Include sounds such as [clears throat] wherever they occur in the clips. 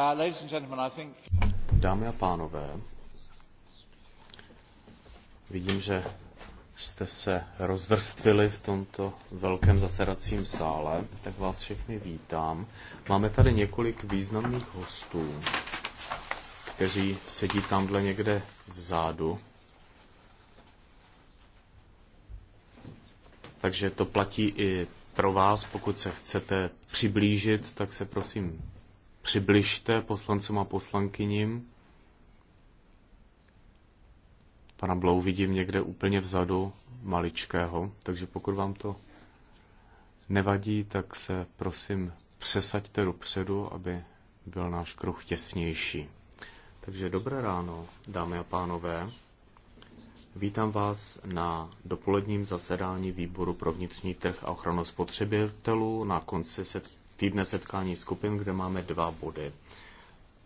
Uh, Dámy a pánové, vidím, že jste se rozvrstvili v tomto velkém zasedacím sále, tak vás všechny vítám. Máme tady několik významných hostů, kteří sedí tamhle někde vzadu. Takže to platí i pro vás, pokud se chcete přiblížit, tak se prosím přibližte poslancům a poslankyním. Pana Blou vidím někde úplně vzadu maličkého, takže pokud vám to nevadí, tak se prosím přesaďte dopředu, aby byl náš kruh těsnější. Takže dobré ráno, dámy a pánové. Vítám vás na dopoledním zasedání výboru pro vnitřní trh a ochranu spotřebitelů na konci týdne setkání skupin, kde máme dva body.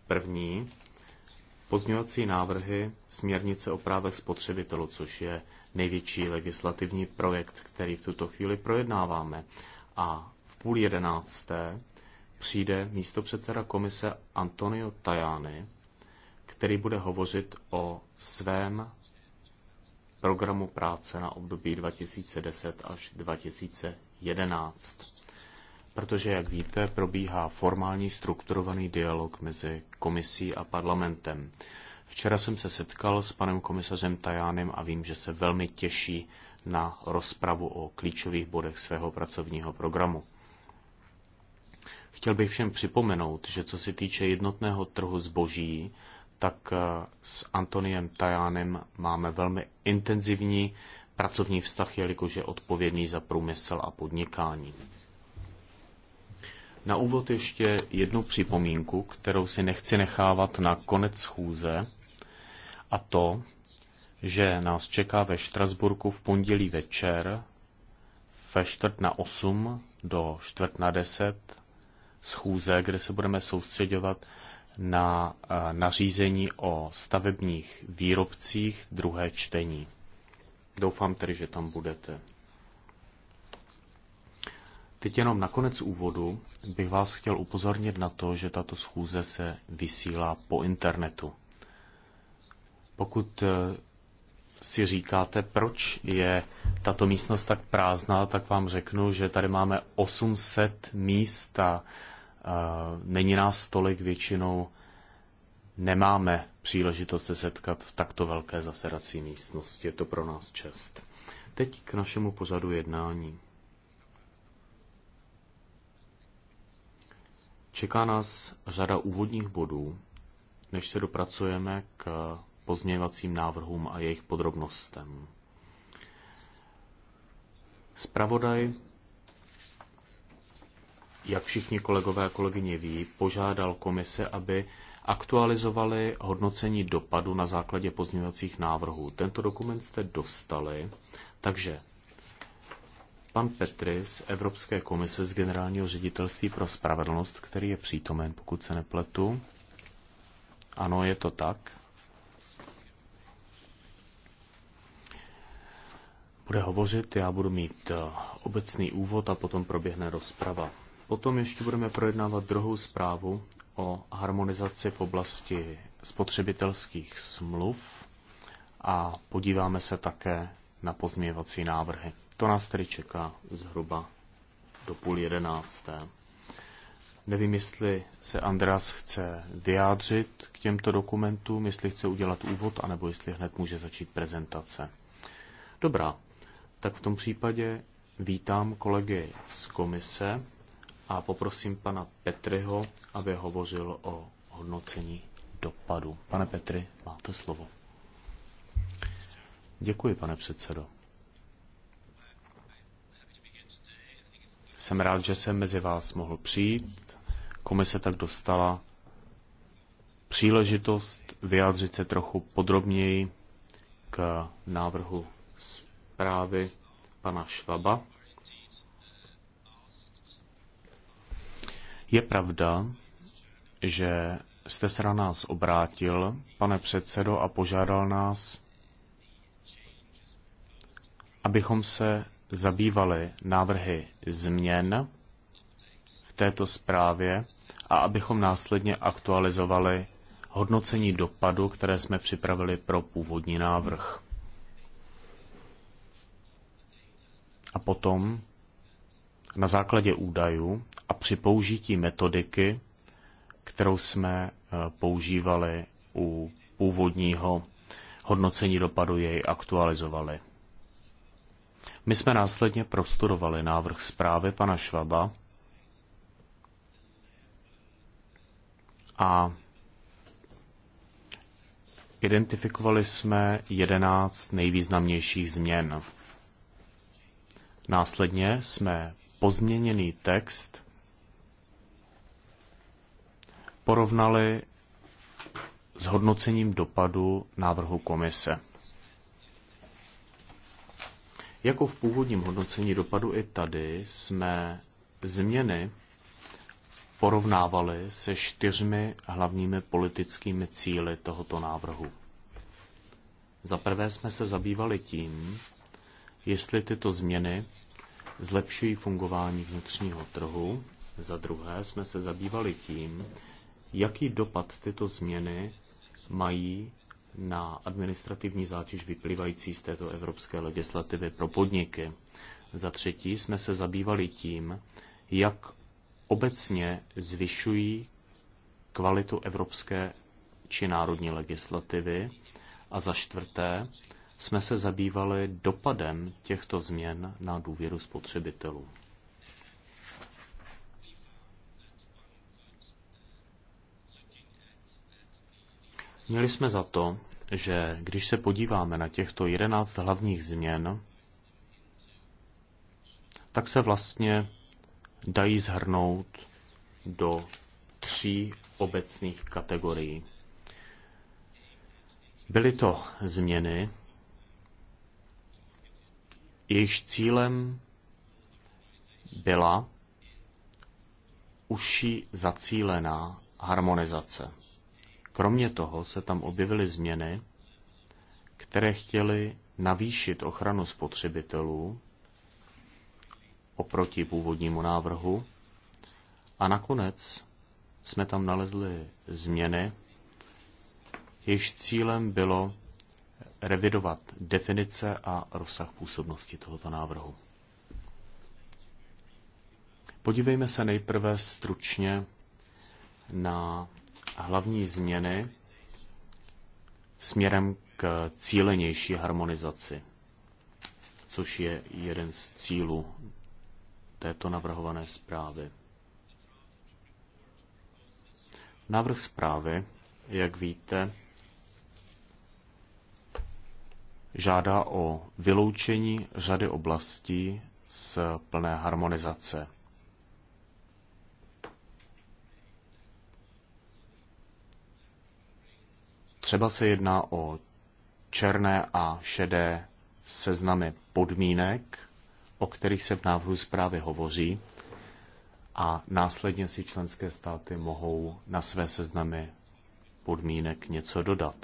První, pozměňovací návrhy směrnice o právech spotřebitelů, což je největší legislativní projekt, který v tuto chvíli projednáváme. A v půl jedenácté přijde místo předseda komise Antonio Tajani, který bude hovořit o svém programu práce na období 2010 až 2011 protože, jak víte, probíhá formální strukturovaný dialog mezi komisí a parlamentem. Včera jsem se setkal s panem komisařem Tajánem a vím, že se velmi těší na rozpravu o klíčových bodech svého pracovního programu. Chtěl bych všem připomenout, že co se týče jednotného trhu zboží, tak eh, s Antoniem Tajánem máme velmi intenzivní pracovní vztah, jelikož je odpovědný za průmysl a podnikání. Na úvod ještě jednu připomínku, kterou si nechci nechávat na konec schůze, a to, že nás čeká ve Štrasburku v pondělí večer ve čtvrt na 8 do čtvrt na 10 schůze, kde se budeme soustředovat na eh, nařízení o stavebních výrobcích druhé čtení. Doufám tedy, že tam budete. Teď jenom na konec úvodu bych vás chtěl upozornit na to, že tato schůze se vysílá po internetu. Pokud eh, si říkáte, proč je tato místnost tak prázdná, tak vám řeknu, že tady máme 800 míst a eh, není nás tolik většinou. Nemáme příležitost se setkat v takto velké zasedací místnosti. Je to pro nás čest. Teď k našemu pořadu jednání. Čeká nás řada úvodních bodů, než se dopracujeme k pozměňovacím návrhům a jejich podrobnostem. Spravodaj, jak všichni kolegové a kolegyně ví, požádal komise, aby aktualizovali hodnocení dopadu na základě pozměňovacích návrhů. Tento dokument jste dostali, takže pan Petry z Evropské komise z Generálního ředitelství pro spravedlnost, který je přítomen, pokud se nepletu. Ano, je to tak. Bude hovořit, já budu mít eh, obecný úvod a potom proběhne rozprava. Potom ještě budeme projednávat druhou zprávu o harmonizaci v oblasti spotřebitelských smluv a podíváme se také na pozměňovací návrhy. To nás tedy čeká zhruba do půl jedenácté. Nevím, jestli se Andreas chce vyjádřit k těmto dokumentům, jestli chce udělat úvod, anebo jestli hned může začít prezentace. Dobrá, tak v tom případě vítám kolegy z komise a poprosím pana Petryho, aby hovořil o hodnocení dopadu. Pane Petry, máte slovo. Děkuji, pane předsedo. Jsem rád, že jsem mezi vás mohl přijít. Komise tak dostala příležitost vyjádřit se trochu podrobněji k návrhu zprávy pana Švaba. Je pravda, že jste se na nás obrátil, pane předsedo, a požádal nás, abychom se zabývali návrhy změn v této zprávě a abychom následně aktualizovali hodnocení dopadu, které jsme připravili pro původní návrh. A potom na základě údajů a při použití metodiky, kterou jsme eh, používali u původního hodnocení dopadu, jej aktualizovali. My jsme následně prostudovali návrh zprávy pana Švaba a identifikovali jsme 11 nejvýznamnějších změn. Následně jsme pozměněný text porovnali s hodnocením dopadu návrhu komise. Jako v původním hodnocení dopadu i tady jsme změny porovnávali se čtyřmi hlavními politickými cíly tohoto návrhu. Za prvé jsme se zabývali tím, jestli tyto změny zlepšují fungování vnitřního trhu. Za druhé jsme se zabývali tím, jaký dopad tyto změny mají na administrativní zátěž vyplývající z této evropské legislativy pro podniky. Za třetí jsme se zabývali tím, jak obecně zvyšují kvalitu evropské či národní legislativy. A za čtvrté jsme se zabývali dopadem těchto změn na důvěru spotřebitelů. Měli jsme za to, že když se podíváme na těchto 11 hlavních změn, tak se vlastně dají zhrnout do tří obecných kategorií. Byly to změny, jejichž cílem byla užší zacílená harmonizace. Kromě toho se tam objevily změny, které chtěly navýšit ochranu spotřebitelů oproti původnímu návrhu. A nakonec jsme tam nalezli změny, jejichž cílem bylo revidovat definice a rozsah působnosti tohoto návrhu. Podívejme se nejprve stručně na hlavní změny směrem k cílenější harmonizaci, což je jeden z cílů této navrhované zprávy. Návrh zprávy, jak víte, žádá o vyloučení řady oblastí z plné harmonizace. Třeba se jedná o černé a šedé seznamy podmínek, o kterých se v návrhu zprávy hovoří, a následně si členské státy mohou na své seznamy podmínek něco dodat.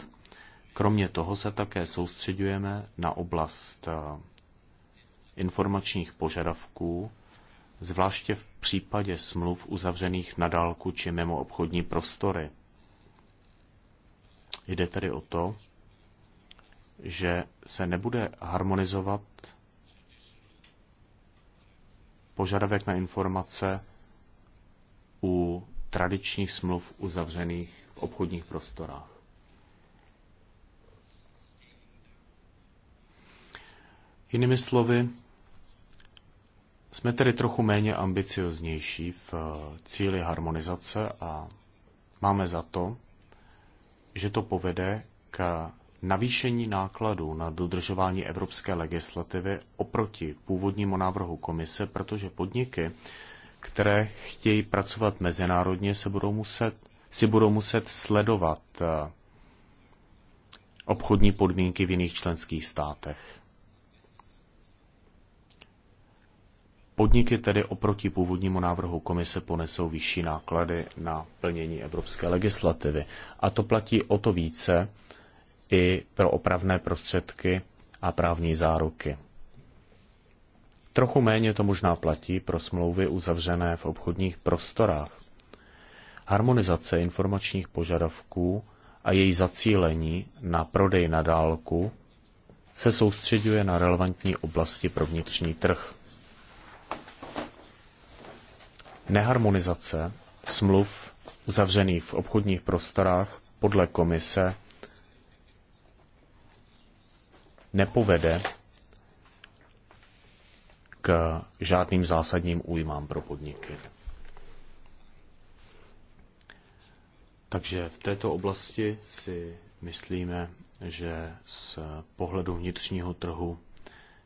Kromě toho se také soustředujeme na oblast eh, informačních požadavků, zvláště v případě smluv uzavřených na dálku či mimo obchodní prostory. Jde tedy o to, že se nebude harmonizovat požadavek na informace u tradičních smluv uzavřených v obchodních prostorách. Jinými slovy, jsme tedy trochu méně ambicioznější v eh, cíli harmonizace a máme za to, že to povede k navýšení nákladů na dodržování evropské legislativy oproti původnímu návrhu komise, protože podniky, které chtějí pracovat mezinárodně, se budou muset, si budou muset sledovat eh, obchodní podmínky v jiných členských státech. Podniky tedy oproti původnímu návrhu komise ponesou vyšší náklady na plnění evropské legislativy. A to platí o to více i pro opravné prostředky a právní záruky. Trochu méně to možná platí pro smlouvy uzavřené v obchodních prostorách. Harmonizace informačních požadavků a její zacílení na prodej na dálku se soustředuje na relevantní oblasti pro vnitřní trh. neharmonizace smluv uzavřených v obchodních prostorách podle komise nepovede k žádným zásadním újmám pro podniky. Takže v této oblasti si myslíme, že z pohledu vnitřního trhu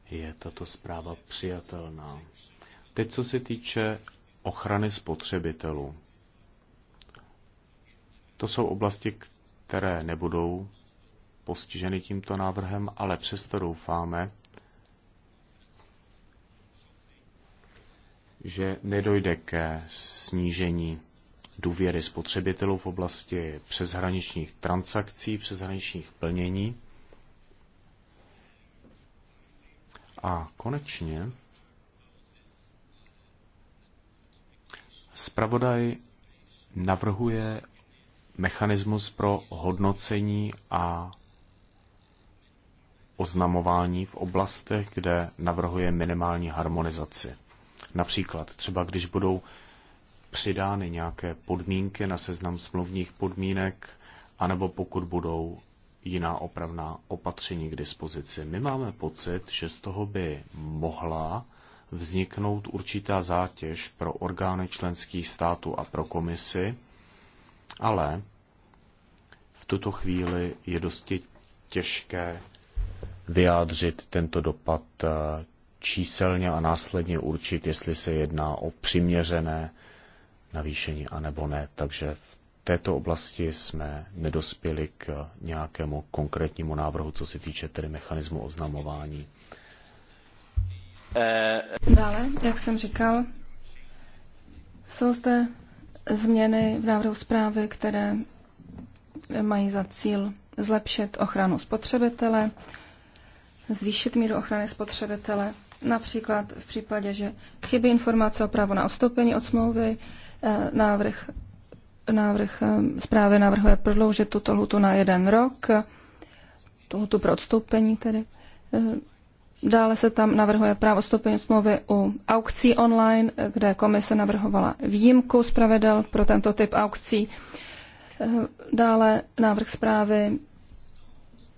je tato zpráva přijatelná. Teď, co se týče ochrany spotřebitelů. To jsou oblasti, které nebudou postiženy tímto návrhem, ale přesto doufáme, že nedojde ke snížení důvěry spotřebitelů v oblasti přeshraničních transakcí, přeshraničních plnění. A konečně Spravodaj navrhuje mechanismus pro hodnocení a oznamování v oblastech, kde navrhuje minimální harmonizaci. Například třeba, když budou přidány nějaké podmínky na seznam smluvních podmínek, anebo pokud budou jiná opravná opatření k dispozici. My máme pocit, že z toho by mohla vzniknout určitá zátěž pro orgány členských států a pro komisy, ale v tuto chvíli je dosti těžké vyjádřit tento dopad eh, číselně a následně určit, jestli se jedná o přiměřené navýšení a nebo ne. Takže v této oblasti jsme nedospěli k nějakému konkrétnímu návrhu, co se týče tedy mechanismu oznamování. Dále, jak jsem říkal, jsou zde změny v návrhu zprávy, které mají za cíl zlepšit ochranu spotřebitele, zvýšit míru ochrany spotřebitele, například v případě, že chybí informace o právu na odstoupení od smlouvy, eh, návrh, návrh eh, zprávy navrhuje prodloužit tuto lhutu na jeden rok, tu pro odstoupení tedy, eh, Dále se tam navrhuje právo odstoupení smlouvy u aukcí online, kde komise navrhovala výjimku z pravidel pro tento typ aukcí. Dále návrh zprávy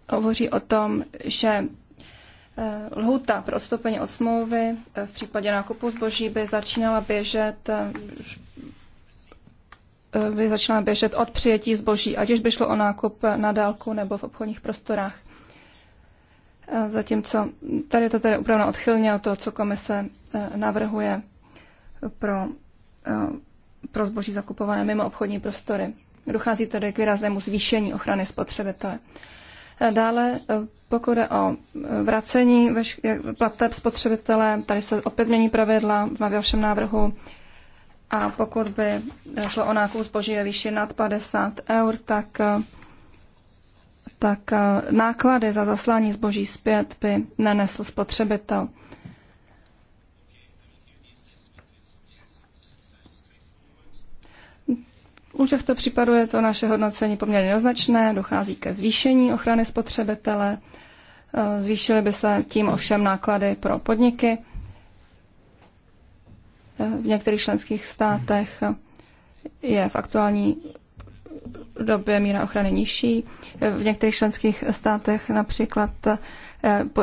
hovoří o tom, že eh, lhuta pro odstoupení od smlouvy eh, v případě nákupu zboží by začínala běžet eh, by začínala běžet od přijetí zboží, ať už by šlo o nákup na dálku nebo v obchodních prostorách. Eh, zatímco tady je to tedy upravena odchylně od toho, co komise eh, navrhuje pro, eh, pro zboží zakupované mimo obchodní prostory. Dochází tedy k výraznému zvýšení ochrany spotřebitele. Dále, pokud jde o vracení plateb spotřebitele, tady se opět mění pravidla v vašem návrhu. A pokud by šlo o nákup zboží ve výši nad 50 eur, tak tak eh, náklady za zaslání zboží zpět by nenesl spotřebitel. U těchto případů je to naše hodnocení poměrně jednoznačné, dochází ke zvýšení ochrany spotřebitele, eh, zvýšily by se tím ovšem náklady pro podniky eh, v některých členských státech je v aktuální době míra ochrany nižší. V některých členských státech například eh,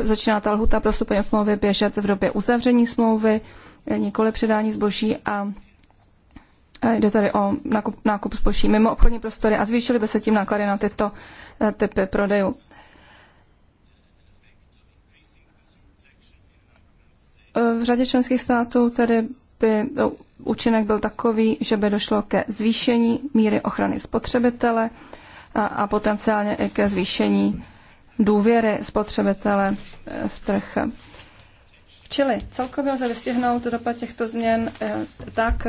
začíná ta lhuta pro stupeň smlouvy běžet v době uzavření smlouvy, eh, nikoli předání zboží a eh, jde tady o nákup, nákup zboží mimo obchodní prostory a zvýšily by se tím náklady na tyto typy prodejů. V řadě členských států tedy by no, účinek byl takový, že by došlo ke zvýšení míry ochrany spotřebitele a, a potenciálně i ke zvýšení důvěry spotřebitele eh, v trh. Čili celkově lze vystihnout dopad těchto změn eh, tak,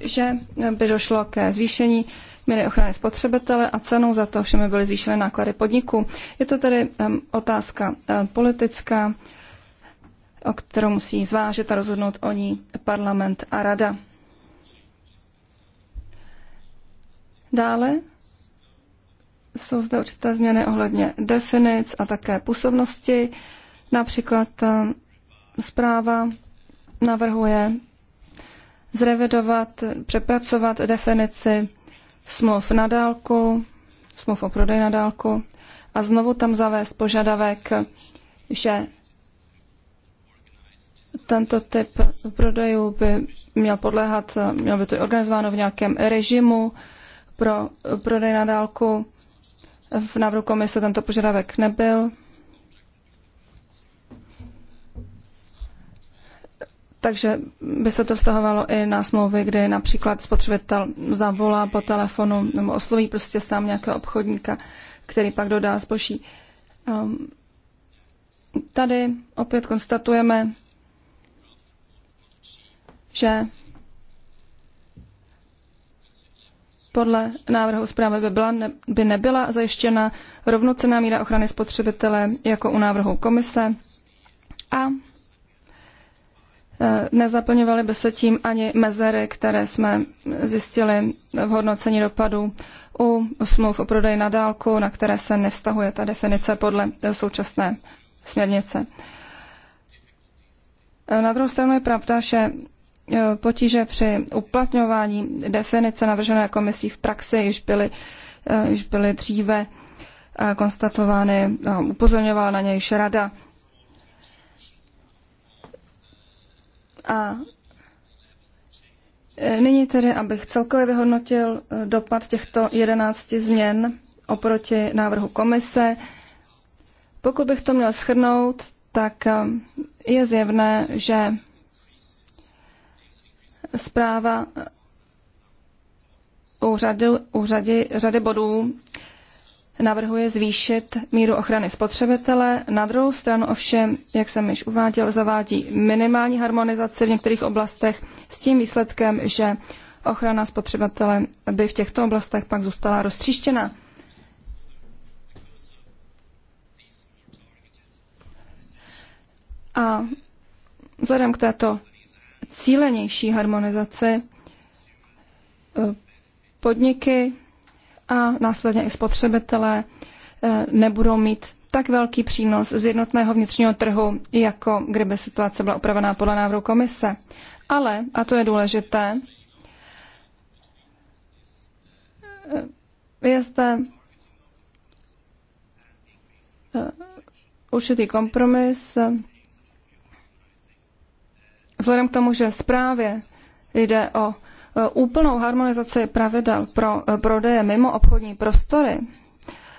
že by došlo ke zvýšení míry ochrany spotřebitele a cenou za to všemi byly zvýšeny náklady podniku. Je to tedy otázka eh, politická, o kterou musí zvážit a rozhodnout o ní parlament a rada. Dále jsou zde určité změny ohledně definic a také působnosti. Například eh, zpráva navrhuje zrevidovat, přepracovat definici smluv na dálku, smluv o prodej na dálku a znovu tam zavést požadavek, že tento typ prodejů by měl podléhat, měl by to organizováno v nějakém režimu pro prodej na dálku. V návrhu komise tento požadavek nebyl. Takže by se to vztahovalo i na smlouvy, kdy například spotřebitel zavolá po telefonu nebo osloví prostě sám nějakého obchodníka, který pak dodá zboží. Ehm, tady opět konstatujeme, že podle návrhu zprávy by, byla, ne, by nebyla zajištěna rovnocená míra ochrany spotřebitele jako u návrhu komise a e, nezaplňovaly by se tím ani mezery, které jsme zjistili v hodnocení dopadů u smluv o prodeji na dálku, na které se nevztahuje ta definice podle současné směrnice. E, na druhou stranu je pravda, že E, potíže při uplatňování definice navržené komisí v praxi již byly, e, již byly dříve e, konstatovány, upozorňovala na něj rada. A nyní tedy, abych celkově vyhodnotil dopad těchto jedenácti změn oproti návrhu komise. Pokud bych to měl shrnout, tak je zjevné, že zpráva u řady, u řady, řady bodů navrhuje zvýšit míru ochrany spotřebitele. Na druhou stranu ovšem, jak jsem již uváděl, zavádí minimální harmonizaci v některých oblastech s tím výsledkem, že ochrana spotřebitele by v těchto oblastech pak zůstala roztříštěna. A vzhledem k této cílenější harmonizaci e, podniky a následně i spotřebitelé e, nebudou mít tak velký přínos z jednotného vnitřního trhu, jako kdyby situace byla upravená podle návrhu komise. Ale, a to je důležité, e, je zde určitý kompromis, Vzhledem k tomu, že zprávě jde o e, úplnou harmonizaci pravidel pro e, prodeje mimo obchodní prostory,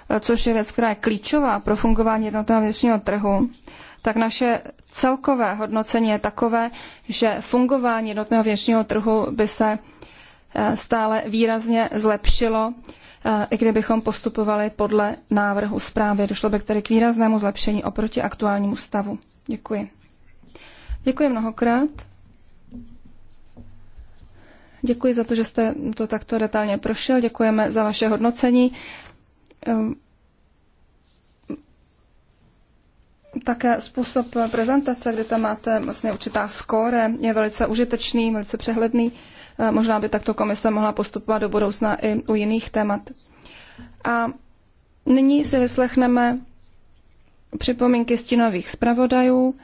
e, což je věc, která je klíčová pro fungování jednotného vnitřního trhu, tak naše celkové hodnocení je takové, že fungování jednotného vnitřního trhu by se stále výrazně zlepšilo, i kdybychom postupovali podle návrhu zprávy. Došlo by tedy k výraznému zlepšení oproti aktuálnímu stavu. Děkuji. Děkuji mnohokrát. Děkuji za to, že jste to takto detailně prošel. Děkujeme za vaše hodnocení. Ehm, také způsob prezentace, kde tam máte vlastně určitá skóre, je velice užitečný, velice přehledný. Ehm, možná by takto komise mohla postupovat do budoucna i u jiných témat. A nyní si vyslechneme připomínky stínových zpravodajů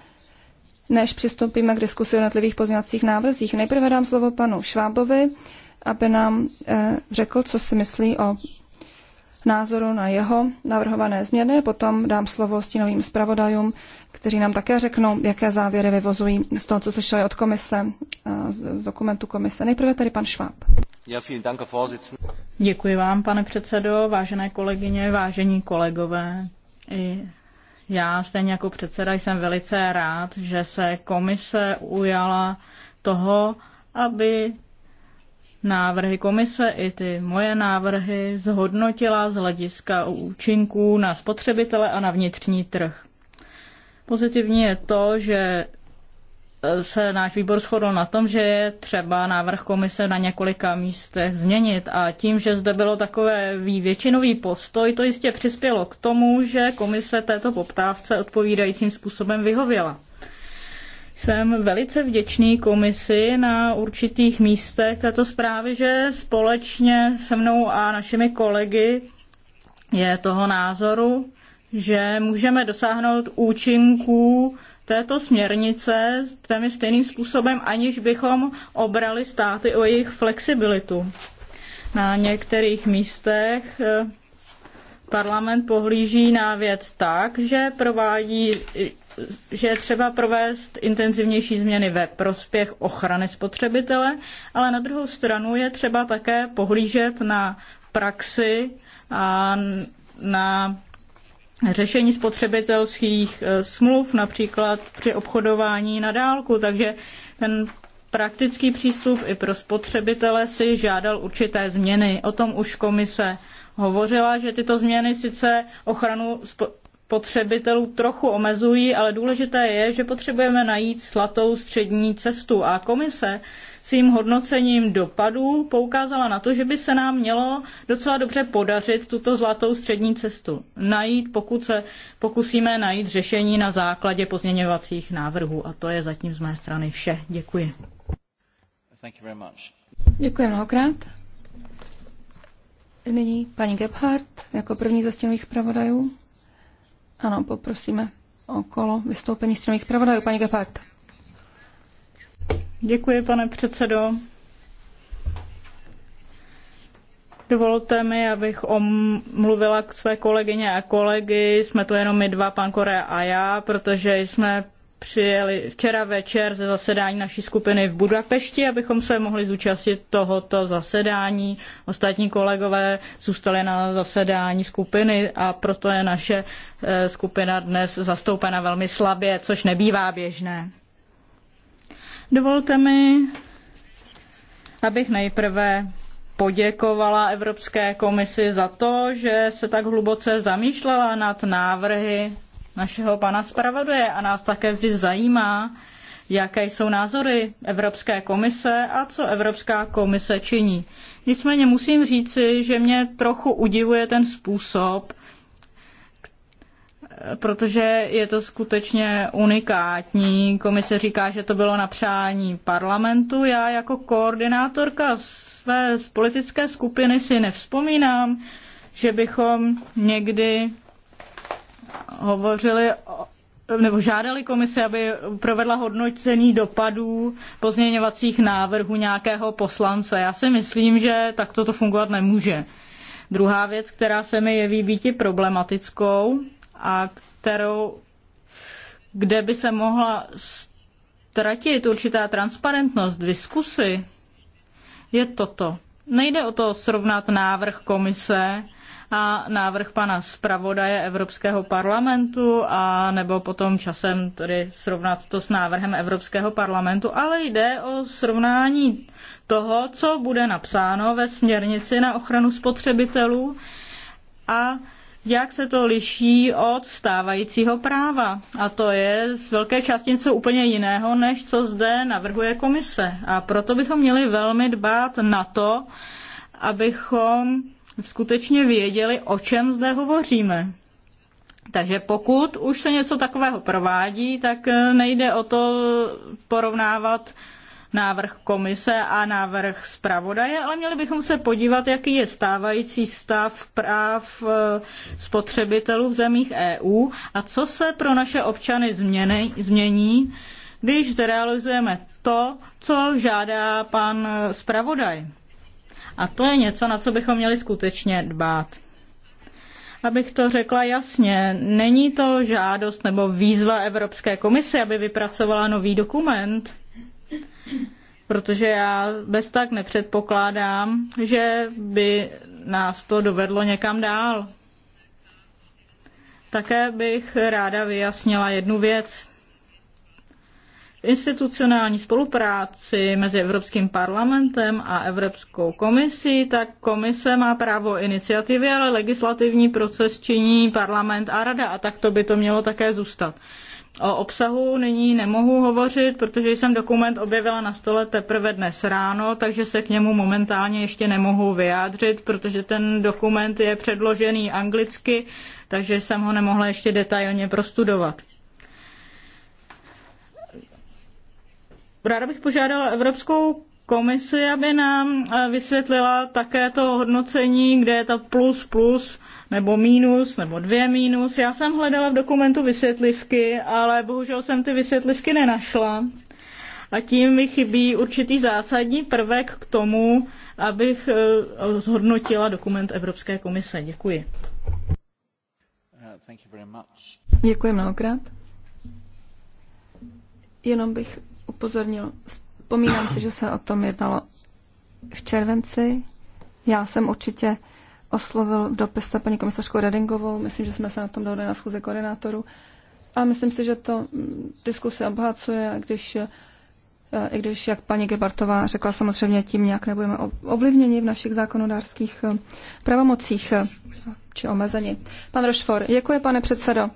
než přistoupíme k diskusi o jednotlivých pozměňovacích návrzích. Nejprve dám slovo panu Švábovi, aby nám eh, řekl, co si myslí o názoru na jeho navrhované změny. Potom dám slovo stínovým zpravodajům, kteří nám také řeknou, jaké závěry vyvozují z toho, co slyšeli od komise, eh, z dokumentu komise. Nejprve tady pan Šváb. Děkuji vám, pane předsedo, vážené kolegyně, vážení kolegové. I já stejně jako předseda jsem velice rád, že se komise ujala toho, aby návrhy komise i ty moje návrhy zhodnotila z hlediska účinků na spotřebitele a na vnitřní trh. Pozitivní je to, že se náš výbor shodl na tom, že je třeba návrh komise na několika místech změnit a tím, že zde bylo takové většinový postoj, to jistě přispělo k tomu, že komise této poptávce odpovídajícím způsobem vyhověla. Jsem velice vděčný komisi na určitých místech této zprávy, že společně se mnou a našimi kolegy je toho názoru, že můžeme dosáhnout účinků této směrnice temi stejným způsobem, aniž bychom obrali státy o jejich flexibilitu. Na některých místech eh, parlament pohlíží na věc tak, že provádí eh, že je třeba provést intenzivnější změny ve prospěch ochrany spotřebitele, ale na druhou stranu je třeba také pohlížet na praxi a na řešení spotřebitelských eh, smluv, například při obchodování na dálku, takže ten praktický přístup i pro spotřebitele si žádal určité změny. O tom už komise hovořila, že tyto změny sice ochranu spotřebitelů trochu omezují, ale důležité je, že potřebujeme najít slatou střední cestu a komise svým hodnocením dopadů poukázala na to, že by se nám mělo docela dobře podařit tuto zlatou střední cestu najít, pokud se pokusíme najít řešení na základě pozměňovacích návrhů. A to je zatím z mé strany vše. Děkuji. Děkuji mnohokrát. Nyní paní Gebhardt jako první ze stěnových zpravodajů. Ano, poprosíme okolo vystoupení stěnových zpravodajů. Paní Gebhardt. Děkuji, pane předsedo. Dovolte mi, abych omluvila k své kolegyně a kolegy. Jsme tu jenom my dva, pan Korea a já, protože jsme přijeli včera večer ze zasedání naší skupiny v Budapešti, abychom se mohli zúčastnit tohoto zasedání. Ostatní kolegové zůstali na zasedání skupiny a proto je naše eh, skupina dnes zastoupena velmi slabě, což nebývá běžné. Dovolte mi, abych nejprve poděkovala Evropské komisi za to, že se tak hluboce zamýšlela nad návrhy našeho pana zpravodaje a nás také vždy zajímá, jaké jsou názory Evropské komise a co Evropská komise činí. Nicméně musím říci, že mě trochu udivuje ten způsob, protože je to skutečně unikátní. Komise říká, že to bylo na přání parlamentu. Já jako koordinátorka své politické skupiny si nevzpomínám, že bychom někdy hovořili nebo žádali komisi, aby provedla hodnocení dopadů pozměňovacích návrhů nějakého poslance. Já si myslím, že takto to fungovat nemůže. Druhá věc, která se mi jeví býti problematickou, a kterou, kde by se mohla ztratit určitá transparentnost diskusy, je toto. Nejde o to srovnat návrh komise a návrh pana zpravodaje Evropského parlamentu a nebo potom časem tedy srovnat to s návrhem Evropského parlamentu, ale jde o srovnání toho, co bude napsáno ve směrnici na ochranu spotřebitelů a jak se to liší od stávajícího práva. A to je z velké části něco úplně jiného, než co zde navrhuje komise. A proto bychom měli velmi dbát na to, abychom skutečně věděli, o čem zde hovoříme. Takže pokud už se něco takového provádí, tak nejde o to porovnávat návrh komise a návrh zpravodaje, ale měli bychom se podívat, jaký je stávající stav práv eh, spotřebitelů v zemích EU a co se pro naše občany změny, změní, když zrealizujeme to, co žádá pan eh, zpravodaj. A to je něco, na co bychom měli skutečně dbát abych to řekla jasně, není to žádost nebo výzva Evropské komise, aby vypracovala nový dokument protože já bez tak nepředpokládám, že by nás to dovedlo někam dál. Také bych ráda vyjasnila jednu věc. V institucionální spolupráci mezi Evropským parlamentem a Evropskou komisí, tak komise má právo iniciativy, ale legislativní proces činí parlament a rada a tak to by to mělo také zůstat. O obsahu nyní nemohu hovořit, protože jsem dokument objevila na stole teprve dnes ráno, takže se k němu momentálně ještě nemohu vyjádřit, protože ten dokument je předložený anglicky, takže jsem ho nemohla ještě detailně prostudovat. Ráda bych požádala Evropskou komisi, aby nám eh, vysvětlila také to hodnocení, kde je to plus plus nebo mínus, nebo dvě mínus. Já jsem hledala v dokumentu vysvětlivky, ale bohužel jsem ty vysvětlivky nenašla. A tím mi chybí určitý zásadní prvek k tomu, abych eh, zhodnotila dokument Evropské komise. Děkuji. Uh, Děkuji mnohokrát. Jenom bych upozornil, vzpomínám si, že se o tom jednalo v červenci. Já jsem určitě oslovil v dopise paní komisařku Redingovou. Myslím, že jsme se na tom dohodli na schůze koordinátorů. A myslím si, že to mm, diskuse obhacuje, když, e, i když, jak paní Gebartová řekla, samozřejmě tím nějak nebudeme ovlivněni v našich zákonodárských e, pravomocích e, či omezení. Pan Rošfor, děkuji, pane předsedo.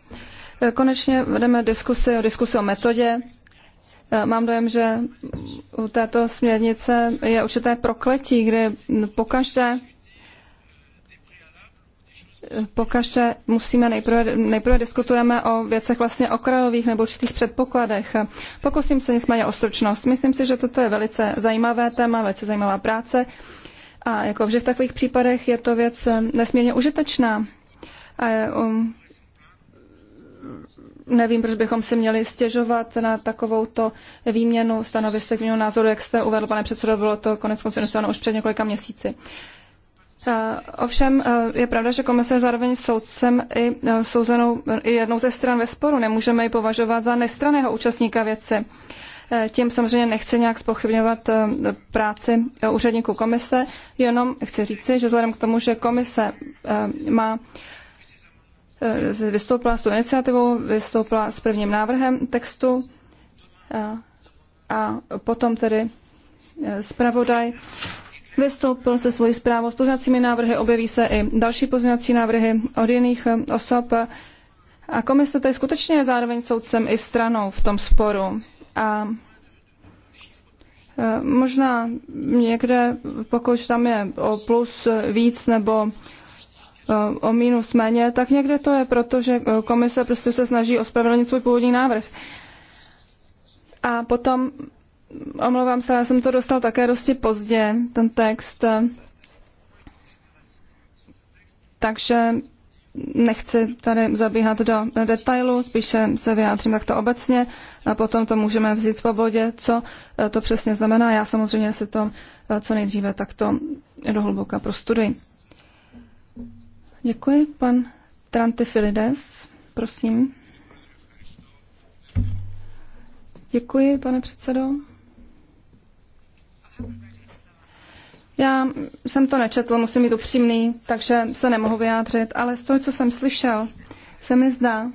Konečně vedeme diskusi o diskusi o metodě. Mám dojem, že u této směrnice je určité prokletí, kdy pokaždé pokaždé musíme nejprve, nejprve diskutujeme o věcech vlastně okrajových nebo určitých předpokladech. Pokusím se nicméně o stručnost. Myslím si, že toto je velice zajímavé téma, velice zajímavá práce. A jako vždy v takových případech je to věc nesmírně užitečná. A je, um, nevím, proč bychom si měli stěžovat na takovouto výměnu stanovisek, výměnu názoru, jak jste uvedl, pane předsedo, bylo to konec konců už před několika měsíci. Eh, ovšem eh, je pravda, že komise je zároveň soudcem i eh, souzenou i jednou ze stran ve sporu. Nemůžeme ji považovat za nestraného účastníka věci. Tím samozřejmě nechci nějak spochybňovat práci úředníků komise, jenom chci říci, že vzhledem k tomu, že komise má vystoupila s tou iniciativou, vystoupila s prvním návrhem textu a potom tedy zpravodaj vystoupil se svojí zprávou s pozměňovacími návrhy, objeví se i další pozměňovací návrhy od jiných eh, osob. A komise tady skutečně je zároveň soudcem i stranou v tom sporu. A eh, možná někde, pokud tam je o plus víc nebo eh, o minus méně, tak někde to je proto, že komise prostě se snaží ospravedlnit svůj původní návrh. A potom omlouvám se, já jsem to dostal také dosti pozdě, ten text. Takže nechci tady zabíhat do detailu, spíše se vyjádřím takto obecně a potom to můžeme vzít po bodě, co to přesně znamená. Já samozřejmě si to co nejdříve takto dohluboka prostuduji. Děkuji, pan Trantifilides, prosím. Děkuji, pane předsedo. Já jsem to nečetl, musím být upřímný, takže se nemohu vyjádřit, ale z toho, co jsem slyšel, se mi zdá,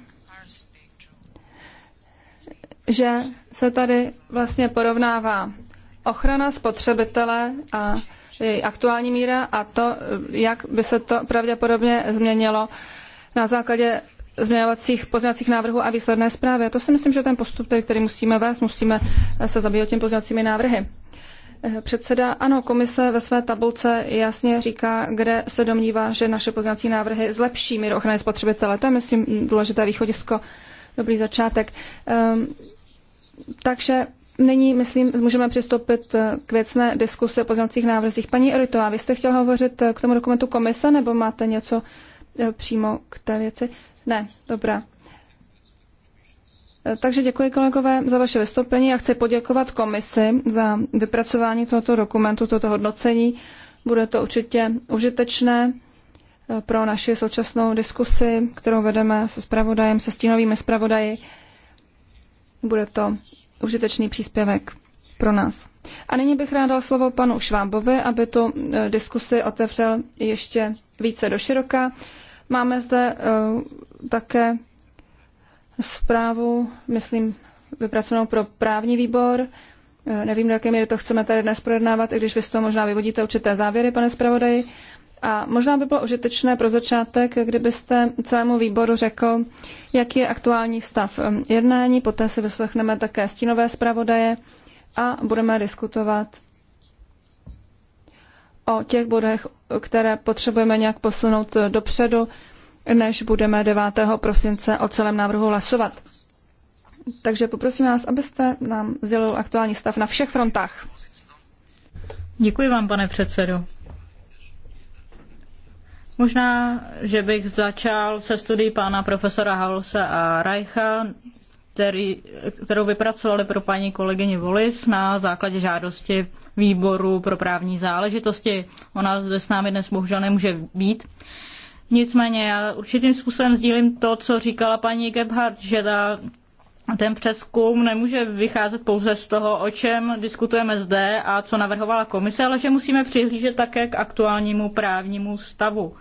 že se tady vlastně porovnává ochrana spotřebitele a její aktuální míra a to, jak by se to pravděpodobně změnilo na základě změňovacích pozměňovacích návrhů a výsledné zprávy. A to si myslím, že ten postup, který, musíme vést, musíme se zabývat těmi pozměňovacími návrhy. Eh, předseda. Ano, komise ve své tabulce jasně říká, kde se domnívá, že naše poznací návrhy zlepší míru ochrany spotřebitele. To je, myslím, důležité východisko, dobrý začátek. Ehm, takže nyní, myslím, můžeme přistoupit eh, k věcné diskusi o poznacích návrzích. Paní Eritová, vy jste chtěla hovořit eh, k tomu dokumentu komise, nebo máte něco přímo k té věci? Ne, dobrá. Eh, takže děkuji kolegové za vaše vystoupení a chci poděkovat komisi za vypracování tohoto dokumentu, tohoto hodnocení. Bude to určitě užitečné eh, pro naši současnou diskusi, kterou vedeme se spravodajem, se stínovými spravodaji. Bude to užitečný příspěvek pro nás. A nyní bych rád dal slovo panu Švábovi, aby tu eh, diskusi otevřel ještě více do široka. Máme zde také zprávu, myslím, vypracovanou pro právní výbor. E, nevím, do jaké míry to chceme tady dnes projednávat, i když vy z toho možná vyvodíte určité závěry, pane zpravodaji. A možná by bylo užitečné pro začátek, kdybyste celému výboru řekl, jaký je aktuální stav e, jednání, poté si vyslechneme také stínové zpravodaje a budeme diskutovat o těch bodech, které potřebujeme nějak posunout dopředu než budeme 9. prosince o celém návrhu hlasovat. Takže poprosím vás, abyste nám sdělil aktuální stav na všech frontách. Děkuji vám, pane předsedo. Možná, že bych začal se studií pána profesora Halse a Reicha, který, kterou vypracovali pro paní kolegyni Volis na základě žádosti výboru pro právní záležitosti. Ona zde s námi dnes bohužel nemůže být. Uh, Nicméně já určitým způsobem sdílím to, co říkala paní Gebhardt, že ta, ten přeskum nemůže vycházet pouze z toho, o čem diskutujeme zde a co navrhovala komise, ale že musíme přihlížet také k aktuálnímu právnímu stavu.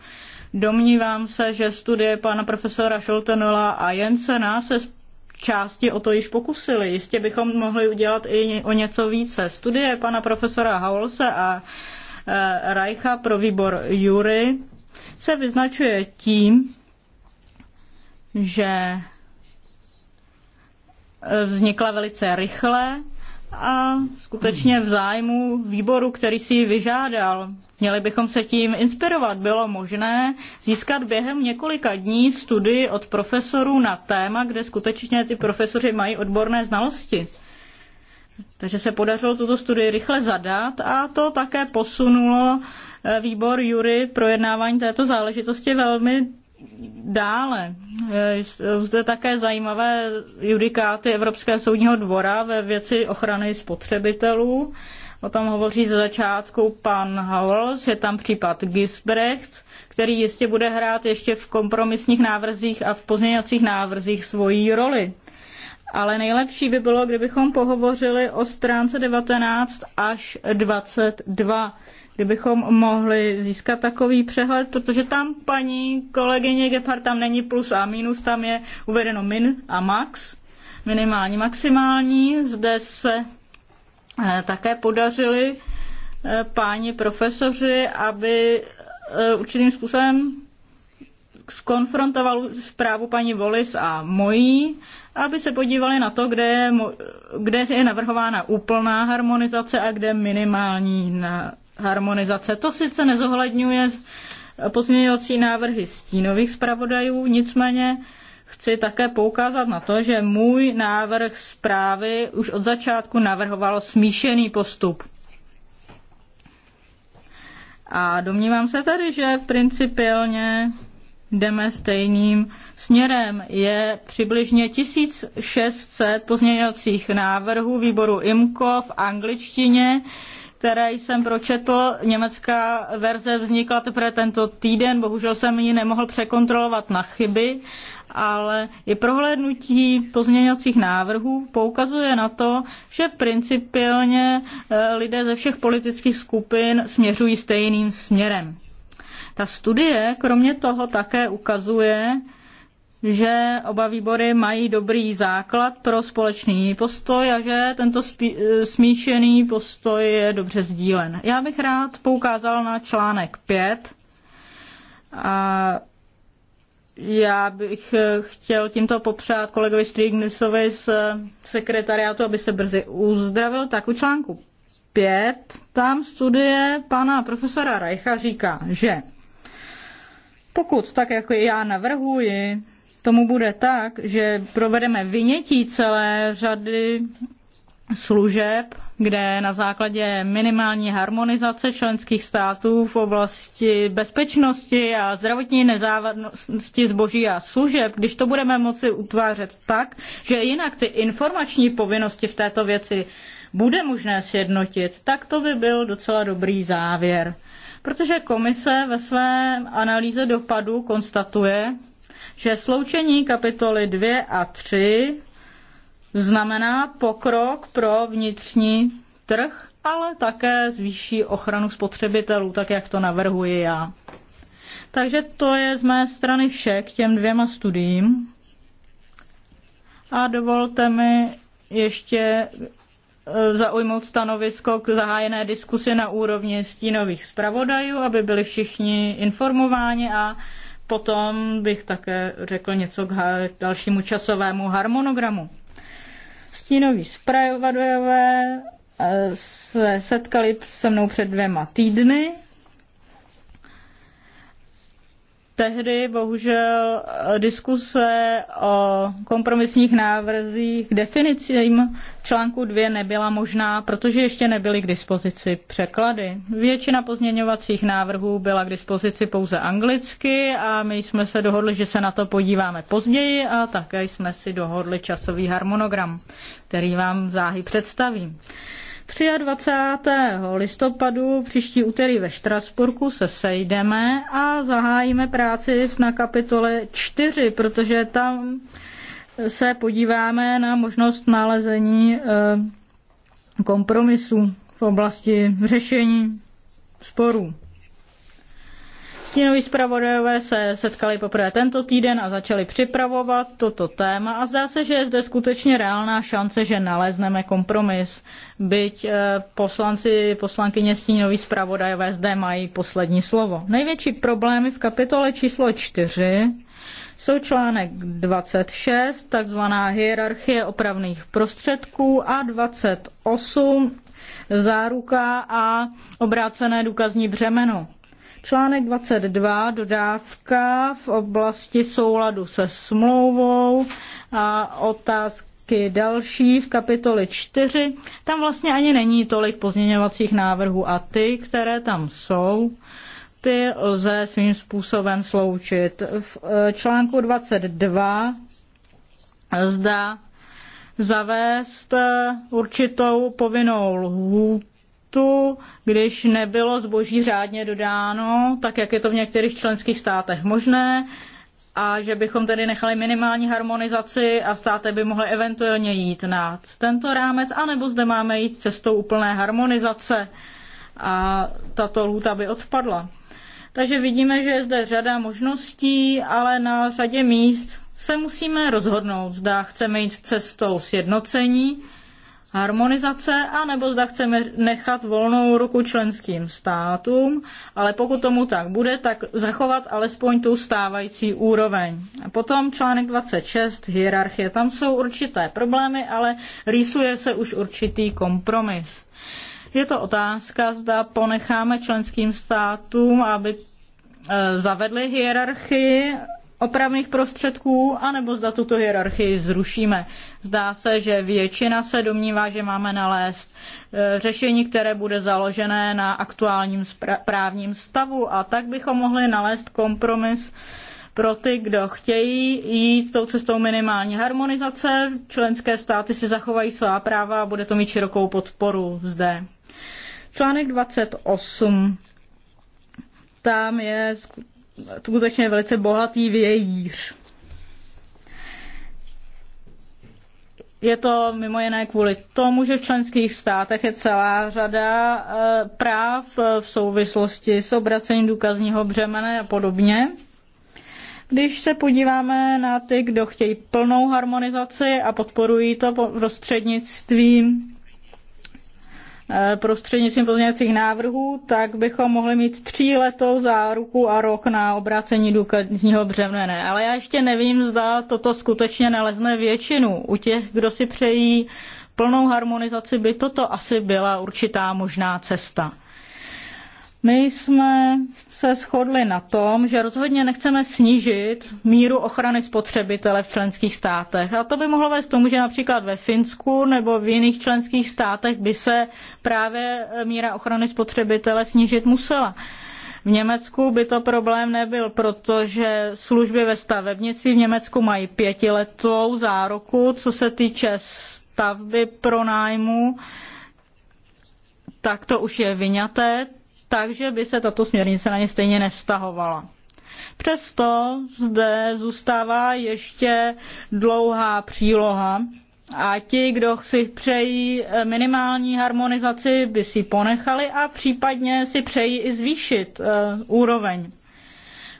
Domnívám se, že studie pana profesora Šoltenola a Jensena se části o to již pokusili. Jistě bychom mohli udělat i o něco více. Studie pana profesora Howlse a eh, Reicha pro výbor Jury se vyznačuje tím, že e, vznikla velice rychle a skutečně v zájmu výboru, který si ji vyžádal. Měli bychom se tím inspirovat. Bylo možné získat během několika dní studii od profesorů na téma, kde skutečně ty profesoři mají odborné znalosti. Takže se podařilo tuto studii rychle zadat a to také posunulo výbor Jury projednávání této záležitosti velmi dále. Jsou eh, zde také zajímavé judikáty Evropského soudního dvora ve věci ochrany spotřebitelů. O tom hovoří ze začátku pan Howells, je tam případ Gisbrecht, který jistě bude hrát ještě v kompromisních návrzích a v pozměňovacích návrzích svoji roli. Ale nejlepší by bylo, kdybychom pohovořili o stránce 19 až 22 kdybychom mohli získat takový přehled, protože tam paní kolegyně Gephardt, tam není plus a minus, tam je uvedeno min a max, minimální, maximální. Zde se eh, také podařili eh, páni profesoři, aby eh, určitým způsobem skonfrontoval zprávu paní Volis a mojí, aby se podívali na to, kde je, kde je navrhována úplná harmonizace a kde minimální na harmonizace. To sice nezohledňuje pozměňovací návrhy stínových zpravodajů, nicméně chci také poukázat na to, že můj návrh zprávy už od začátku navrhoval smíšený postup. A domnívám se tedy, že principiálně jdeme stejným směrem. Je přibližně 1600 pozměňovacích návrhů výboru IMCO v angličtině, které jsem pročetl. Německá verze vznikla teprve tento týden, bohužel jsem ji nemohl překontrolovat na chyby, ale i prohlédnutí pozměňovacích návrhů poukazuje na to, že principiálně eh, lidé ze všech politických skupin směřují stejným směrem. Ta studie kromě toho také ukazuje, že oba výbory mají dobrý základ pro společný postoj a že tento eh, smíšený postoj je dobře sdílen. Já bych rád poukázal na článek 5 a já bych eh, chtěl tímto popřát kolegovi Strignisovi z eh, sekretariátu, aby se brzy uzdravil. Tak u článku 5, tam studie pana profesora Reicha říká, že pokud tak, jako já navrhuji, tomu bude tak, že provedeme vynětí celé řady služeb, kde na základě minimální harmonizace členských států v oblasti bezpečnosti a zdravotní nezávadnosti zboží a služeb, když to budeme moci utvářet tak, že jinak ty informační povinnosti v této věci bude možné sjednotit, tak to by byl docela dobrý závěr. Protože komise ve své analýze dopadu konstatuje, že sloučení kapitoly 2 a 3 znamená pokrok pro vnitřní trh, ale také zvýší ochranu spotřebitelů, tak jak to navrhuji já. Takže to je z mé strany vše k těm dvěma studiím. A dovolte mi ještě e, zaujmout stanovisko k zahájené diskusi na úrovni stínových zpravodajů, aby byli všichni informováni a Potom bych také řekl něco k dalšímu časovému harmonogramu. Stínoví zpravodajové eh, se setkali se mnou před dvěma týdny Tehdy bohužel eh, diskuse o kompromisních návrzích k definicím článku 2 nebyla možná, protože ještě nebyly k dispozici překlady. Většina pozměňovacích návrhů byla k dispozici pouze anglicky a my jsme se dohodli, že se na to podíváme později a také jsme si dohodli časový harmonogram, který vám záhy představím. 23. listopadu příští úterý ve Štrasburku se sejdeme a zahájíme práci na kapitole 4, protože tam se podíváme na možnost nalezení eh, kompromisu v oblasti řešení sporů. Stínoví zpravodajové se setkali poprvé tento týden a začali připravovat toto téma a zdá se, že je zde skutečně reálná šance, že nalezneme kompromis. Byť eh, poslanci, poslankyně stínoví zpravodajové zde mají poslední slovo. Největší problémy v kapitole číslo 4 jsou článek 26, takzvaná hierarchie opravných prostředků a 28, záruka a obrácené důkazní břemeno. Článek 22, dodávka v oblasti souladu se smlouvou a otázky další v kapitoli 4. Tam vlastně ani není tolik pozměňovacích návrhů a ty, které tam jsou, ty lze svým způsobem sloučit. V e, článku 22 zda zavést e, určitou povinnou lhůtu tu, když nebylo zboží řádně dodáno, tak jak je to v některých členských státech možné, a že bychom tedy nechali minimální harmonizaci a státy by mohly eventuálně jít nad tento rámec, anebo zde máme jít cestou úplné harmonizace a tato lhůta by odpadla. Takže vidíme, že je zde řada možností, ale na řadě míst se musíme rozhodnout, zda chceme jít cestou sjednocení, harmonizace, anebo zda chceme nechat volnou ruku členským státům, ale pokud tomu tak bude, tak zachovat alespoň tu stávající úroveň. A potom článek 26, hierarchie. Tam jsou určité problémy, ale rýsuje se už určitý kompromis. Je to otázka, zda ponecháme členským státům, aby eh, zavedli hierarchii opravných prostředků, anebo zda tuto hierarchii zrušíme. Zdá se, že většina se domnívá, že máme nalézt e, řešení, které bude založené na aktuálním právním stavu a tak bychom mohli nalézt kompromis pro ty, kdo chtějí jít tou cestou minimální harmonizace. Členské státy si zachovají svá práva a bude to mít širokou podporu zde. Článek 28. Tam je skutečně velice bohatý vějíř. Je to mimo jiné kvůli tomu, že v členských státech je celá řada eh, práv eh, v souvislosti s obracením důkazního břemene a podobně. Když se podíváme na ty, kdo chtějí plnou harmonizaci a podporují to prostřednictvím Eh, prostřednictvím pozměňovacích návrhů, tak bychom mohli mít tříletou záruku a rok na obrácení důkazního břemene. Ale já ještě nevím, zda toto skutečně nalezne většinu. U těch, kdo si přejí plnou harmonizaci, by toto asi byla určitá možná cesta. My jsme se shodli na tom, že rozhodně nechceme snížit míru ochrany spotřebitele v členských státech. A to by mohlo vést k tomu, že například ve Finsku nebo v jiných členských státech by se právě míra ochrany spotřebitele snížit musela. V Německu by to problém nebyl, protože služby ve stavebnictví v Německu mají pětiletou záruku, co se týče stavby pronájmu, tak to už je vyňaté, takže by se tato směrnice na ně stejně nevztahovala. Přesto zde zůstává ještě dlouhá příloha a ti, kdo si přejí minimální harmonizaci, by si ponechali a případně si přejí i zvýšit e, úroveň.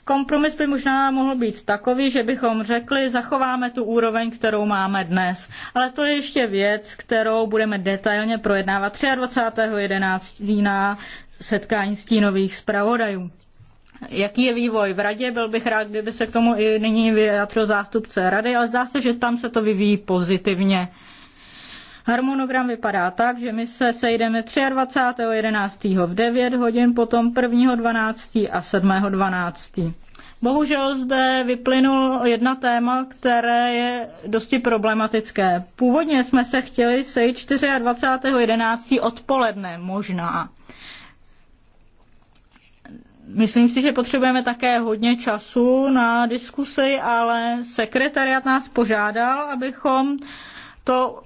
Kompromis by možná mohl být takový, že bychom řekli, zachováme tu úroveň, kterou máme dnes. Ale to je ještě věc, kterou budeme detailně projednávat 23.11. na setkání stínových zpravodajů. Jaký je vývoj v radě? Byl bych rád, kdyby se k tomu i nyní vyjádřil zástupce rady, ale zdá se, že tam se to vyvíjí pozitivně. Harmonogram vypadá tak, že my se sejdeme 23.11. v 9 hodin, potom 1.12. a 7.12. Bohužel zde vyplynul jedna téma, které je dosti problematické. Původně jsme se chtěli sejít 24.11. odpoledne možná. Myslím si, že potřebujeme také hodně času na diskusi, ale sekretariat nás požádal, abychom to,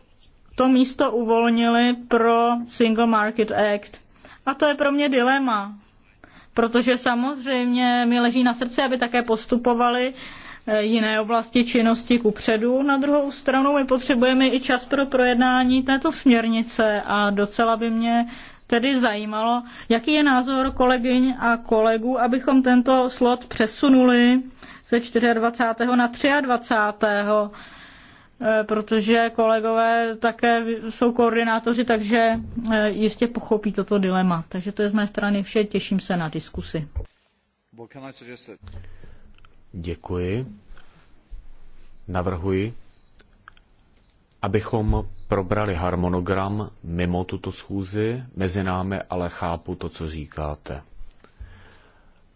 to místo uvolnili pro Single Market Act. A to je pro mě dilema, protože samozřejmě mi leží na srdci, aby také postupovali eh, jiné oblasti činnosti ku předu. Na druhou stranu my potřebujeme i čas pro projednání této směrnice a docela by mě tedy zajímalo, jaký je názor kolegyň a kolegů, abychom tento slot přesunuli ze 24. na 23. Eh, protože kolegové také jsou koordinátoři, takže eh, jistě pochopí toto dilema. Takže to je z mé strany vše, těším se na diskusi. Děkuji. Navrhuji, abychom probrali harmonogram mimo tuto schůzi, mezi námi ale chápu to, co říkáte.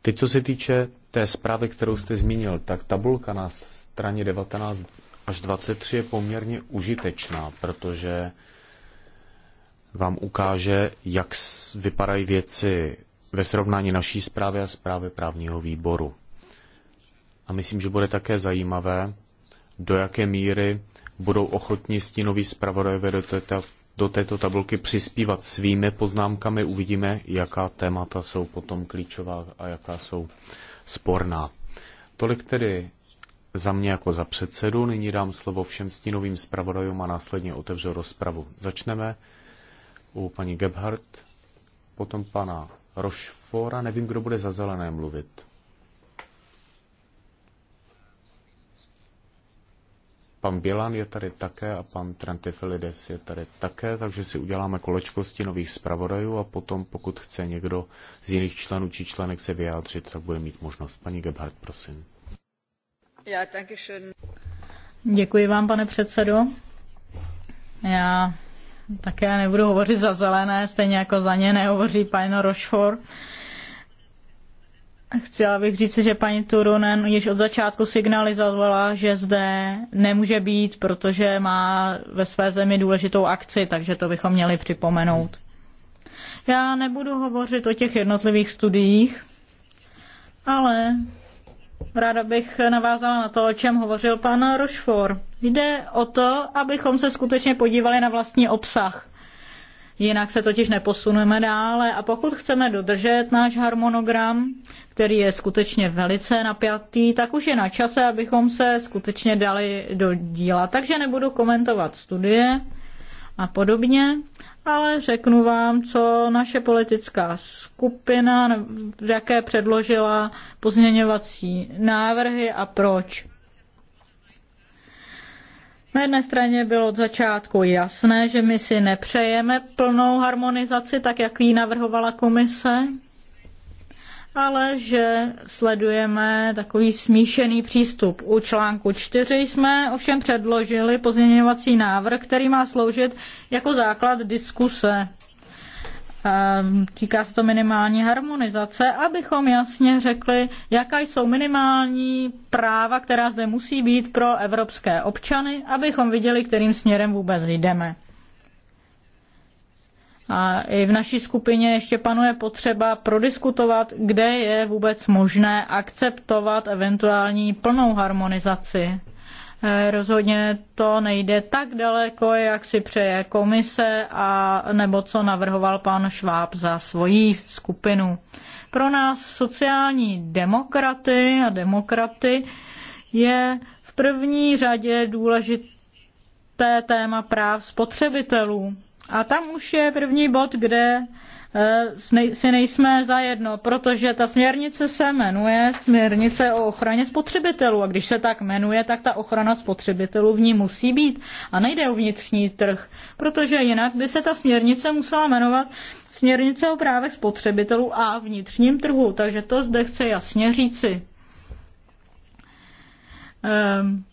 Teď, co se týče té zprávy, kterou jste zmínil, tak tabulka na straně 19 až 23 je poměrně užitečná, protože vám ukáže, jak vypadají věci ve srovnání naší zprávy a zprávy právního výboru. A myslím, že bude také zajímavé, do jaké míry budou ochotni stínoví zpravodajové do, této, do této tabulky přispívat svými poznámkami. Uvidíme, jaká témata jsou potom klíčová a jaká jsou sporná. Tolik tedy za mě jako za předsedu. Nyní dám slovo všem stínovým zpravodajům a následně otevřu rozpravu. Začneme u paní Gebhardt, potom pana Rošfora. Nevím, kdo bude za zelené mluvit. Pan Bělan je tady také a pan Trentifilides je tady také, takže si uděláme kolečko nových zpravodajů a potom, pokud chce někdo z jiných členů či členek se vyjádřit, tak bude mít možnost. Paní Gebhardt, prosím. Já taky Děkuji vám, pane předsedo. Já také nebudu hovořit za zelené, stejně jako za ně nehovoří pan Rochefort. Chtěla bych říct, že paní Turunen již od začátku signalizovala, že zde nemůže být, protože má ve své zemi důležitou akci, takže to bychom měli připomenout. Já nebudu hovořit o těch jednotlivých studiích, ale ráda bych navázala na to, o čem hovořil pan Rošfor. Jde o to, abychom se skutečně podívali na vlastní obsah. Jinak se totiž neposuneme dále a pokud chceme dodržet náš harmonogram, který je skutečně velice napjatý, tak už je na čase, abychom se skutečně dali do díla. Takže nebudu komentovat studie a podobně, ale řeknu vám, co naše politická skupina, jaké předložila pozměňovací návrhy a proč. Na jedné straně bylo od začátku jasné, že my si nepřejeme plnou harmonizaci, tak jak ji navrhovala komise, ale že sledujeme takový smíšený přístup. U článku 4 jsme ovšem předložili pozměňovací návrh, který má sloužit jako základ diskuse. Ehm, týká se to minimální harmonizace, abychom jasně řekli, jaká jsou minimální práva, která zde musí být pro evropské občany, abychom viděli, kterým směrem vůbec jdeme. A i v naší skupině ještě panuje potřeba prodiskutovat, kde je vůbec možné akceptovat eventuální plnou harmonizaci. Eh, rozhodně to nejde tak daleko, jak si přeje komise a nebo co navrhoval pan Šváb za svoji skupinu. Pro nás sociální demokraty a demokraty je v první řadě důležité téma práv spotřebitelů a tam už je první bod, kde eh, si nejsme zajedno, protože ta směrnice se jmenuje směrnice o ochraně spotřebitelů a když se tak jmenuje, tak ta ochrana spotřebitelů v ní musí být a nejde o vnitřní trh, protože jinak by se ta směrnice musela jmenovat směrnice o právech spotřebitelů a vnitřním trhu, takže to zde chce jasně říci. Um,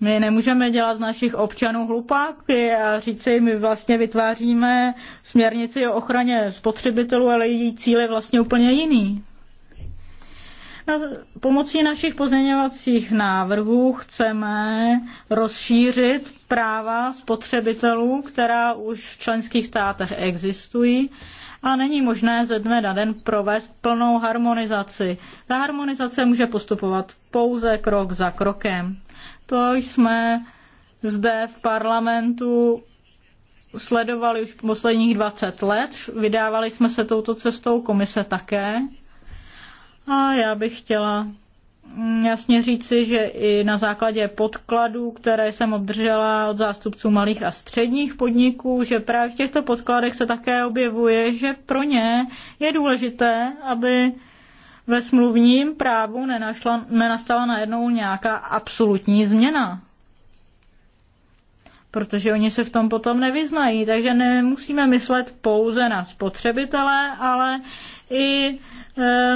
my nemůžeme dělat z našich občanů hlupáky a říci, my vlastně vytváříme směrnici o ochraně spotřebitelů, ale její cíl je vlastně úplně jiný. Na, pomocí našich pozměňovacích návrhů chceme rozšířit práva spotřebitelů, která už v členských státech existují a není možné ze dne na den provést plnou harmonizaci. Ta harmonizace může postupovat pouze krok za krokem. To jsme zde v parlamentu sledovali už posledních 20 let. Vydávali jsme se touto cestou komise také. A já bych chtěla jasně říci, že i na základě podkladů, které jsem obdržela od zástupců malých a středních podniků, že právě v těchto podkladech se také objevuje, že pro ně je důležité, aby ve smluvním právu nenašla, nenastala najednou nějaká absolutní změna. Protože oni se v tom potom nevyznají, takže nemusíme myslet pouze na spotřebitele, ale i e,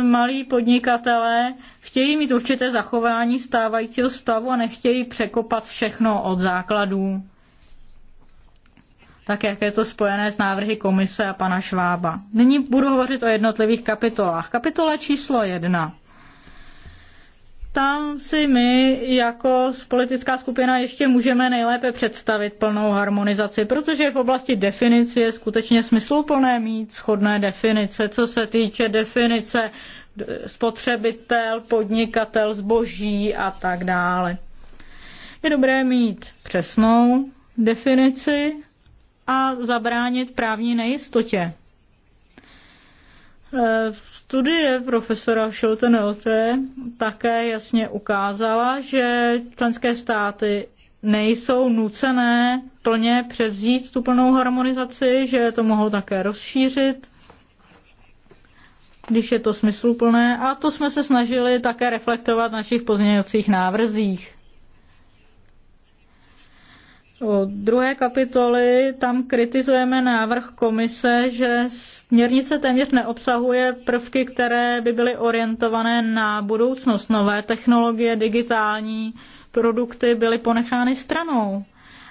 malí podnikatelé chtějí mít určité zachování stávajícího stavu a nechtějí překopat všechno od základů tak jak je to spojené s návrhy komise a pana Švába. Nyní budu hovořit o jednotlivých kapitolách. Kapitola číslo jedna. Tam si my jako politická skupina ještě můžeme nejlépe představit plnou harmonizaci, protože v oblasti definice je skutečně smysluplné mít shodné definice, co se týče definice spotřebitel, podnikatel zboží a tak dále. Je dobré mít přesnou definici a zabránit právní nejistotě. E, studie profesora Schultenelte také jasně ukázala, že členské státy nejsou nucené plně převzít tu plnou harmonizaci, že to mohou také rozšířit, když je to smysluplné. A to jsme se snažili také reflektovat v našich pozměňovacích návrzích. U druhé kapitoly tam kritizujeme návrh komise, že směrnice téměř neobsahuje prvky, které by byly orientované na budoucnost. Nové technologie, digitální produkty byly ponechány stranou.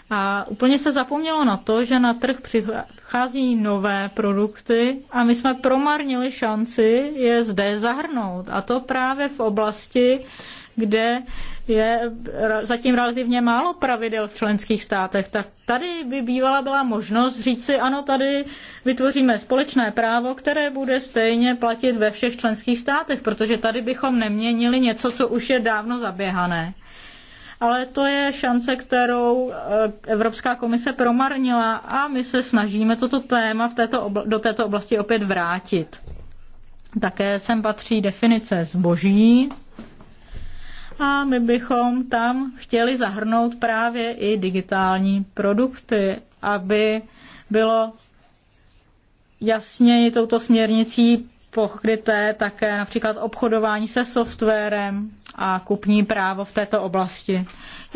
A úplně se zapomnělo na to, že na trh přichází nové produkty a my jsme promarnili šanci je zde zahrnout. A to právě v oblasti, kde je zatím relativně málo pravidel v členských státech, tak tady by bývala byla možnost říct si, ano, tady vytvoříme společné právo, které bude stejně platit ve všech členských státech, protože tady bychom neměnili něco, co už je dávno zaběhané. Ale to je šance, kterou eh, Evropská komise promarnila a my se snažíme toto téma v této do této oblasti opět vrátit. Také sem patří definice zboží, a my bychom tam chtěli zahrnout právě i digitální produkty, aby bylo jasněji touto směrnicí pokryté také například obchodování se softwarem a kupní právo v této oblasti.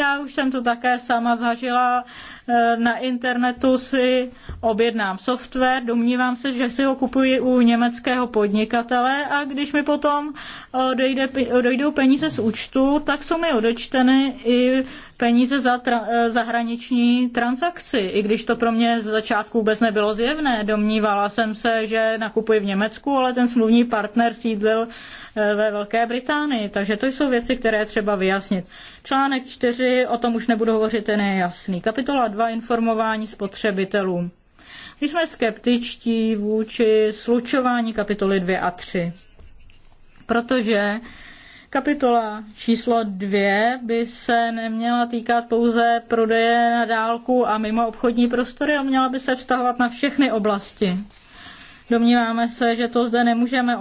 Já už jsem to také sama zažila. Eh, na internetu si objednám software, domnívám se, že si ho kupuji u německého podnikatele a když mi potom eh, odejde, odejdou peníze z účtu, tak jsou mi odečteny i peníze za tra- eh, zahraniční transakci, i když to pro mě z začátku vůbec nebylo zjevné. Domnívala jsem se, že nakupuji v Německu, ale ten smluvní partner sídlil Eh, ve Velké Británii. Takže to jsou věci, které třeba vyjasnit. Článek 4, o tom už nebudu hovořit, ten je jasný. Kapitola 2, informování spotřebitelů. My jsme skeptičtí vůči slučování kapitoly 2 a 3, protože kapitola číslo 2 by se neměla týkat pouze prodeje na dálku a mimo obchodní prostory a měla by se vztahovat na všechny oblasti. Domníváme se, že to zde nemůžeme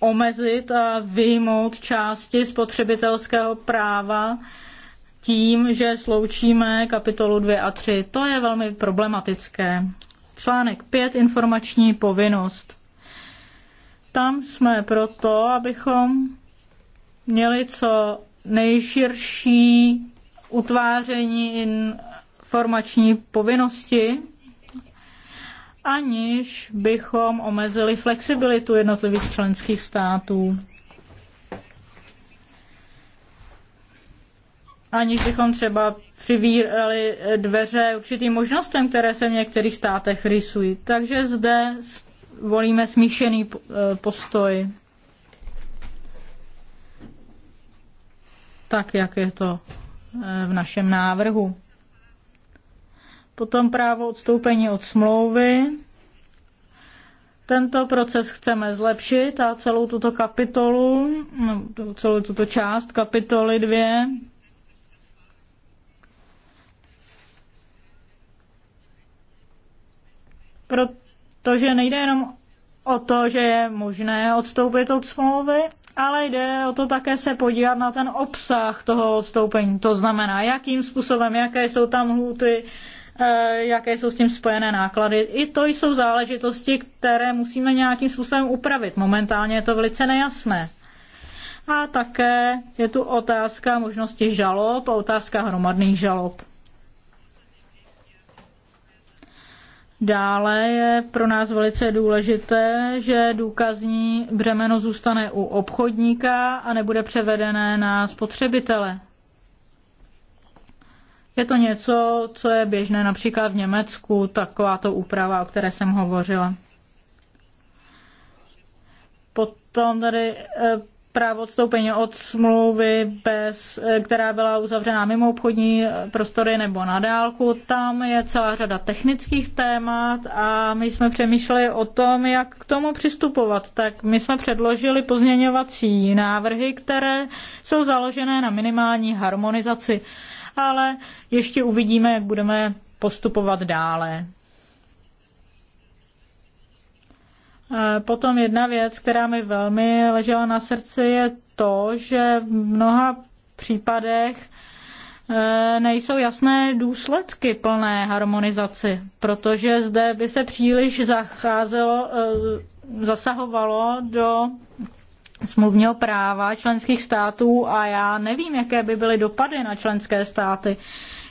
omezit a vyjmout části spotřebitelského práva tím, že sloučíme kapitolu 2 a 3. To je velmi problematické. Článek 5. Informační povinnost. Tam jsme proto, abychom měli co nejširší utváření informační povinnosti aniž bychom omezili flexibilitu jednotlivých členských států. Aniž bychom třeba přivírali dveře určitým možnostem, které se v některých státech rysují. Takže zde volíme smíšený e, postoj. Tak, jak je to e, v našem návrhu. Potom právo odstoupení od smlouvy. Tento proces chceme zlepšit a celou tuto kapitolu, no, celou tuto část kapitoly 2 protože nejde jenom o to, že je možné odstoupit od smlouvy, ale jde o to také se podívat na ten obsah toho odstoupení. To znamená, jakým způsobem, jaké jsou tam lhůty, Eh, jaké jsou s tím spojené náklady. I to jsou záležitosti, které musíme nějakým způsobem upravit. Momentálně je to velice nejasné. A také je tu otázka možnosti žalob a otázka hromadných žalob. Dále je pro nás velice důležité, že důkazní břemeno zůstane u obchodníka a nebude převedené na spotřebitele. Je to něco, co je běžné například v Německu, takováto úprava, o které jsem hovořila. Potom tady e, právo odstoupení od smlouvy, bez, e, která byla uzavřena mimo obchodní e, prostory nebo na dálku. Tam je celá řada technických témat a my jsme přemýšleli o tom, jak k tomu přistupovat. Tak my jsme předložili pozměňovací návrhy, které jsou založené na minimální harmonizaci ale ještě uvidíme, jak budeme postupovat dále. E, potom jedna věc, která mi velmi ležela na srdci, je to, že v mnoha případech e, nejsou jasné důsledky plné harmonizaci, protože zde by se příliš zacházelo, e, zasahovalo do smluvního práva členských států a já nevím, jaké by byly dopady na členské státy.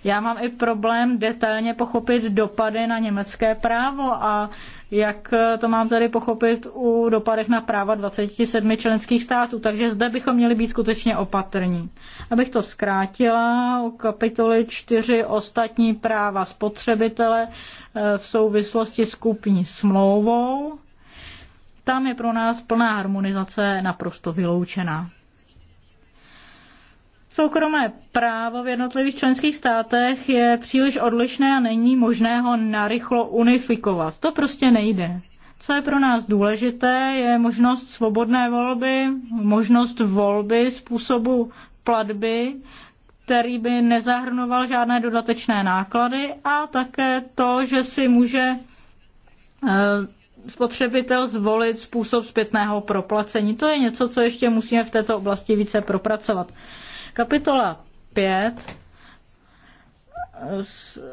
Já mám i problém detailně pochopit dopady na německé právo a jak to mám tady pochopit u dopadech na práva 27 členských států. Takže zde bychom měli být skutečně opatrní. Abych to zkrátila, u kapitoly 4 ostatní práva spotřebitele eh, v souvislosti s kupní smlouvou tam je pro nás plná harmonizace naprosto vyloučená. Soukromé právo v jednotlivých členských státech je příliš odlišné a není možné ho narychlo unifikovat. To prostě nejde. Co je pro nás důležité, je možnost svobodné volby, možnost volby způsobu platby, který by nezahrnoval žádné dodatečné náklady a také to, že si může eh, spotřebitel zvolit způsob zpětného proplacení. To je něco, co ještě musíme v této oblasti více propracovat. Kapitola 5 eh,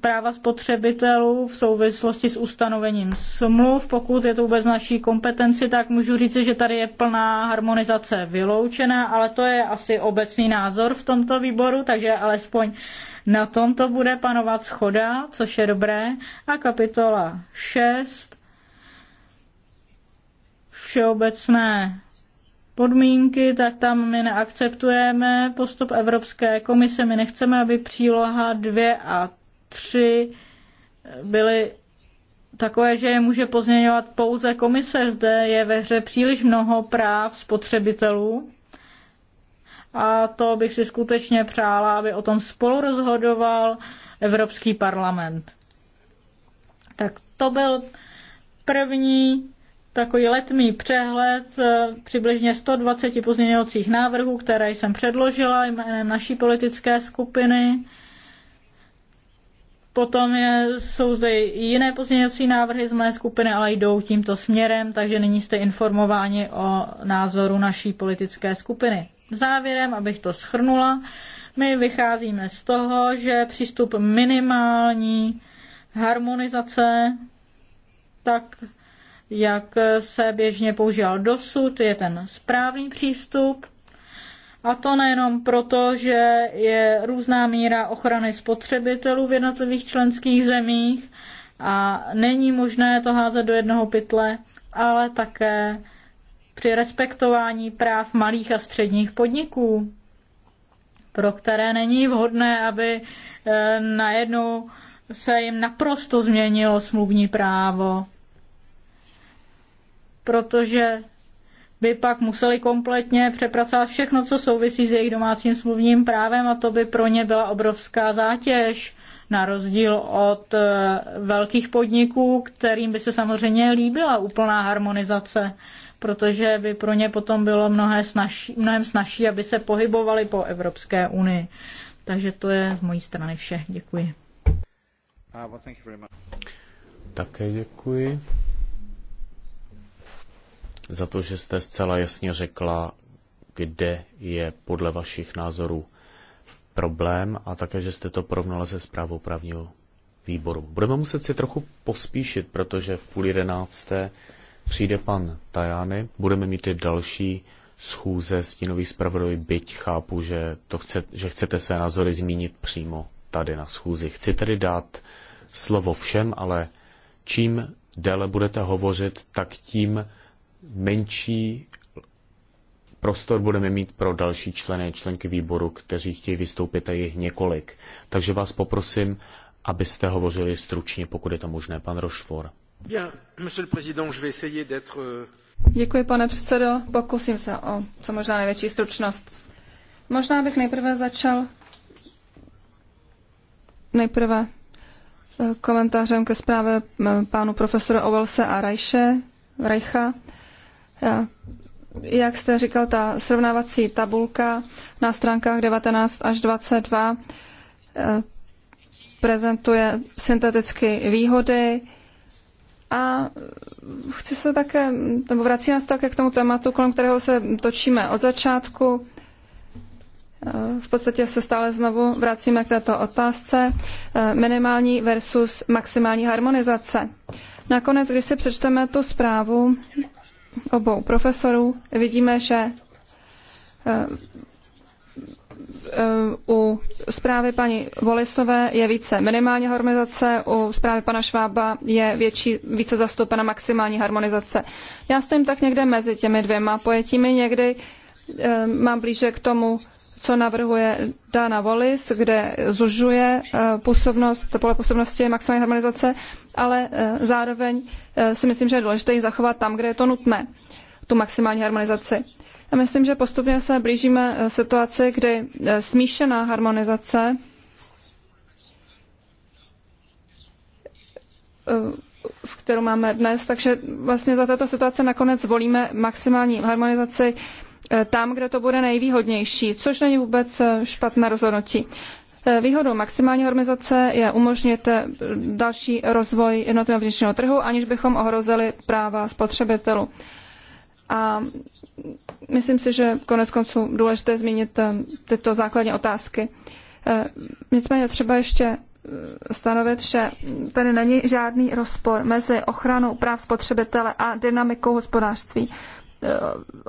práva spotřebitelů v souvislosti s ustanovením smluv. Pokud je to vůbec naší kompetenci, tak můžu říct že tady je plná harmonizace vyloučená, ale to je asi obecný názor v tomto výboru, takže alespoň na tomto bude panovat schoda, což je dobré. A kapitola 6 všeobecné podmínky, tak tam my neakceptujeme postup Evropské komise. My nechceme, aby příloha 2 a 3 byly takové, že je může pozměňovat pouze komise. Zde je ve hře příliš mnoho práv spotřebitelů. A to bych si skutečně přála, aby o tom spolu rozhodoval Evropský parlament. Tak to byl první takový letmý přehled eh, přibližně 120 pozměňovacích návrhů, které jsem předložila jménem naší politické skupiny. Potom je, jsou zde i jiné pozměňovací návrhy z mé skupiny, ale jdou tímto směrem, takže nyní jste informováni o názoru naší politické skupiny. Závěrem, abych to schrnula, my vycházíme z toho, že přístup minimální harmonizace tak jak se běžně používal dosud, je ten správný přístup. A to nejenom proto, že je různá míra ochrany spotřebitelů v jednotlivých členských zemích a není možné to házet do jednoho pytle, ale také při respektování práv malých a středních podniků, pro které není vhodné, aby eh, najednou se jim naprosto změnilo smluvní právo protože by pak museli kompletně přepracovat všechno, co souvisí s jejich domácím smluvním právem a to by pro ně byla obrovská zátěž, na rozdíl od eh, velkých podniků, kterým by se samozřejmě líbila úplná harmonizace, protože by pro ně potom bylo mnohem snažší, mnohem snažší, aby se pohybovali po Evropské unii. Takže to je z mojí strany vše. Děkuji. Ah, Také děkuji za to, že jste zcela jasně řekla, kde je podle vašich názorů problém a také, že jste to porovnala se zprávou právního výboru. Budeme muset si trochu pospíšit, protože v půl jedenácté přijde pan Tajany, budeme mít i další schůze s stínových zpravodajů, byť chápu, že, to chce, že chcete své názory zmínit přímo tady na schůzi. Chci tedy dát slovo všem, ale čím déle budete hovořit, tak tím menší prostor budeme mít pro další členy, členky výboru, kteří chtějí vystoupit a jich několik. Takže vás poprosím, abyste hovořili stručně, pokud je to možné. Pan Rošfor. Euh, Děkuji, pane předsedo. Pokusím se o co možná největší stručnost. Možná bych nejprve začal nejprve eh, komentářem ke zprávě eh, pánu profesora Ovelse a Rajše, Rajcha. Jak jste říkal, ta srovnávací tabulka na stránkách 19 až 22 eh, prezentuje synteticky výhody a chci se také, nebo vrací nás také k tomu tématu, kolem kterého se točíme od začátku. Eh, v podstatě se stále znovu vracíme k této otázce eh, minimální versus maximální harmonizace. Nakonec, když si přečteme tu zprávu, obou profesorů, vidíme, že eh, eh, u zprávy paní Volisové je více minimální harmonizace, u zprávy pana Švába je větší, více zastoupena maximální harmonizace. Já stojím tak někde mezi těmi dvěma pojetími, někdy eh, mám blíže k tomu co navrhuje Dana Wallis, kde zužuje eh, působnost, pole působnosti maximální harmonizace, ale eh, zároveň eh, si myslím, že je důležité ji zachovat tam, kde je to nutné, tu maximální harmonizaci. A myslím, že postupně se blížíme situaci, kdy smíšená harmonizace v kterou máme dnes, takže vlastně za této situace nakonec zvolíme maximální harmonizaci Eh, tam, kde to bude nejvýhodnější, což není vůbec eh, špatné rozhodnutí. Eh, výhodou maximální harmonizace je umožnit další rozvoj jednotného vnitřního trhu, aniž bychom ohrozili práva spotřebitelů. A myslím si, že konec konců důležité zmínit tyto základní otázky. Nicméně třeba ještě stanovit, že tady není žádný rozpor mezi ochranou práv spotřebitele a dynamikou hospodářství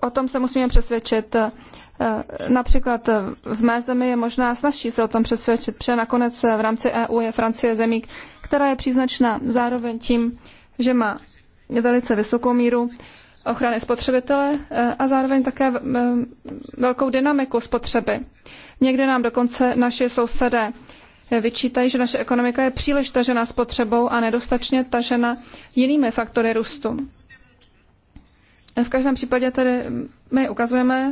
o tom se musíme přesvědčit. Eh, například v mé zemi je možná snažší se o tom přesvědčit, protože nakonec v rámci EU je Francie zemí, která je příznačná zároveň tím, že má velice vysokou míru ochrany spotřebitele eh, a zároveň také eh, velkou dynamiku spotřeby. Někdy nám dokonce naši sousedé vyčítají, že naše ekonomika je příliš tažena spotřebou a nedostatečně tažena jinými faktory růstu. V každém případě tedy my ukazujeme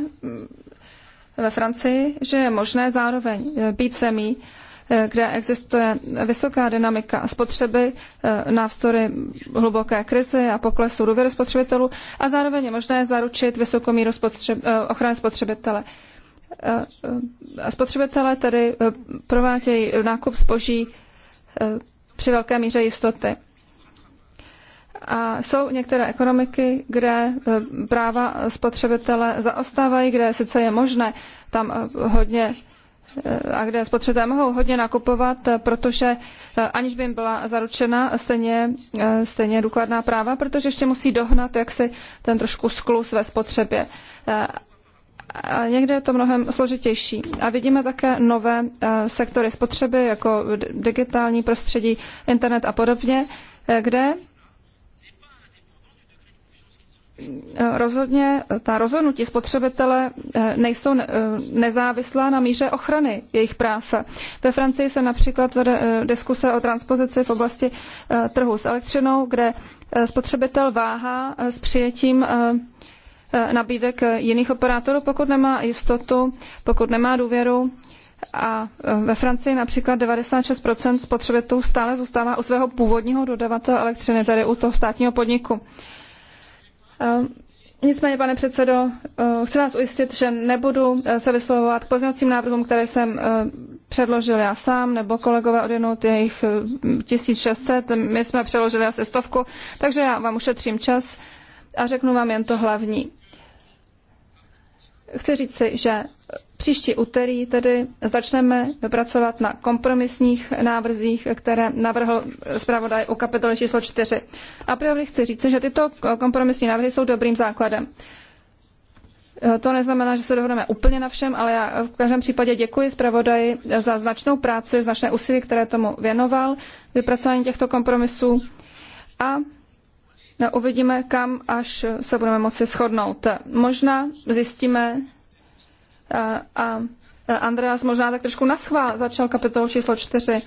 ve Francii, že je možné zároveň být zemí, kde existuje vysoká dynamika spotřeby eh, návstory, hluboké krizi a poklesu důvěry spotřebitelů a zároveň je možné zaručit vysokou míru spotřeb, eh, ochrany spotřebitele. Eh, spotřebitelé tedy provádějí nákup zboží při velké míře jistoty. A jsou některé ekonomiky, kde e, práva spotřebitele zaostávají, kde sice je možné tam e, hodně e, a kde spotřebitelé mohou hodně nakupovat, protože aniž by jim byla zaručena stejně, stejně důkladná práva, protože ještě musí dohnat jaksi ten trošku sklus ve spotřebě. A někde je to mnohem složitější. A vidíme také nové sektory spotřeby, jako digitální prostředí, internet a podobně, kde Eh, rozhodně eh, ta rozhodnutí spotřebitele eh, nejsou nezávislá na míře ochrany jejich práv. Ve Francii se například vede diskuse o transpozici v oblasti trhu s elektřinou, kde spotřebitel váhá s přijetím nabídek jiných operátorů, pokud nemá jistotu, pokud nemá důvěru. A ve Francii například 96% spotřebitelů stále zůstává u svého původního dodavatele elektřiny, tedy u toho státního podniku. Ehm, nicméně, pane předsedo, eh, chci vás ujistit, že nebudu eh, se vyslovovat k pozměňovacím návrhům, které jsem eh, předložil já sám, nebo kolegové odjednout jejich 1600, hm, my jsme předložili asi stovku, takže já vám ušetřím čas a řeknu vám jen to hlavní chci říci, že příští úterý tedy začneme pracovat na kompromisních návrzích, které navrhl zpravodaj u kapitoly číslo 4. A priori chci říci, že tyto kompromisní návrhy jsou dobrým základem. To neznamená, že se dohodneme úplně na všem, ale já v každém případě děkuji zpravodaji za značnou práci, značné úsilí, které tomu věnoval, vypracování těchto kompromisů. A No, uvidíme, kam až se budeme moci shodnout. Možná zjistíme, a Andreas možná tak trošku naschvál začal kapitolu číslo 4,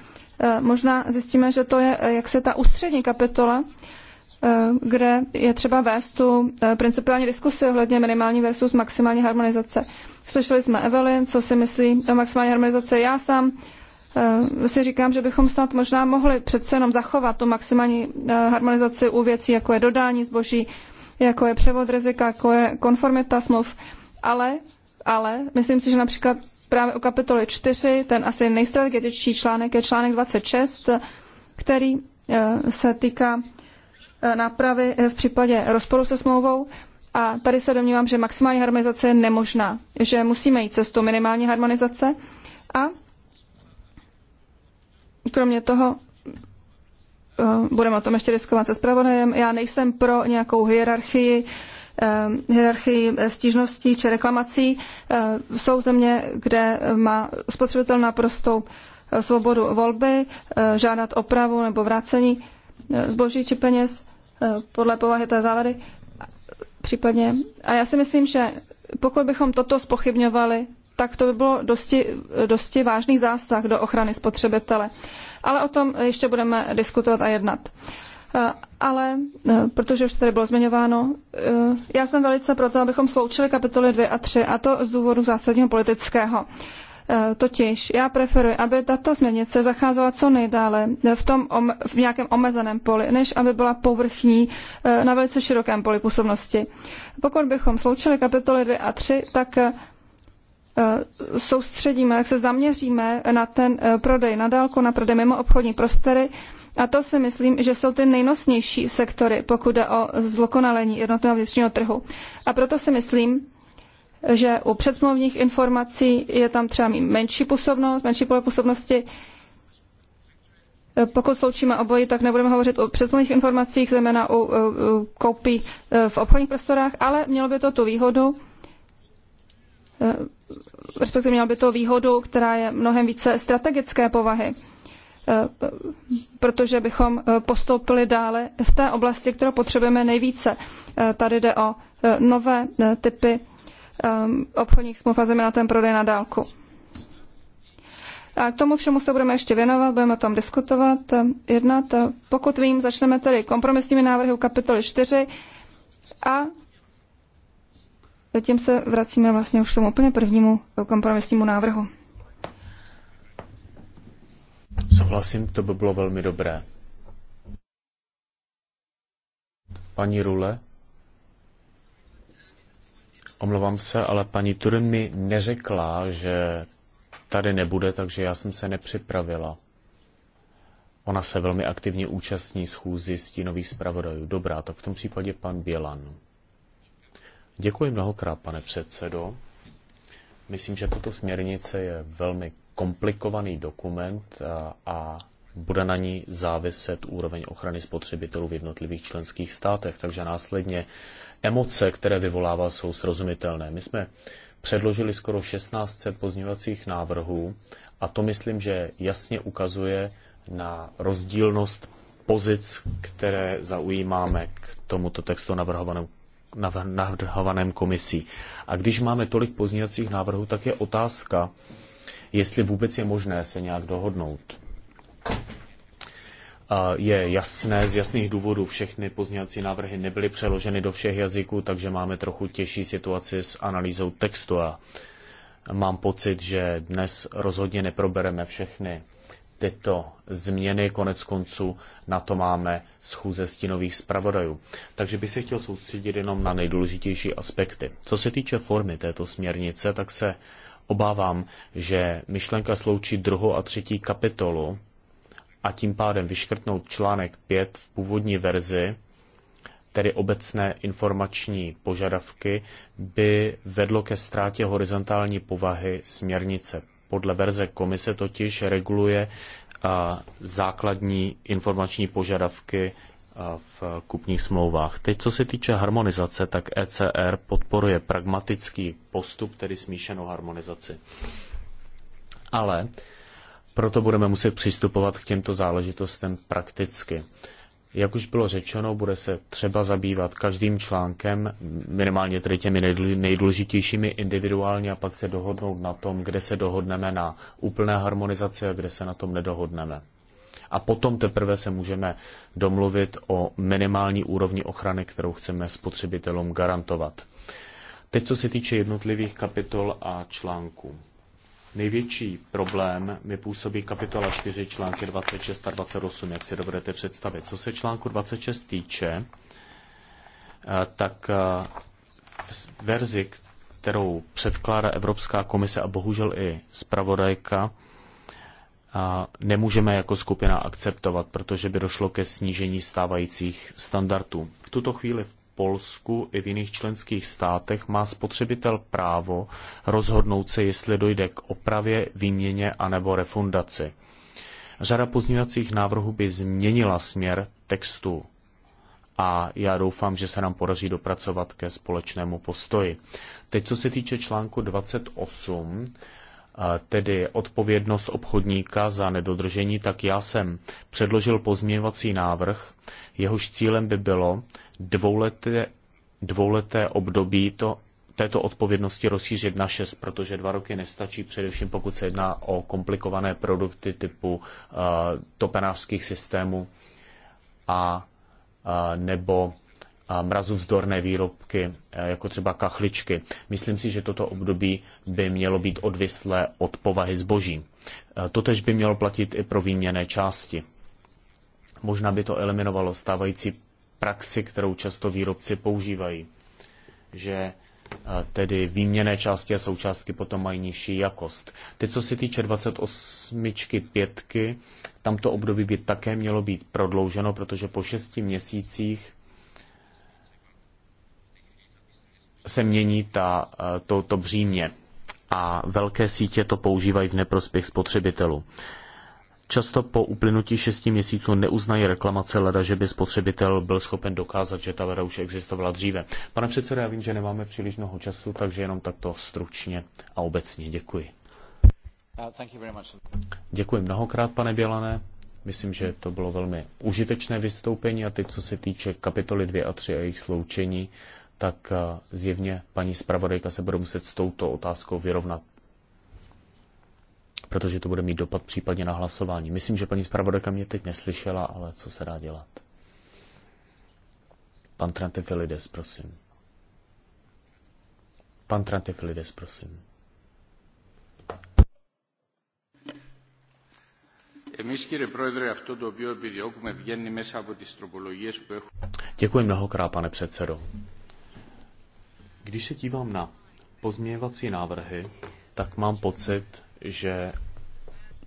možná zjistíme, že to je jak se ta ústřední kapitola, kde je třeba vést tu principiální diskusi ohledně minimální versus maximální harmonizace. Slyšeli jsme Evelyn, co si myslí o maximální harmonizaci. Já sám Eh, si říkám, že bychom snad možná mohli přece jenom zachovat tu maximální eh, harmonizaci u věcí, jako je dodání zboží, jako je převod rizika, jako je konformita smluv, ale, ale myslím si, že například právě u kapitoly 4, ten asi nejstrategičtější článek je článek 26, který eh, se týká nápravy v případě rozporu se smlouvou. A tady se domnívám, že maximální harmonizace je nemožná, že musíme jít cestou minimální harmonizace a Kromě toho eh, budeme o tom ještě diskutovat se zpravodajem. Já nejsem pro nějakou hierarchii eh, hierarchii eh, stížností či reklamací. Jsou země, kde má spotřebitel naprostou svobodu volby, žádat opravu nebo vrácení zboží či peněz podle povahy té závady. Případně. A já si myslím, že pokud bychom toto spochybňovali, tak to by bylo dosti, dosti vážný zásah do ochrany spotřebitele. Ale o tom ještě budeme diskutovat a jednat. Eh, ale, eh, protože už tady bylo zmiňováno, eh, já jsem velice proto, abychom sloučili kapitoly 2 a 3, a to z důvodu zásadního politického. Totiž já preferuji, aby tato směrnice zacházela co nejdále v, tom, v nějakém omezeném poli, než aby byla povrchní na velice širokém poli působnosti. Pokud bychom sloučili kapitoly 2 a 3, tak Eh, soustředíme, jak se zaměříme na ten eh, prodej na dálku, na prodej mimo obchodní prostory. A to si myslím, že jsou ty nejnosnější sektory, pokud jde o zlokonalení jednotného vnitřního trhu. A proto si myslím, že u předsmluvních informací je tam třeba mít menší působnost, menší pole působnosti. Eh, pokud sloučíme obojí, tak nebudeme hovořit o předsmluvních informacích, zejména u, u, u koupí v obchodních prostorách, ale mělo by to tu výhodu, Eh, respektive měla by to výhodu, která je mnohem více strategické povahy, eh, protože bychom eh, postoupili dále v té oblasti, kterou potřebujeme nejvíce. Tady jde o nové typy obchodních smluv a ten prodej na dálku. A k tomu všemu se budeme ještě věnovat, budeme o tom diskutovat, jednat. Pokud vím, začneme tedy kompromisními návrhy u kapitoly 4 a tím se vracíme vlastně už k tomu úplně prvnímu kompromisnímu návrhu. Souhlasím, to by bylo velmi dobré. Paní Rule? Omlouvám se, ale paní Turin mi neřekla, že tady nebude, takže já jsem se nepřipravila. Ona se velmi aktivně účastní schůzi stínových zpravodajů. Dobrá, tak v tom případě pan Bělan. Děkuji mnohokrát, pane předsedo. Myslím, že tuto směrnice je velmi komplikovaný dokument a, eh, a bude na ní záviset úroveň ochrany spotřebitelů v jednotlivých členských státech, takže následně emoce, které vyvolává, jsou srozumitelné. My jsme předložili skoro 1600 pozměňovacích návrhů a to myslím, že jasně ukazuje na rozdílnost pozic, které zaujímáme k tomuto textu navrhovanému navrhovaném komisí. A když máme tolik pozměňovacích návrhů, tak je otázka, jestli vůbec je možné se nějak dohodnout. Je jasné, z jasných důvodů všechny pozměňovací návrhy nebyly přeloženy do všech jazyků, takže máme trochu těžší situaci s analýzou textu a mám pocit, že dnes rozhodně neprobereme všechny tyto změny. Konec konců na to máme schůze stínových zpravodajů. Takže bych se chtěl soustředit jenom na nejdůležitější aspekty. Co se týče formy této směrnice, tak se obávám, že myšlenka sloučit druhou a třetí kapitolu a tím pádem vyškrtnout článek 5 v původní verzi, tedy obecné informační požadavky, by vedlo ke ztrátě horizontální povahy směrnice podle verze komise totiž reguluje základní informační požadavky v kupních smlouvách. Teď, co se týče harmonizace, tak ECR podporuje pragmatický postup, tedy smíšenou harmonizaci. Ale proto budeme muset přistupovat k těmto záležitostem prakticky. Jak už bylo řečeno, bude se třeba zabývat každým článkem, minimálně tedy těmi nejdůležitějšími individuálně a pak se dohodnout na tom, kde se dohodneme na úplné harmonizaci a kde se na tom nedohodneme. A potom teprve se můžeme domluvit o minimální úrovni ochrany, kterou chceme spotřebitelům garantovat. Teď, co se týče jednotlivých kapitol a článků. Největší problém mi působí kapitola 4 články 26 a 28, jak si dovedete představit. Co se článku 26 týče, eh, tak v eh, verzi, kterou předkládá Evropská komise a bohužel i zpravodajka, eh, nemůžeme jako skupina akceptovat, protože by došlo ke snížení stávajících standardů. V tuto chvíli v Polsku i v jiných členských státech má spotřebitel právo rozhodnout se, jestli dojde k opravě, výměně anebo refundaci. Řada pozměňovacích návrhů by změnila směr textu a já doufám, že se nám podaří dopracovat ke společnému postoji. Teď, co se týče článku 28, eh, tedy odpovědnost obchodníka za nedodržení, tak já jsem předložil pozměňovací návrh. Jehož cílem by bylo, dvouleté, dvouleté období to, této odpovědnosti rozšířit na 6, protože dva roky nestačí, především pokud se jedná o komplikované produkty typu uh, topenářských systémů a uh, nebo uh, mrazovzdorné výrobky, uh, jako třeba kachličky. Myslím si, že toto období by mělo být odvislé od povahy zboží. Uh, totež by mělo platit i pro výměné části. Možná by to eliminovalo stávající praxi, kterou často výrobci používají. Že eh, tedy výměné části a součástky potom mají nižší jakost. Teď, co se týče 28 pětky, tamto období by také mělo být prodlouženo, protože po šesti měsících se mění ta, eh, to, to břímě a velké sítě to používají v neprospěch spotřebitelů. Často po uplynutí šesti měsíců neuznají reklamace leda, že by spotřebitel byl schopen dokázat, že ta leda už existovala dříve. Pane předsedo, já vím, že nemáme příliš mnoho času, takže jenom takto stručně a obecně děkuji. Uh, děkuji mnohokrát, pane Bělané. Myslím, že to bylo velmi užitečné vystoupení a teď, co se týče kapitoly 2 a 3 a jejich sloučení, tak uh, zjevně paní zpravodajka se bude muset s touto otázkou vyrovnat protože to bude mít dopad případně na hlasování. Myslím, že paní zpravodajka mě teď neslyšela, ale co se dá dělat. Pan Trantefilides, prosím. Pan Trantefilides, prosím. Εμείς κύριε Πρόεδρε αυτό το οποίο επιδιώκουμε βγαίνει μέσα από τις τροπολογίες που έχουμε. Děkuji mnohokrát, pane předsedo. Když se dívám na pozměňovací návrhy, tak mám pocit, že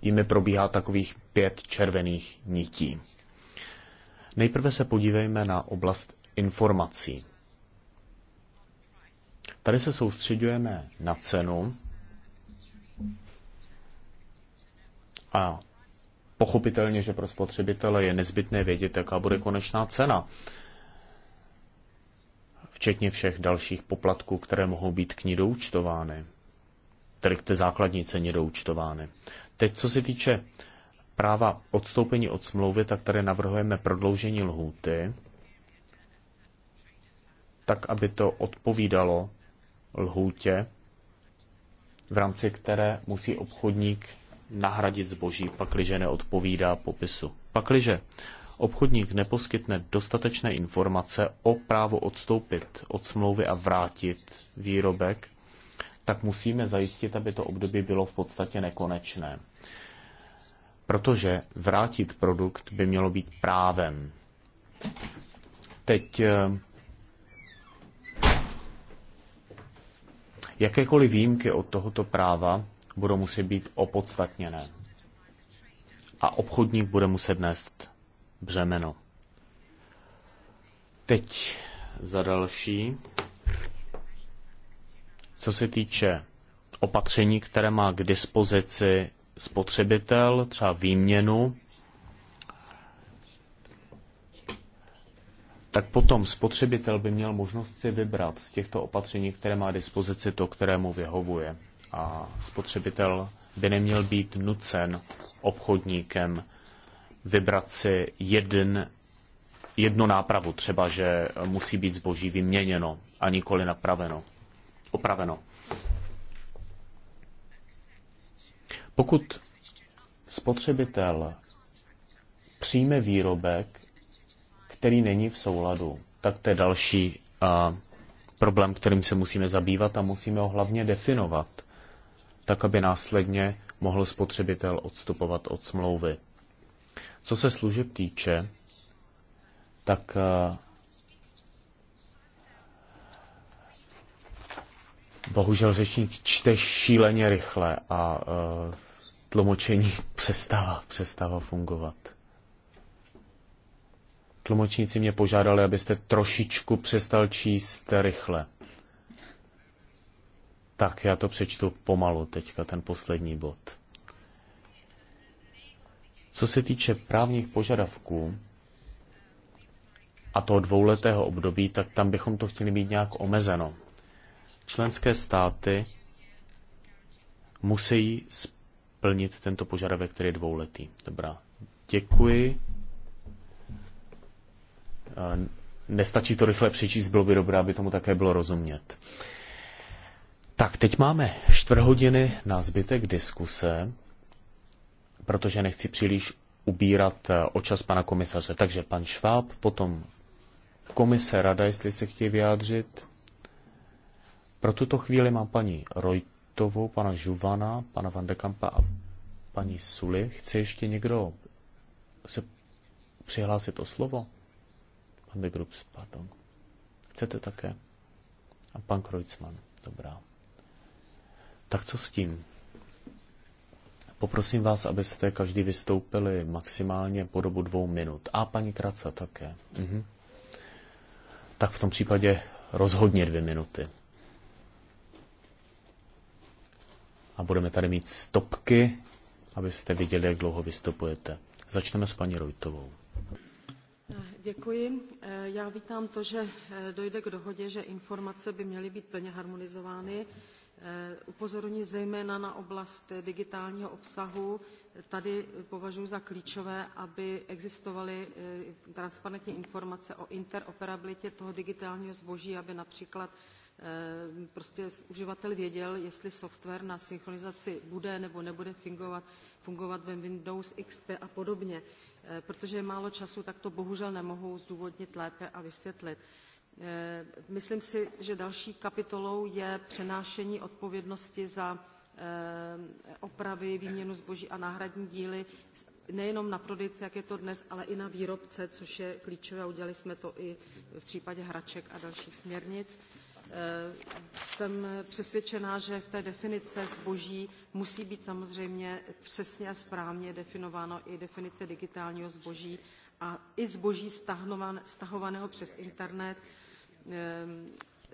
jimi probíhá takových pět červených nití. Nejprve se podívejme na oblast informací. Tady se soustředujeme na cenu a pochopitelně, že pro spotřebitele je nezbytné vědět, jaká bude konečná cena, včetně všech dalších poplatků, které mohou být k ní doučtovány k ty základní ceně účtovány. Teď, co se týče práva odstoupení od smlouvy, tak tady navrhujeme prodloužení lhůty, tak, aby to odpovídalo lhůtě, v rámci které musí obchodník nahradit zboží, pakliže neodpovídá popisu. Pakliže obchodník neposkytne dostatečné informace o právo odstoupit od smlouvy a vrátit výrobek, tak musíme zajistit, aby to období bylo v podstatě nekonečné. Protože vrátit produkt by mělo být právem. Teď eh, jakékoliv výjimky od tohoto práva budou muset být opodstatněné. A obchodník bude muset nést břemeno. Teď za další. Co se týče opatření, které má k dispozici spotřebitel, třeba výměnu, tak potom spotřebitel by měl možnost si vybrat z těchto opatření, které má dispozici to, které mu vyhovuje. A spotřebitel by neměl být nucen obchodníkem vybrat si jeden, jednu nápravu, třeba že musí být zboží vyměněno a nikoli napraveno opraveno. Pokud spotřebitel přijme výrobek, který není v souladu, tak to je další a, problém, kterým se musíme zabývat a musíme ho hlavně definovat, tak aby následně mohl spotřebitel odstupovat od smlouvy. Co se služeb týče, tak Bohužel řečník čte šíleně rychle a uh, tlumočení [laughs] přestává, přestává fungovat. Tlumočníci mě požádali, abyste trošičku přestal číst rychle. Tak, já to přečtu pomalu teďka, ten poslední bod. Co se týče právních požadavků a toho dvouletého období, tak tam bychom to chtěli mít nějak omezeno. Členské státy musí splnit tento požadavek, který je dvouletý. Dobrá, děkuji. Nestačí to rychle přečíst, bylo by dobré, aby tomu také bylo rozumět. Tak, teď máme čtvrt hodiny na zbytek diskuse, protože nechci příliš ubírat eh, o čas pana komisaře. Takže pan Šváb, potom komise, rada, jestli se chtějí vyjádřit. Pro tuto chvíli mám paní Rojtovou, pana Žuvana, pana Van de Kampa a paní Suli. Chce ještě někdo se přihlásit o slovo? Pan de Grups, pardon. Chcete také? A pan Krojcman, dobrá. Tak co s tím? Poprosím vás, abyste každý vystoupili maximálně po dobu dvou minut. A paní Kraca také. Mhm. Tak v tom případě rozhodně dvě minuty. a budeme tady mít stopky, abyste viděli, jak dlouho vystupujete. Začneme s paní Rojtovou. Eh, děkuji. Eh, já vítám to, že eh, dojde k dohodě, že informace by měly být plně harmonizovány. Upozorní zejména na oblast digitálního obsahu. Tady považuji za klíčové, aby existovaly transparentní informace o interoperabilitě toho digitálního zboží, aby například Eh, prostě uživatel věděl, jestli software na synchronizaci bude nebo nebude fungovat, fungovat ve Windows XP a podobně. Eh, protože je málo času, tak to bohužel nemohu zdůvodnit lépe a vysvětlit. Eh, myslím si, že další kapitolou je přenášení odpovědnosti za opravy, výměnu zboží a náhradní díly nejenom na prodejce, jak je to dnes, ale i na výrobce, což je klíčové. Udělali jsme to i v případě hraček a dalších směrnic. Eh, jsem přesvědčená, že v té definice zboží musí být samozřejmě přesně a správně definováno i definice digitálního zboží a i zboží stahovaného přes internet. Eh,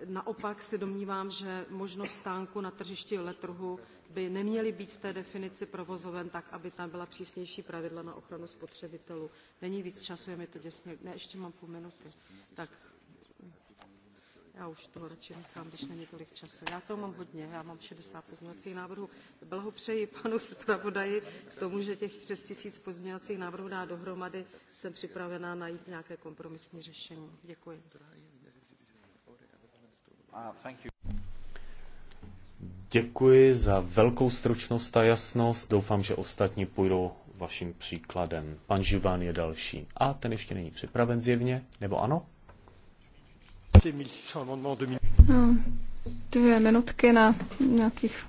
naopak se domnívám, že možnost stánku na tržišti letrhu by neměly být v té definici provozoven tak, aby tam byla přísnější pravidla na ochranu spotřebitelů. Není víc času, je mi to děsně. Ne, ještě mám půl minuty. Tak já už toho radši nechám, když není tolik času. Já to mám hodně, já mám 60 pozměňovacích návrhů. Blahopřeji panu zpravodaji k tomu, že těch 6 tisíc pozměňovacích návrhů dá dohromady. Jsem připravená najít nějaké kompromisní řešení. Děkuji. Děkuji za velkou stručnost a jasnost. Doufám, že ostatní půjdou vaším příkladem. Pan Živán je další. A ten ještě není připraven zjevně, nebo ano? Dvě minutky na nějakých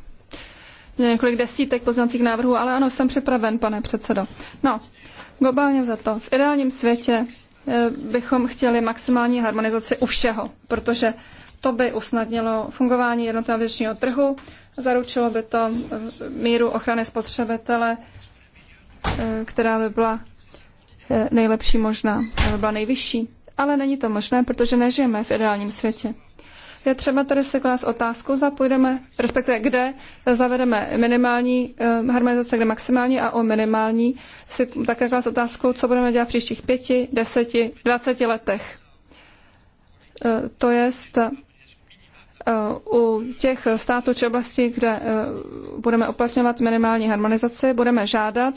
několik desítek poznacích návrhů, ale ano, jsem připraven, pane předsedo. No, globálně za to. V ideálním světě eh, bychom chtěli maximální harmonizaci u všeho, protože to by usnadnilo fungování jednotného vnitřního trhu, zaručilo by to eh, míru ochrany spotřebitele, eh, která by byla nejlepší možná, nebo by byla nejvyšší ale není to možné, protože nežijeme v ideálním světě. Je třeba tady se klást otázku, zda půjdeme, respektive kde zavedeme minimální eh, harmonizace, kde maximální a o minimální si také klást otázku, co budeme dělat v příštích pěti, deseti, dvaceti letech. Eh, to jest eh, u těch států či oblastí, kde eh, budeme uplatňovat minimální harmonizaci, budeme žádat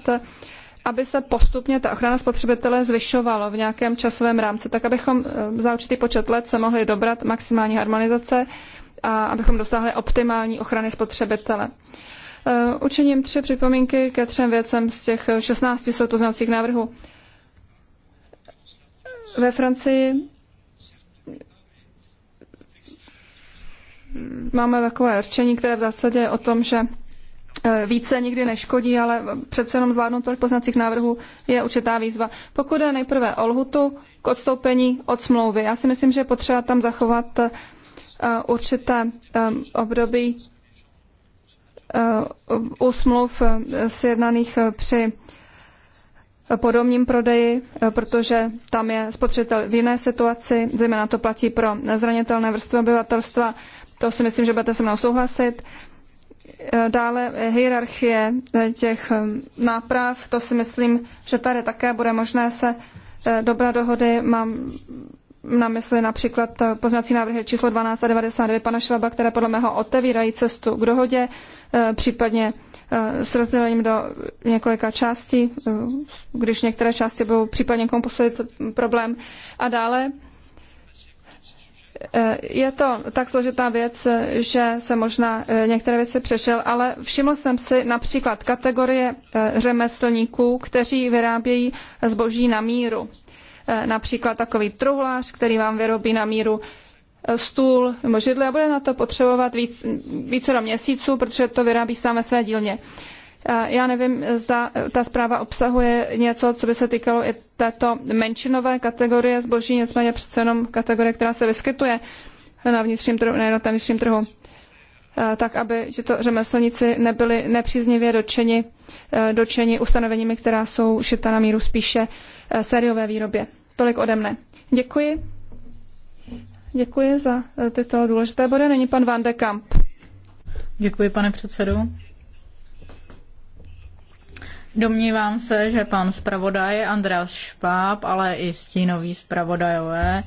aby se postupně ta ochrana spotřebitele zvyšovala v nějakém časovém rámci, tak abychom eh, za určitý počet let se mohli dobrat maximální harmonizace a abychom dosáhli optimální ochrany spotřebitele. Eh, učiním tři připomínky ke třem věcem z těch 1600 poznacích návrhů. Ve Francii máme takové rčení, které v zásadě je o tom, že Eh, více nikdy neškodí, ale přece jenom zvládnout tolik poznacích návrhů je určitá výzva. Pokud je nejprve o lhutu k odstoupení od smlouvy, já si myslím, že je potřeba tam zachovat eh, určité eh, období u smluv sjednaných při podobním prodeji, protože tam je spotřebitel v jiné situaci, zejména to platí pro nezranitelné vrstvy obyvatelstva. To si myslím, že budete se mnou souhlasit. Eh, dále hierarchie eh, těch eh, náprav, to si myslím, že tady také bude možné se dobrá dohody. Mám na mysli například poznací návrhy číslo 12 a 99 pana Švaba, které podle mého otevírají cestu k dohodě, případně s rozdělením do několika částí, když některé části budou případně komposit problém. A dále Eh, je to tak složitá věc, že se možná eh, některé věci přešel, ale všiml jsem si například kategorie eh, řemeslníků, kteří vyrábějí zboží na míru. Například takový truhlář, který vám vyrobí na míru stůl nebo židle a bude na to potřebovat víc, více do měsíců, protože to vyrábí sám ve své dílně. Já nevím, zda ta zpráva obsahuje něco, co by se týkalo i této menšinové kategorie zboží, nicméně přece jenom kategorie, která se vyskytuje na vnitřním trhu, ne na tom vnitřním trhu tak aby tito řemeslníci nebyli nepříznivě dočeni, eh, dočeni ustanoveními, která jsou šita na míru spíše eh, sériové výrobě. Tolik ode mne. Děkuji. Děkuji za eh, tyto důležité body. Není pan Van de Kamp. Děkuji, pane předsedu. Domnívám se, že pan zpravodaj Andreas Špáb, ale i stínoví zpravodajové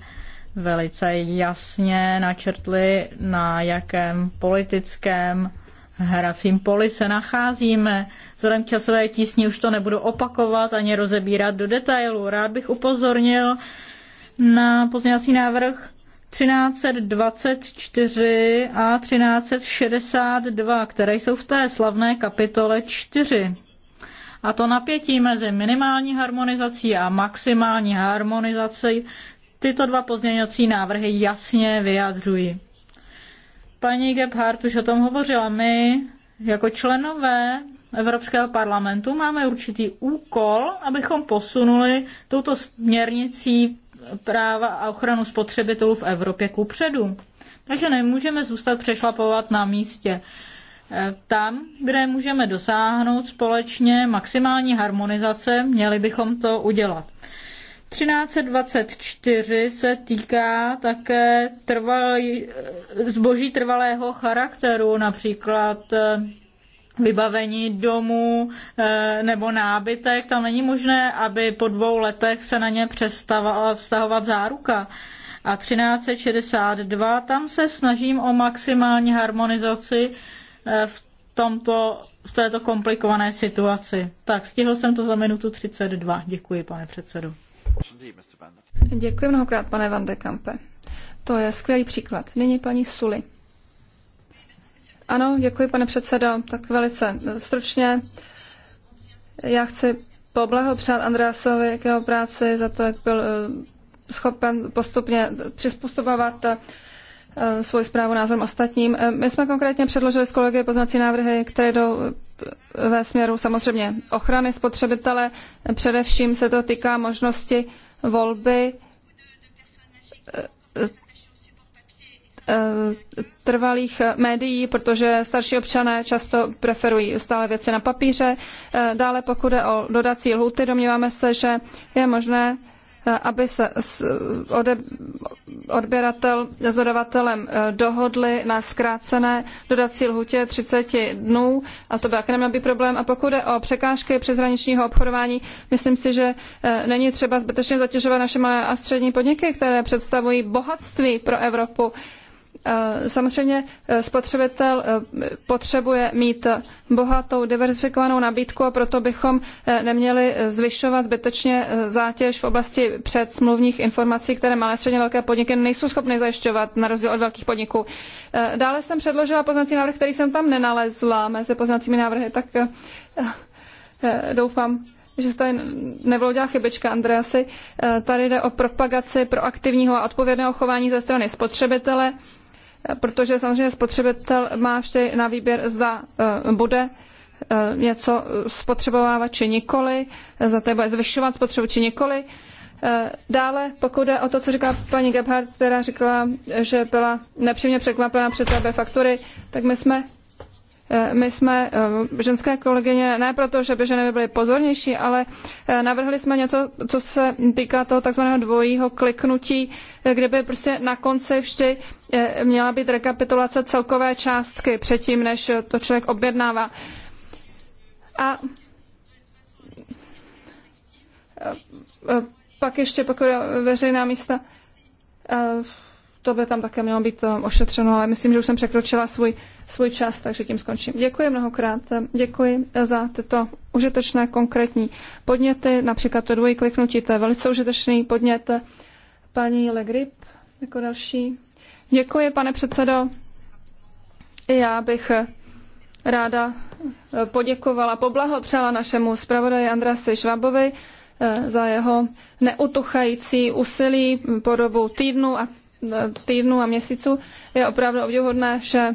velice jasně načrtli, na jakém politickém hracím poli se nacházíme. Vzhledem k časové tísni už to nebudu opakovat ani rozebírat do detailu. Rád bych upozornil na pozměňovací návrh 1324 a 1362, které jsou v té slavné kapitole 4. A to napětí mezi minimální harmonizací a maximální harmonizací tyto dva pozměňovací návrhy jasně vyjadřují. Paní Gebhardt už o tom hovořila. My jako členové Evropského parlamentu máme určitý úkol, abychom posunuli touto směrnicí práva a ochranu spotřebitelů v Evropě kupředu. Takže nemůžeme zůstat přešlapovat na místě tam, kde můžeme dosáhnout společně maximální harmonizace, měli bychom to udělat. 1324 se týká také trvalý, zboží trvalého charakteru, například eh, vybavení domů eh, nebo nábytek. Tam není možné, aby po dvou letech se na ně přestala vztahovat záruka. A 1362 tam se snažím o maximální harmonizaci Eh, v, tomto, v této komplikované situaci. Tak, stihl jsem to za minutu 32. Děkuji, pane předsedo. Děkuji mnohokrát, pane Van de Kampe. To je skvělý příklad. Nyní paní Suli. Ano, děkuji, pane předsedo. Tak velice stručně. Já chci poblahopřát Andreasovi k jeho práci za to, jak byl eh, schopen postupně přizpůsobovat Eh, svoji zprávu názorům ostatním. Eh, my jsme konkrétně předložili s kolegy poznací návrhy, které jdou eh, ve směru samozřejmě ochrany spotřebitele. Především se to týká možnosti volby trvalých médií, protože starší občané často preferují stále věci na papíře. Dále pokud je o dodací lhuty, domníváme se, že je možné aby se ode, odběratel s dodavatelem eh, dohodli na zkrácené dodací lhutě 30 dnů a to by také neměl být problém. A pokud je o překážky přeshraničního obchodování, myslím si, že eh, není třeba zbytečně zatěžovat naše malé a střední podniky, které představují bohatství pro Evropu. Eh, samozřejmě eh, spotřebitel eh, potřebuje mít bohatou, diverzifikovanou nabídku a proto bychom neměli zvyšovat zbytečně zátěž v oblasti předsmluvních informací, které malé středně velké podniky nejsou schopny zajišťovat, na rozdíl od velkých podniků. Dále jsem předložila poznací návrh, který jsem tam nenalezla mezi poznacími návrhy, tak doufám, že se tady nevloudila chybička, Andreasi. Tady jde o propagaci proaktivního a odpovědného chování ze strany spotřebitele protože samozřejmě spotřebitel má vždy na výběr, zda eh, bude eh, něco spotřebovávat či nikoli, za to bude zvyšovat spotřebu či nikoli. Eh, dále, pokud jde o to, co říkala paní Gebhardt, která říkala, že byla nepřímě překvapena před AB faktury, tak my jsme my jsme eh, ženské kolegyně, ne proto, že by ženy byly pozornější, ale eh, navrhli jsme něco, co se týká toho takzvaného dvojího kliknutí, eh, kde by prostě na konci vždy měla být rekapitulace celkové částky předtím, než to člověk objednává. A pak ještě pokud veřejná místa to by tam také mělo být eh, ošetřeno, ale myslím, že už jsem překročila svůj, svůj čas, takže tím skončím. Děkuji mnohokrát, děkuji za tyto užitečné konkrétní podněty, například to dvojí kliknutí, to je velice užitečný podnět eh, paní Legrip jako další. Děkuji, pane předsedo. Já bych eh, ráda poděkovala, poblahopřála našemu zpravodaji Andrasi Švábovi za jeho neutuchající úsilí po dobu týdnu a týdnů a měsíců, je opravdu obdivuhodné, že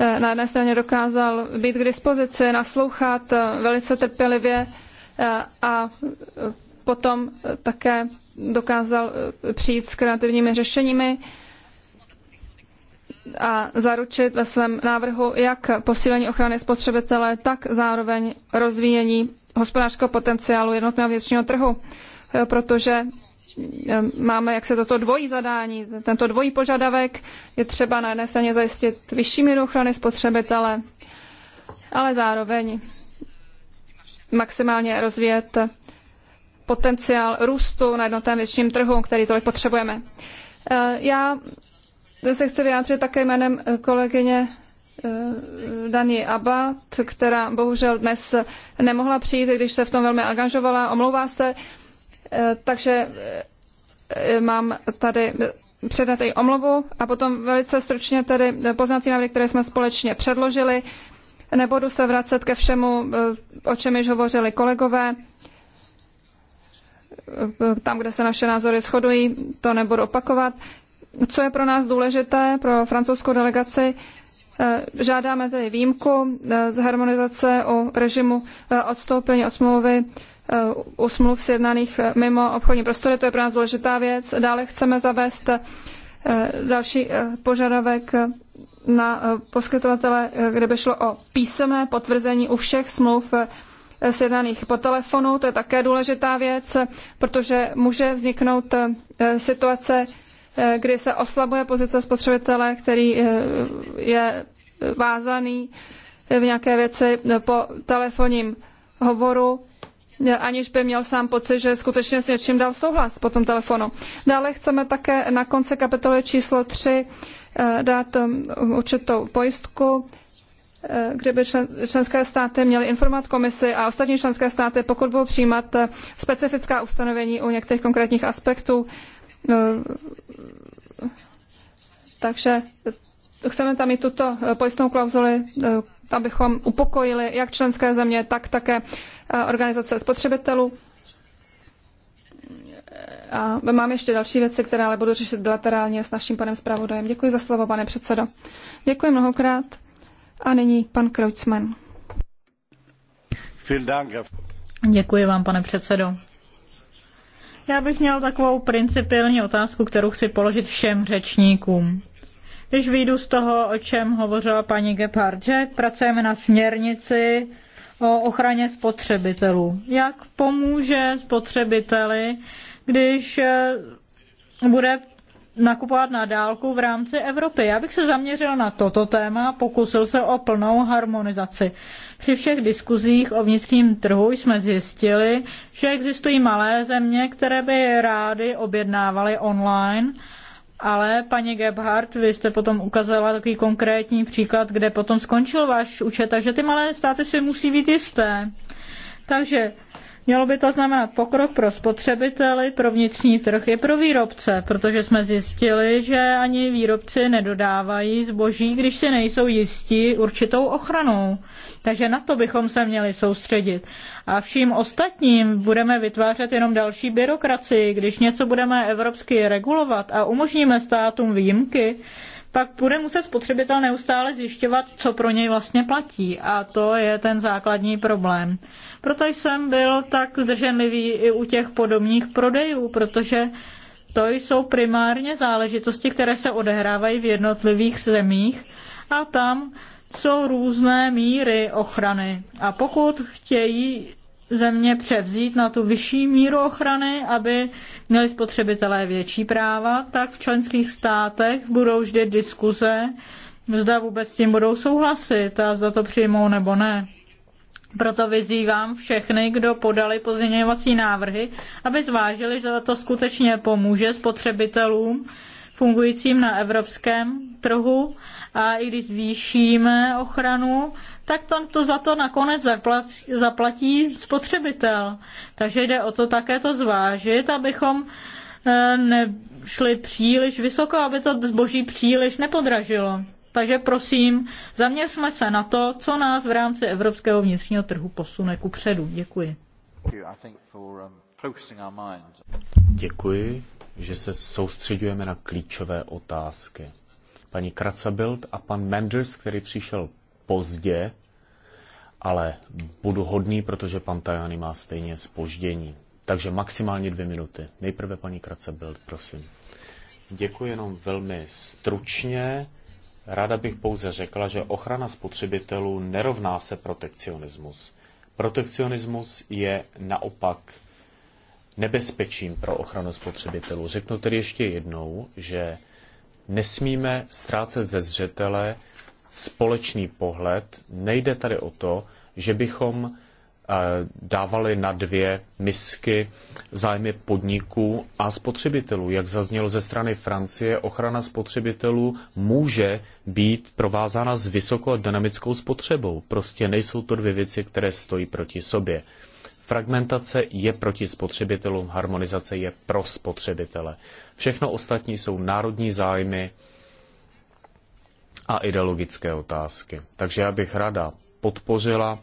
eh, na jedné straně dokázal být k dispozici, naslouchat eh, velice trpělivě eh, a potom také dokázal přijít s kreativními řešeními a zaručit ve svém návrhu jak posílení ochrany spotřebitele, tak zároveň rozvíjení hospodářského potenciálu jednotného vnitřního trhu. Eh, protože eh, máme jak se toto dvojí zadání, tento dvojí požadavek je třeba na jedné straně zajistit vyšší míru ochrany spotřebitele, ale zároveň maximálně rozvíjet potenciál růstu na jednotném větším trhu, který tolik potřebujeme. Eh, já se chci vyjádřit také jménem kolegyně Dani Abad, která bohužel dnes nemohla přijít, když se v tom velmi angažovala, omlouvá se. Eh, takže eh, mám tady eh, předat i omluvu a potom velice stručně tedy poznací návrhy, které jsme společně předložili. Nebudu se vracet ke všemu, o čem již hovořili kolegové. Tam, kde se naše názory shodují, to nebudu opakovat. Co je pro nás důležité, pro francouzskou delegaci, žádáme tedy výjimku z harmonizace o režimu odstoupení od smlouvy u smluv sjednaných mimo obchodní prostory, to je pro nás důležitá věc. Dále chceme zavést eh, další eh, požadavek eh, na poskytovatele, kde by šlo o písemné potvrzení u všech smluv sjednaných po telefonu. To je také důležitá věc, protože může vzniknout situace, kdy se oslabuje pozice spotřebitele, který je vázaný v nějaké věci po telefonním hovoru aniž by měl sám pocit, že skutečně s něčím dal souhlas po tom telefonu. Dále chceme také na konci kapitoly číslo 3 eh, dát eh, určitou pojistku, eh, kdyby členské státy měly informovat komisi a ostatní členské státy, pokud budou přijímat specifická ustanovení u některých konkrétních aspektů. Takže chceme tam i tuto pojistnou klauzuli, abychom upokojili jak členské země, tak také organizace spotřebitelů. A mám ještě další věci, které ale budu řešit bilaterálně s naším panem zpravodajem. Děkuji za slovo, pane předsedo. Děkuji mnohokrát. A nyní pan Kreutzmann. Děkuji vám, pane předsedo. Já bych měl takovou principiální otázku, kterou chci položit všem řečníkům. Když vyjdu z toho, o čem hovořila paní Gebhardt, že pracujeme na směrnici o ochraně spotřebitelů. Jak pomůže spotřebiteli, když eh, bude nakupovat na dálku v rámci Evropy. Já bych se zaměřil na toto téma, pokusil se o plnou harmonizaci. Při všech diskuzích o vnitřním trhu jsme zjistili, že existují malé země, které by rády objednávaly online ale paní Gebhardt, vy jste potom ukázala takový konkrétní příklad, kde potom skončil váš účet, takže ty malé státy si musí být jisté. Takže Mělo by to znamenat pokrok pro spotřebiteli, pro vnitřní trh i pro výrobce, protože jsme zjistili, že ani výrobci nedodávají zboží, když si nejsou jistí určitou ochranou. Takže na to bychom se měli soustředit. A vším ostatním budeme vytvářet jenom další byrokracii. Když něco budeme evropsky regulovat a umožníme státům výjimky, pak bude muset spotřebitel neustále zjišťovat, co pro něj vlastně platí. A to je ten základní problém. Proto jsem byl tak zdrženlivý i u těch podobných prodejů, protože to jsou primárně záležitosti, které se odehrávají v jednotlivých zemích a tam jsou různé míry ochrany. A pokud chtějí země převzít na tu vyšší míru ochrany, aby měli spotřebitelé větší práva, tak v členských státech budou vždy diskuze, zda vůbec s tím budou souhlasit a zda to přijmou nebo ne. Proto vyzývám všechny, kdo podali pozměňovací návrhy, aby zvážili, že to skutečně pomůže spotřebitelům fungujícím na evropském trhu a i když zvýšíme ochranu, tak tam to za to nakonec zaplatí, zaplatí spotřebitel. Takže jde o to také to zvážit, abychom eh, nešli příliš vysoko, aby to zboží příliš nepodražilo. Takže prosím, zaměřme se na to, co nás v rámci evropského vnitřního trhu posune ku předu. Děkuji. Um, Děkuji, že se soustředujeme na klíčové otázky. Paní Kracabild a pan Menders, který přišel pozdě, ale budu hodný, protože pan Tajani má stejně spoždění. Takže maximálně dvě minuty. Nejprve paní Krace Bild, prosím. Děkuji jenom velmi stručně. Ráda bych pouze řekla, že ochrana spotřebitelů nerovná se protekcionismus. Protekcionismus je naopak nebezpečím pro ochranu spotřebitelů. Řeknu tedy ještě jednou, že nesmíme ztrácet ze zřetele společný pohled. Nejde tady o to, že bychom eh, dávali na dvě misky zájmy podniků a spotřebitelů. Jak zaznělo ze strany Francie, ochrana spotřebitelů může být provázána s vysokou dynamickou spotřebou. Prostě nejsou to dvě věci, které stojí proti sobě. Fragmentace je proti spotřebitelům, harmonizace je pro spotřebitele. Všechno ostatní jsou národní zájmy, a ideologické otázky. Takže já bych rada podpořila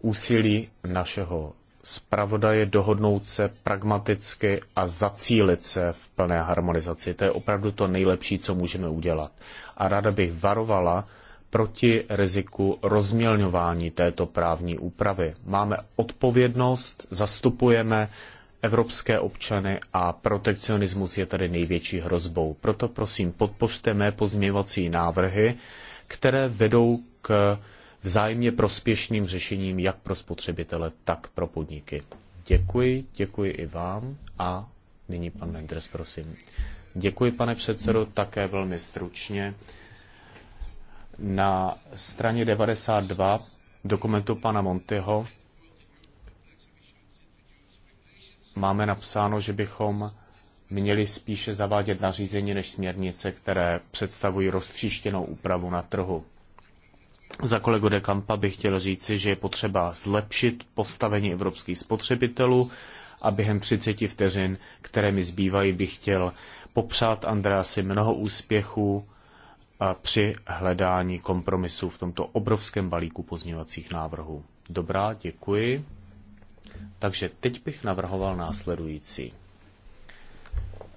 úsilí našeho zpravodaje dohodnout se pragmaticky a zacílit se v plné harmonizaci. To je opravdu to nejlepší, co můžeme udělat. A ráda bych varovala proti riziku rozmělňování této právní úpravy. Máme odpovědnost, zastupujeme evropské občany a protekcionismus je tady největší hrozbou. Proto prosím, podpořte mé pozměňovací návrhy, které vedou k vzájemně prospěšným řešením jak pro spotřebitele, tak pro podniky. Děkuji, děkuji i vám a nyní pan Mendres, prosím. Děkuji, pane předsedo, také velmi stručně. Na straně 92 dokumentu pana Montyho máme napsáno, že bychom měli spíše zavádět nařízení než směrnice, které představují roztříštěnou úpravu na trhu. Za kolegu de Campa bych chtěl říci, že je potřeba zlepšit postavení evropských spotřebitelů a během 30 vteřin, které mi zbývají, bych chtěl popřát Andreasi mnoho úspěchů při hledání kompromisu v tomto obrovském balíku pozměňovacích návrhů. Dobrá, děkuji. Takže teď bych navrhoval následující.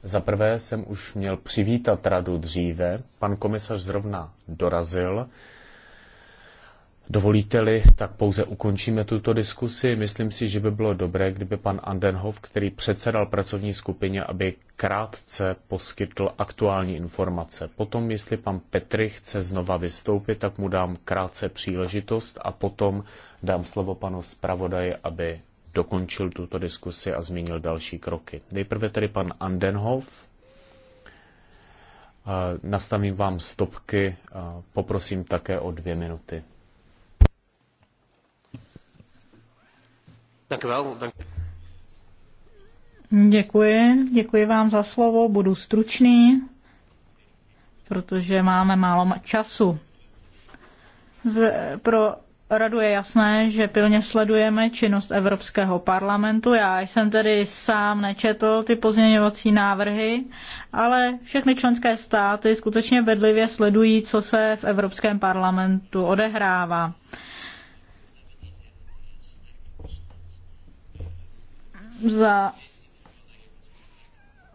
Za prvé jsem už měl přivítat radu dříve. Pan komisař zrovna dorazil. Dovolíte-li, tak pouze ukončíme tuto diskusi. Myslím si, že by bylo dobré, kdyby pan Andenhoff, který předsedal pracovní skupině, aby krátce poskytl aktuální informace. Potom, jestli pan Petry chce znova vystoupit, tak mu dám krátce příležitost a potom dám slovo panu zpravodaji, aby dokončil tuto diskusi a zmínil další kroky. Nejprve tedy pan Andenhoff. Nastavím vám stopky poprosím také o dvě minuty. Děkuji, děkuji vám za slovo, budu stručný, protože máme málo času. Z, pro radu je jasné, že pilně sledujeme činnost Evropského parlamentu. Já jsem tedy sám nečetl ty pozměňovací návrhy, ale všechny členské státy skutečně bedlivě sledují, co se v Evropském parlamentu odehrává. Za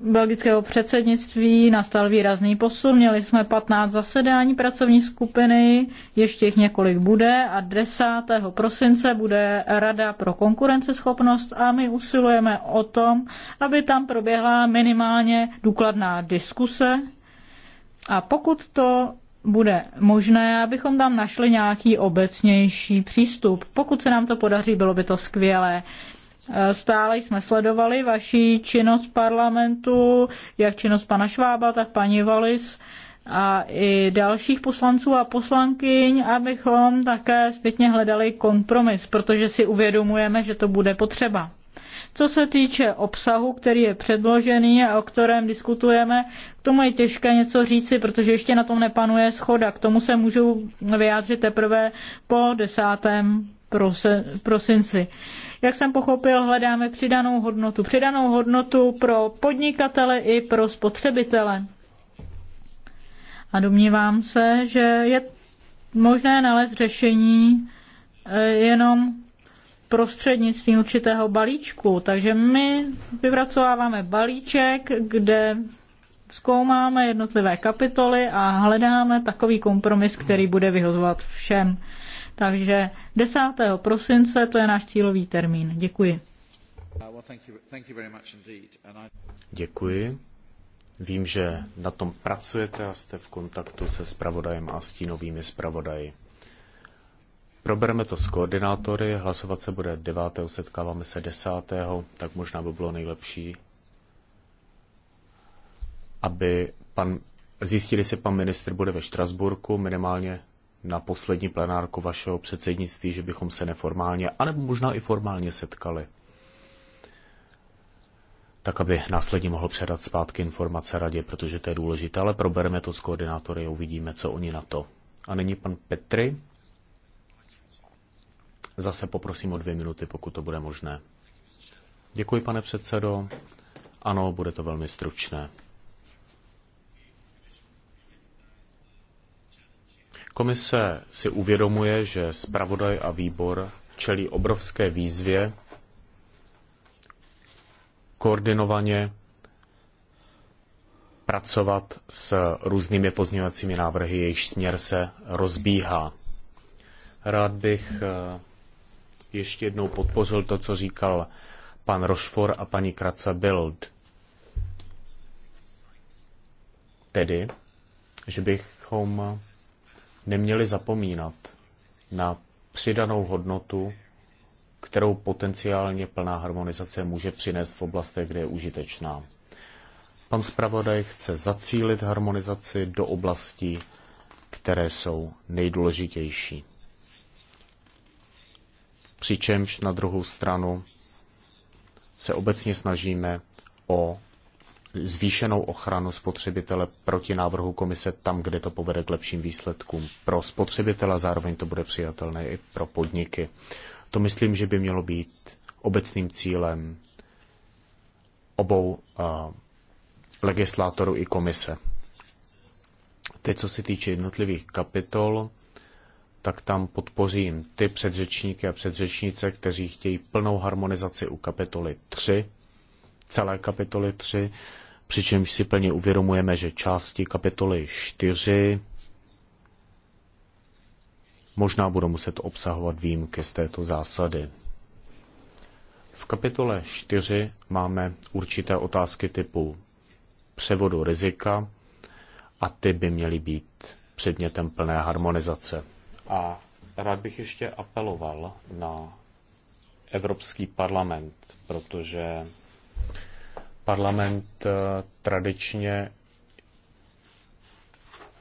belgického předsednictví nastal výrazný posun. Měli jsme 15 zasedání pracovní skupiny, ještě jich několik bude a 10. prosince bude Rada pro konkurenceschopnost a my usilujeme o tom, aby tam proběhla minimálně důkladná diskuse a pokud to bude možné, abychom tam našli nějaký obecnější přístup. Pokud se nám to podaří, bylo by to skvělé. Eh, stále jsme sledovali vaši činnost parlamentu, jak činnost pana Švába, tak paní Valis a i dalších poslanců a poslankyň, abychom také zpětně hledali kompromis, protože si uvědomujeme, že to bude potřeba. Co se týče obsahu, který je předložený a o kterém diskutujeme, k tomu je těžké něco říci, protože ještě na tom nepanuje schoda. K tomu se můžu vyjádřit teprve po desátém prosinci. Jak jsem pochopil, hledáme přidanou hodnotu. Přidanou hodnotu pro podnikatele i pro spotřebitele. A domnívám se, že je možné nalézt řešení eh, jenom prostřednictvím určitého balíčku. Takže my vypracováváme balíček, kde zkoumáme jednotlivé kapitoly a hledáme takový kompromis, který bude vyhozovat všem. Takže 10. prosince to je náš cílový termín. Děkuji. Uh, Děkuji. Vím, že na tom pracujete a jste v kontaktu se spravodajem a stínovými spravodají. Probereme to s koordinátory, hlasovat se bude 9. setkáváme se 10. tak možná by bylo nejlepší, aby pan, zjistili si, pan ministr bude ve Štrasburku minimálně na poslední plenárku vašeho předsednictví, že bychom se neformálně, anebo možná i formálně setkali. Tak, aby následně mohl předat zpátky informace radě, protože to je důležité, ale probereme to s koordinátory a uvidíme, co oni na to. A nyní pan Petry. Zase poprosím o dvě minuty, pokud to bude možné. Děkuji, pane předsedo. Ano, bude to velmi stručné. Komise si uvědomuje, že zpravodaj a výbor čelí obrovské výzvě koordinovaně pracovat s různými pozměňovacími návrhy, jejichž směr se rozbíhá. Rád bych eh, ještě jednou podpořil to, co říkal pan Rošfor a paní Kraca Bild. Tedy, že bychom neměli zapomínat na přidanou hodnotu, kterou potenciálně plná harmonizace může přinést v oblastech, kde je užitečná. Pan zpravodaj chce zacílit harmonizaci do oblastí, které jsou nejdůležitější. Přičemž na druhou stranu se obecně snažíme o zvýšenou ochranu spotřebitele proti návrhu komise tam, kde to povede k lepším výsledkům pro spotřebitele, zároveň to bude přijatelné i pro podniky. To myslím, že by mělo být obecným cílem obou a, eh, legislátorů i komise. Teď, co se týče jednotlivých kapitol, tak tam podpořím ty předřečníky a předřečnice, kteří chtějí plnou harmonizaci u kapitoly 3, celé kapitoly 3 přičemž si plně uvědomujeme, že části kapitoly 4 možná budou muset obsahovat výjimky z této zásady. V kapitole 4 máme určité otázky typu převodu rizika a ty by měly být předmětem plné harmonizace. A rád bych ještě apeloval na Evropský parlament, protože parlament eh, tradičně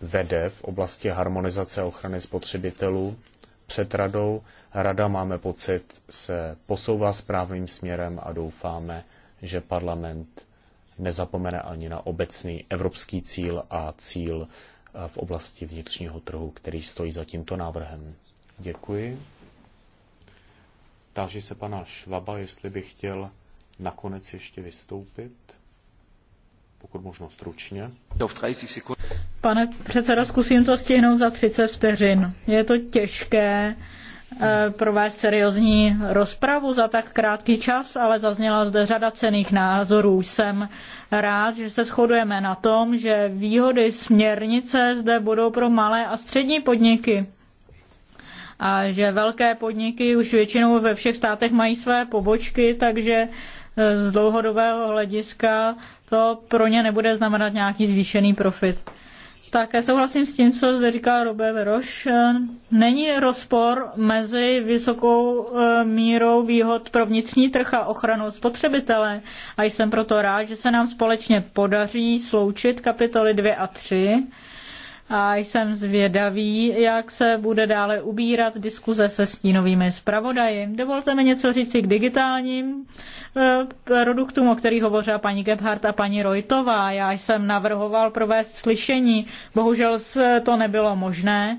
vede v oblasti harmonizace a ochrany spotřebitelů před radou. Rada, máme pocit, se posouvá správným směrem a doufáme, že parlament nezapomene ani na obecný evropský cíl a cíl eh, v oblasti vnitřního trhu, který stojí za tímto návrhem. Děkuji. Táží se pana Švaba, jestli by chtěl nakonec ještě vystoupit, pokud možno stručně. Pane předsedo, zkusím to stihnout za 30 vteřin. Je to těžké eh, provést seriózní rozpravu za tak krátký čas, ale zazněla zde řada cených názorů. Jsem rád, že se shodujeme na tom, že výhody směrnice zde budou pro malé a střední podniky a že velké podniky už většinou ve všech státech mají své pobočky, takže z dlouhodobého hlediska to pro ně nebude znamenat nějaký zvýšený profit. Také souhlasím s tím, co zde říká Robé Veroš. Není rozpor mezi vysokou e, mírou výhod pro vnitřní trh a ochranou spotřebitele a jsem proto rád, že se nám společně podaří sloučit kapitoly 2 a 3 a jsem zvědavý, jak se bude dále ubírat diskuze se stínovými zpravodaji. Dovolte mi něco říci k digitálním eh, produktům, o kterých hovořila paní Gebhardt a paní Rojtová. Já jsem navrhoval provést slyšení, bohužel to nebylo možné.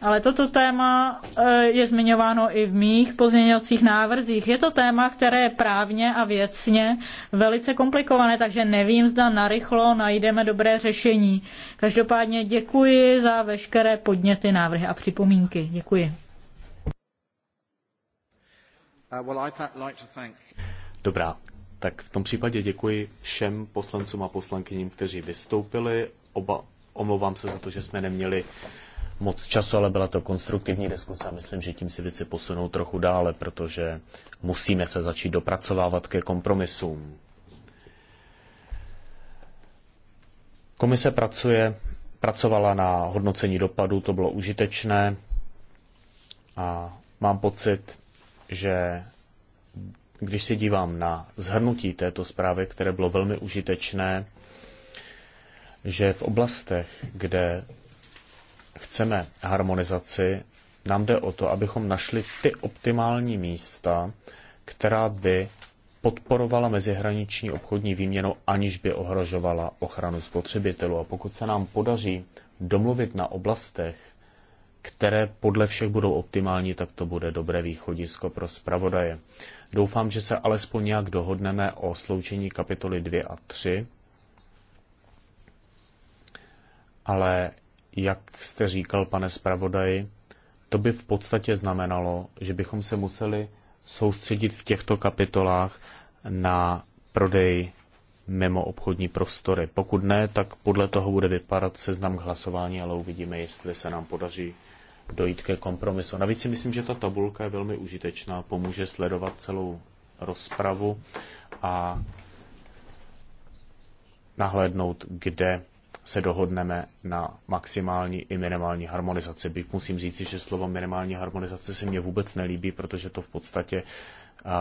Ale toto téma e, je zmiňováno i v mých pozměňovacích návrzích. Je to téma, které je právně a věcně velice komplikované, takže nevím, zda narychlo najdeme dobré řešení. Každopádně děkuji za veškeré podněty, návrhy a připomínky. Děkuji. Uh, Dobrá, tak v tom případě děkuji všem poslancům a poslankyním, kteří vystoupili. Oba omlouvám se za to, že jsme neměli moc času, ale byla to konstruktivní diskuse a myslím, že tím si věci posunou trochu dále, protože musíme se začít dopracovávat ke kompromisům. Komise pracuje, pracovala na hodnocení dopadů. to bylo užitečné a mám pocit, že když se dívám na zhrnutí této zprávy, které bylo velmi užitečné, že v oblastech, kde chceme harmonizaci, nám jde o to, abychom našli ty optimální místa, která by podporovala mezihraniční obchodní výměnu, aniž by ohrožovala ochranu spotřebitelů. A pokud se nám podaří domluvit na oblastech, které podle všech budou optimální, tak to bude dobré východisko pro zpravodaje. Doufám, že se alespoň nějak dohodneme o sloučení kapitoly 2 a 3, ale jak jste říkal, pane zpravodaji, to by v podstatě znamenalo, že bychom se museli soustředit v těchto kapitolách na prodej mimo obchodní prostory. Pokud ne, tak podle toho bude vypadat seznam k hlasování, ale uvidíme, jestli se nám podaří dojít ke kompromisu. Navíc si myslím, že ta tabulka je velmi užitečná, pomůže sledovat celou rozpravu a nahlédnout, kde se dohodneme na maximální i minimální harmonizaci. Byť musím říct, že slovo minimální harmonizace se mně vůbec nelíbí, protože to v podstatě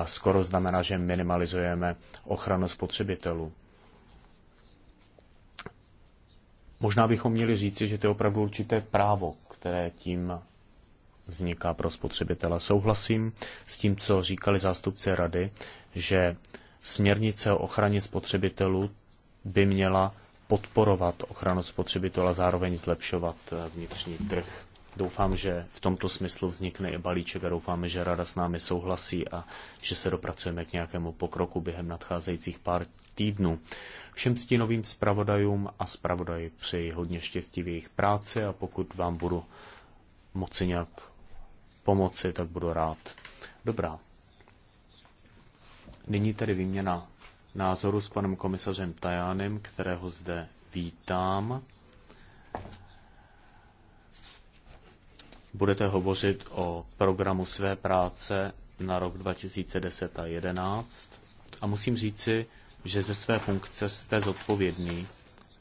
skoro znamená, že minimalizujeme ochranu spotřebitelů. Možná bychom měli říci, že to je opravdu určité právo, které tím vzniká pro spotřebitele. Souhlasím s tím, co říkali zástupci rady, že směrnice o ochraně spotřebitelů by měla podporovat ochranu spotřebitele a zároveň zlepšovat eh, vnitřní trh. Doufám, že v tomto smyslu vznikne i balíček a doufáme, že Rada s námi souhlasí a že se dopracujeme k nějakému pokroku během nadcházejících pár týdnů. Všem stínovým zpravodajům a zpravodaji přeji hodně štěstí v jejich práci a pokud vám budu moci nějak pomoci, tak budu rád. Dobrá. Nyní tedy výměna názoru s panem komisařem Tajánem, kterého zde vítám. Budete hovořit o programu své práce na rok 2010 a 2011. A musím říci, že ze své funkce jste zodpovědný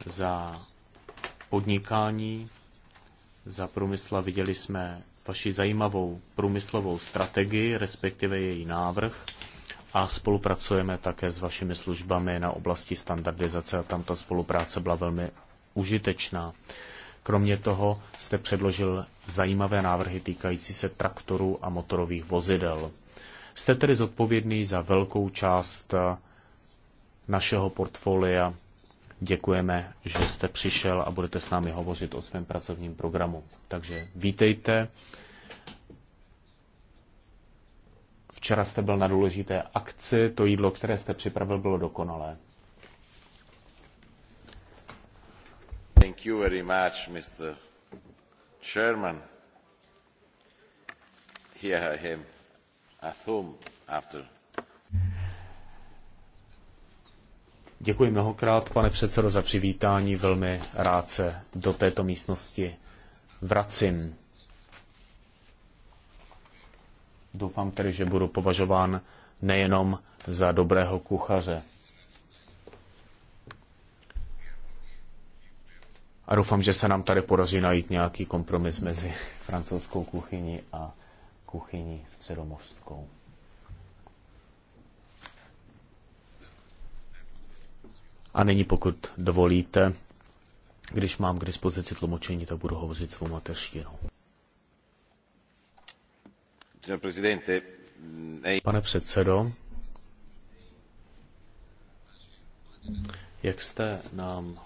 za podnikání, za průmysl a viděli jsme vaši zajímavou průmyslovou strategii, respektive její návrh a spolupracujeme také s vašimi službami na oblasti standardizace a tam ta spolupráce byla velmi užitečná. Kromě toho jste předložil zajímavé návrhy týkající se traktorů a motorových vozidel. Jste tedy zodpovědný za velkou část eh, našeho portfolia. Děkujeme, že jste přišel a budete s námi hovořit o svém pracovním programu. Takže vítejte. Včera jste byl na důležité akci, to jídlo, které jste připravil, bylo dokonalé. Thank you very much, Mr. Chairman. Here I am at home after. Děkuji mnohokrát, pane předsedo, za přivítání. Velmi rád se do této místnosti vracím. Doufám tedy, že budu považován nejenom za dobrého kuchaře. A doufám, že se nám tady podaří najít nějaký kompromis mezi francouzskou kuchyní a kuchyní středomořskou. A nyní, pokud dovolíte, když mám k dispozici tlumočení, tak budu hovořit svou mateřštinou. Mm, Pane předsedo, jak jste nám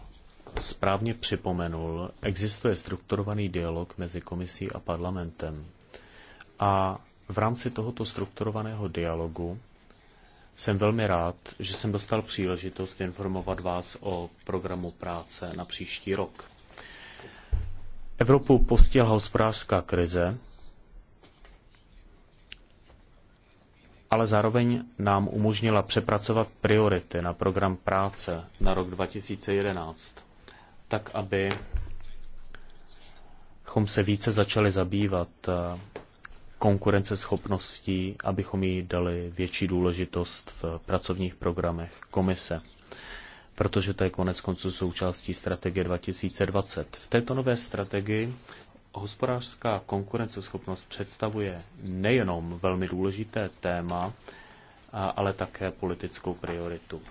správně připomenul, existuje strukturovaný dialog mezi komisí a parlamentem. A v rámci tohoto strukturovaného dialogu jsem velmi rád, že jsem dostal příležitost informovat vás o programu práce na příští rok. Evropu postihla hospodářská krize, ale zároveň nám umožnila přepracovat priority na program práce na rok 2011, tak aby abychom se více začali zabývat eh, konkurenceschopností, abychom jí dali větší důležitost v pracovních programech komise, protože to je konec konců součástí strategie 2020. V této nové strategii hospodářská konkurenceschopnost představuje nejenom velmi důležité téma, ale také politickou prioritu.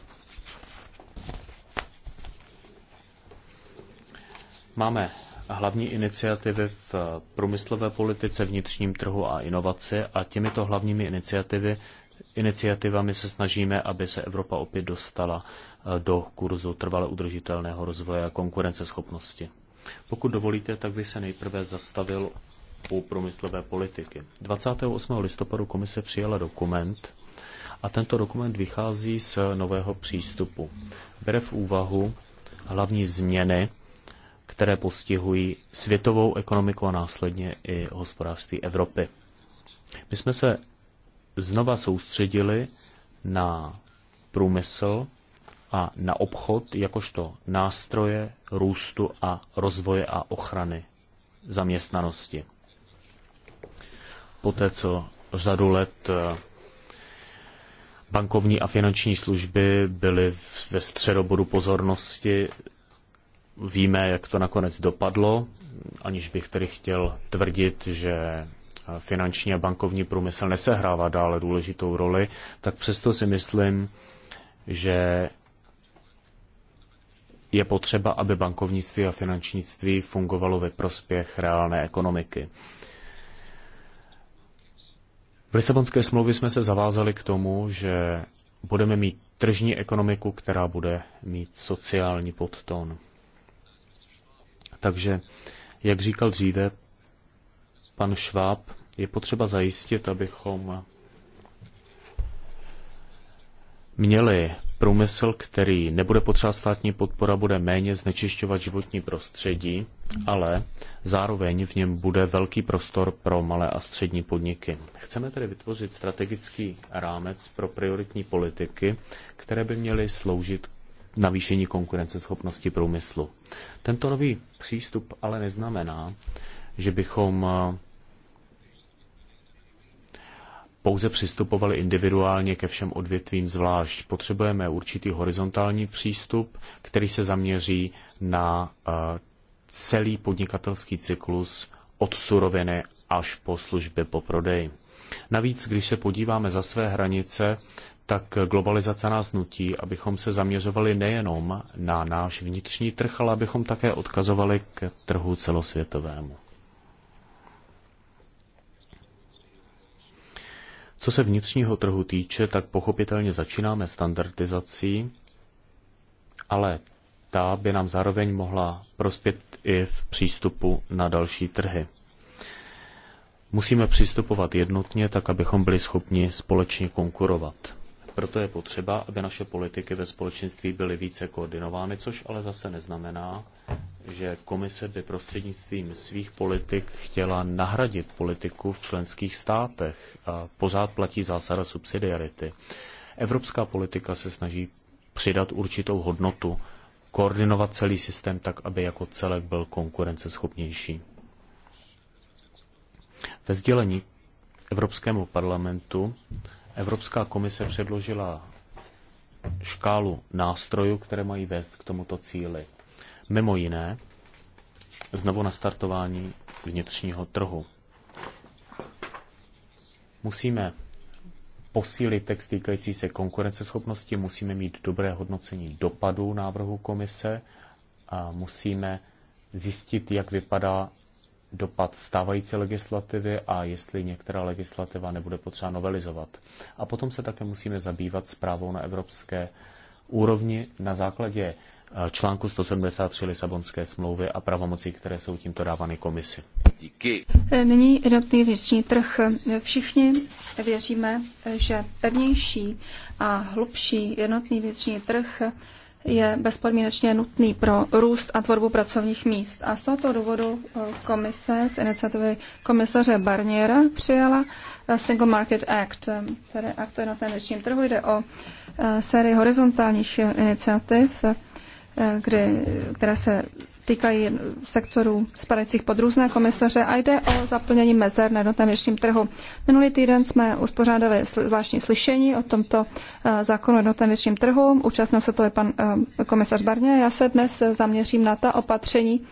Máme hlavní iniciativy v průmyslové politice, vnitřním trhu a inovaci a těmito hlavními iniciativy, iniciativami se snažíme, aby se Evropa opět dostala e, do kurzu trvale udržitelného rozvoje a konkurenceschopnosti. Pokud dovolíte, tak by se nejprve zastavil u průmyslové politiky. 28. listopadu komise přijala dokument a tento dokument vychází z nového přístupu. Bere v úvahu hlavní změny, které postihují světovou ekonomiku a následně i hospodářství Evropy. My jsme se znova soustředili na průmysl, a na obchod jakožto nástroje růstu a rozvoje a ochrany zaměstnanosti. Poté, co řadu let eh, bankovní a finanční služby byly ve středobodu pozornosti, víme, jak to nakonec dopadlo, aniž bych tedy chtěl tvrdit, že eh, finanční a bankovní průmysl nesehrává dále důležitou roli, tak přesto si myslím, že je potřeba, aby bankovnictví a finančnictví fungovalo ve prospěch reálné ekonomiky. V Lisabonské smlouvě jsme se zavázali k tomu, že budeme mít tržní ekonomiku, která bude mít sociální podton. Takže, jak říkal dříve pan Šváb, je potřeba zajistit, abychom měli průmysl, který nebude potřebovat státní podpora, bude méně znečišťovat životní prostředí, ale zároveň v něm bude velký prostor pro malé a střední podniky. Chceme tedy vytvořit strategický rámec pro prioritní politiky, které by měly sloužit navýšení konkurenceschopnosti průmyslu. Tento nový přístup ale neznamená, že bychom pouze přistupovali individuálně ke všem odvětvím zvlášť. Potřebujeme určitý horizontální přístup, který se zaměří na eh, celý podnikatelský cyklus od suroviny až po služby po prodeji. Navíc, když se podíváme za své hranice, tak globalizace nás nutí, abychom se zaměřovali nejenom na náš vnitřní trh, ale abychom také odkazovali k trhu celosvětovému. Co se vnitřního trhu týče, tak pochopitelně začínáme standardizací, ale ta by nám zároveň mohla prospět i v přístupu na další trhy. Musíme přistupovat jednotně, tak abychom byli schopni společně konkurovat. Proto je potřeba, aby naše politiky ve společenství byly více koordinovány, což ale zase neznamená, že komise by prostřednictvím svých politik chtěla nahradit politiku v členských státech. A pořád platí zásada subsidiarity. Evropská politika se snaží přidat určitou hodnotu, koordinovat celý systém tak, aby jako celek byl konkurenceschopnější. Ve sdělení Evropskému parlamentu Evropská komise předložila škálu nástrojů, které mají vést k tomuto cíli. Mimo jiné, znovu nastartování vnitřního trhu. Musíme posílit text týkající se konkurenceschopnosti, musíme mít dobré hodnocení dopadů návrhu komise a musíme zjistit, jak vypadá dopad stávající legislativy a jestli některá legislativa nebude potřeba novelizovat. A potom se také musíme zabývat zprávou na evropské úrovni na základě eh, článku 173 Lisabonské smlouvy a pravomocí, které jsou tímto dávány komisi. Díky. Eh, nyní jednotný vnitřní trh. Všichni věříme, eh, že pevnější a hlubší jednotný vnitřní trh je bezpodmínečně nutný pro růst a tvorbu pracovních míst. A z tohoto důvodu eh, komise z iniciativy komisaře Barniera přijala eh, Single Market Act, eh, tedy akt o jednotném vnitřním trhu. Jde o sérii horizontálních iniciativ, které. se týkají sektorů spadajících pod různé komisaře a jde o zaplnění mezer na jednotném vnitřním trhu. Minulý týden jsme uspořádali zvláštní slyšení o tomto eh, zákonu o jednotném vnitřním trhu. Účastnil se to je pan eh, komisař Barně. Já se dnes zaměřím na ta opatření,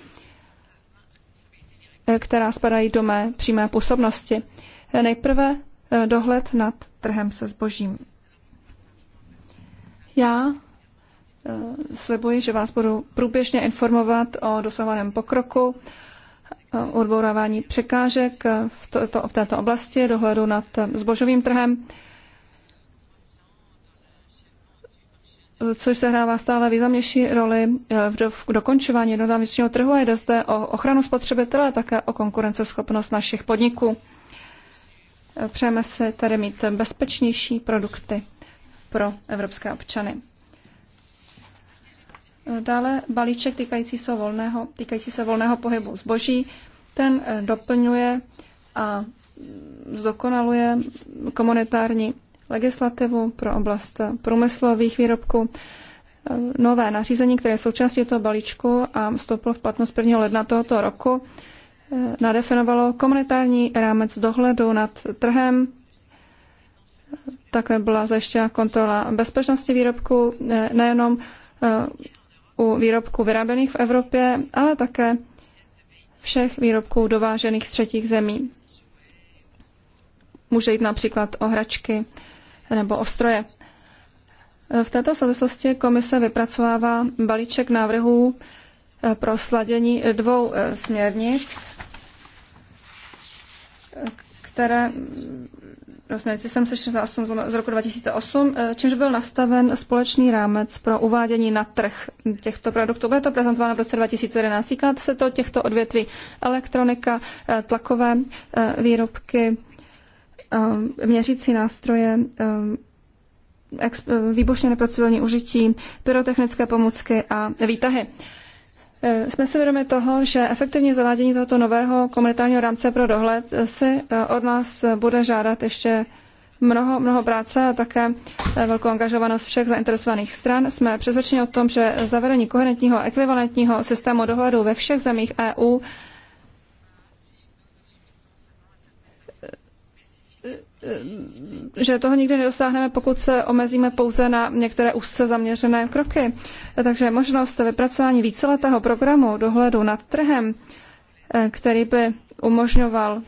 eh, která spadají do mé přímé působnosti. Nejprve dohled nad trhem se zbožím. Já Eh, slibuji, že vás budu průběžně informovat o dosahovaném pokroku, eh, odbourávání překážek eh, v, to, to, v této oblasti, dohledu nad zbožovým trhem, což sehrává stále významnější roli v, do, v dokončování jednotného trhu a jde zde o ochranu spotřebitele a také o konkurenceschopnost našich podniků. Přejeme si tedy mít bezpečnější produkty pro evropské občany. Dále balíček týkající se volného, týkající se volného pohybu zboží. Ten eh, doplňuje a zdokonaluje komunitární legislativu pro oblast eh, průmyslových výrobků. Eh, nové nařízení, které je součástí toho balíčku a vstoupilo v platnost 1. ledna tohoto roku, nadefinovalo komunitární rámec dohledu nad trhem. Také byla zajištěna kontrola bezpečnosti výrobků, nejenom u výrobků vyráběných v Evropě, ale také všech výrobků dovážených z třetích zemí. Může jít například o hračky nebo o stroje. V této souvislosti komise vypracovává balíček návrhů eh, pro sladění dvou eh, směrnic, eh, které jsem se 68 z roku 2008, eh, čímž byl nastaven společný rámec pro uvádění na trh těchto produktů. Bude to prezentováno v roce 2011. Týká se to těchto odvětví elektronika, eh, tlakové eh, výrobky, měřící nástroje, výbušně nepracovní užití, pyrotechnické pomůcky a výtahy. Eh, jsme si vědomi toho, že efektivní zavádění tohoto nového komunitárního rámce pro dohled eh, si eh, od nás bude žádat ještě mnoho, mnoho práce a také velkou angažovanost všech zainteresovaných stran. Jsme přesvědčeni o tom, že zavedení koherentního ekvivalentního systému dohledu ve všech zemích EU že toho nikdy nedosáhneme, pokud se omezíme pouze na některé úzce zaměřené kroky. Takže možnost vypracování víceletého programu dohledu nad trhem, eh, který by umožňoval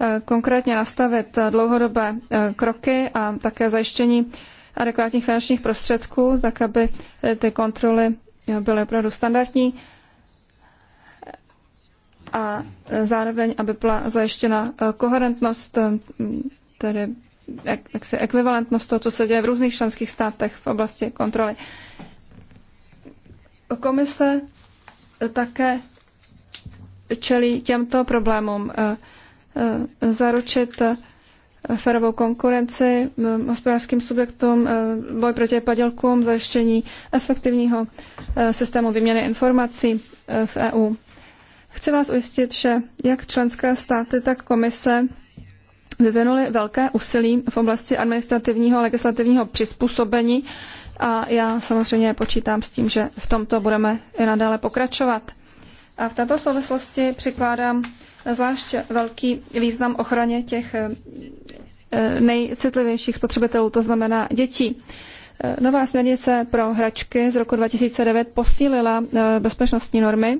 eh, konkrétně nastavit dlouhodobé eh, kroky a také zajištění adekvátních finančních prostředků, tak aby ty kontroly byly opravdu standardní, a zároveň, aby byla zajištěna eh, koherentnost, eh, tedy jak, jaksi ekvivalentnost toho, co se děje v různých členských státech v oblasti kontroly. Komise eh, také čelí těmto problémům. Zaručit férovou konkurenci hospodářským subjektům, boj proti padělkům, zajištění efektivního systému výměny informací v EU. Chci vás ujistit, že jak členské státy, tak komise vyvinuli velké úsilí v oblasti administrativního a legislativního přizpůsobení a já samozřejmě počítám s tím, že v tomto budeme i nadále pokračovat. A v této souvislosti přikládám zvlášť velký význam ochraně těch eh, nejcitlivějších spotřebitelů, to znamená dětí. Eh, nová směrnice pro hračky z roku 2009 posílila eh, bezpečnostní normy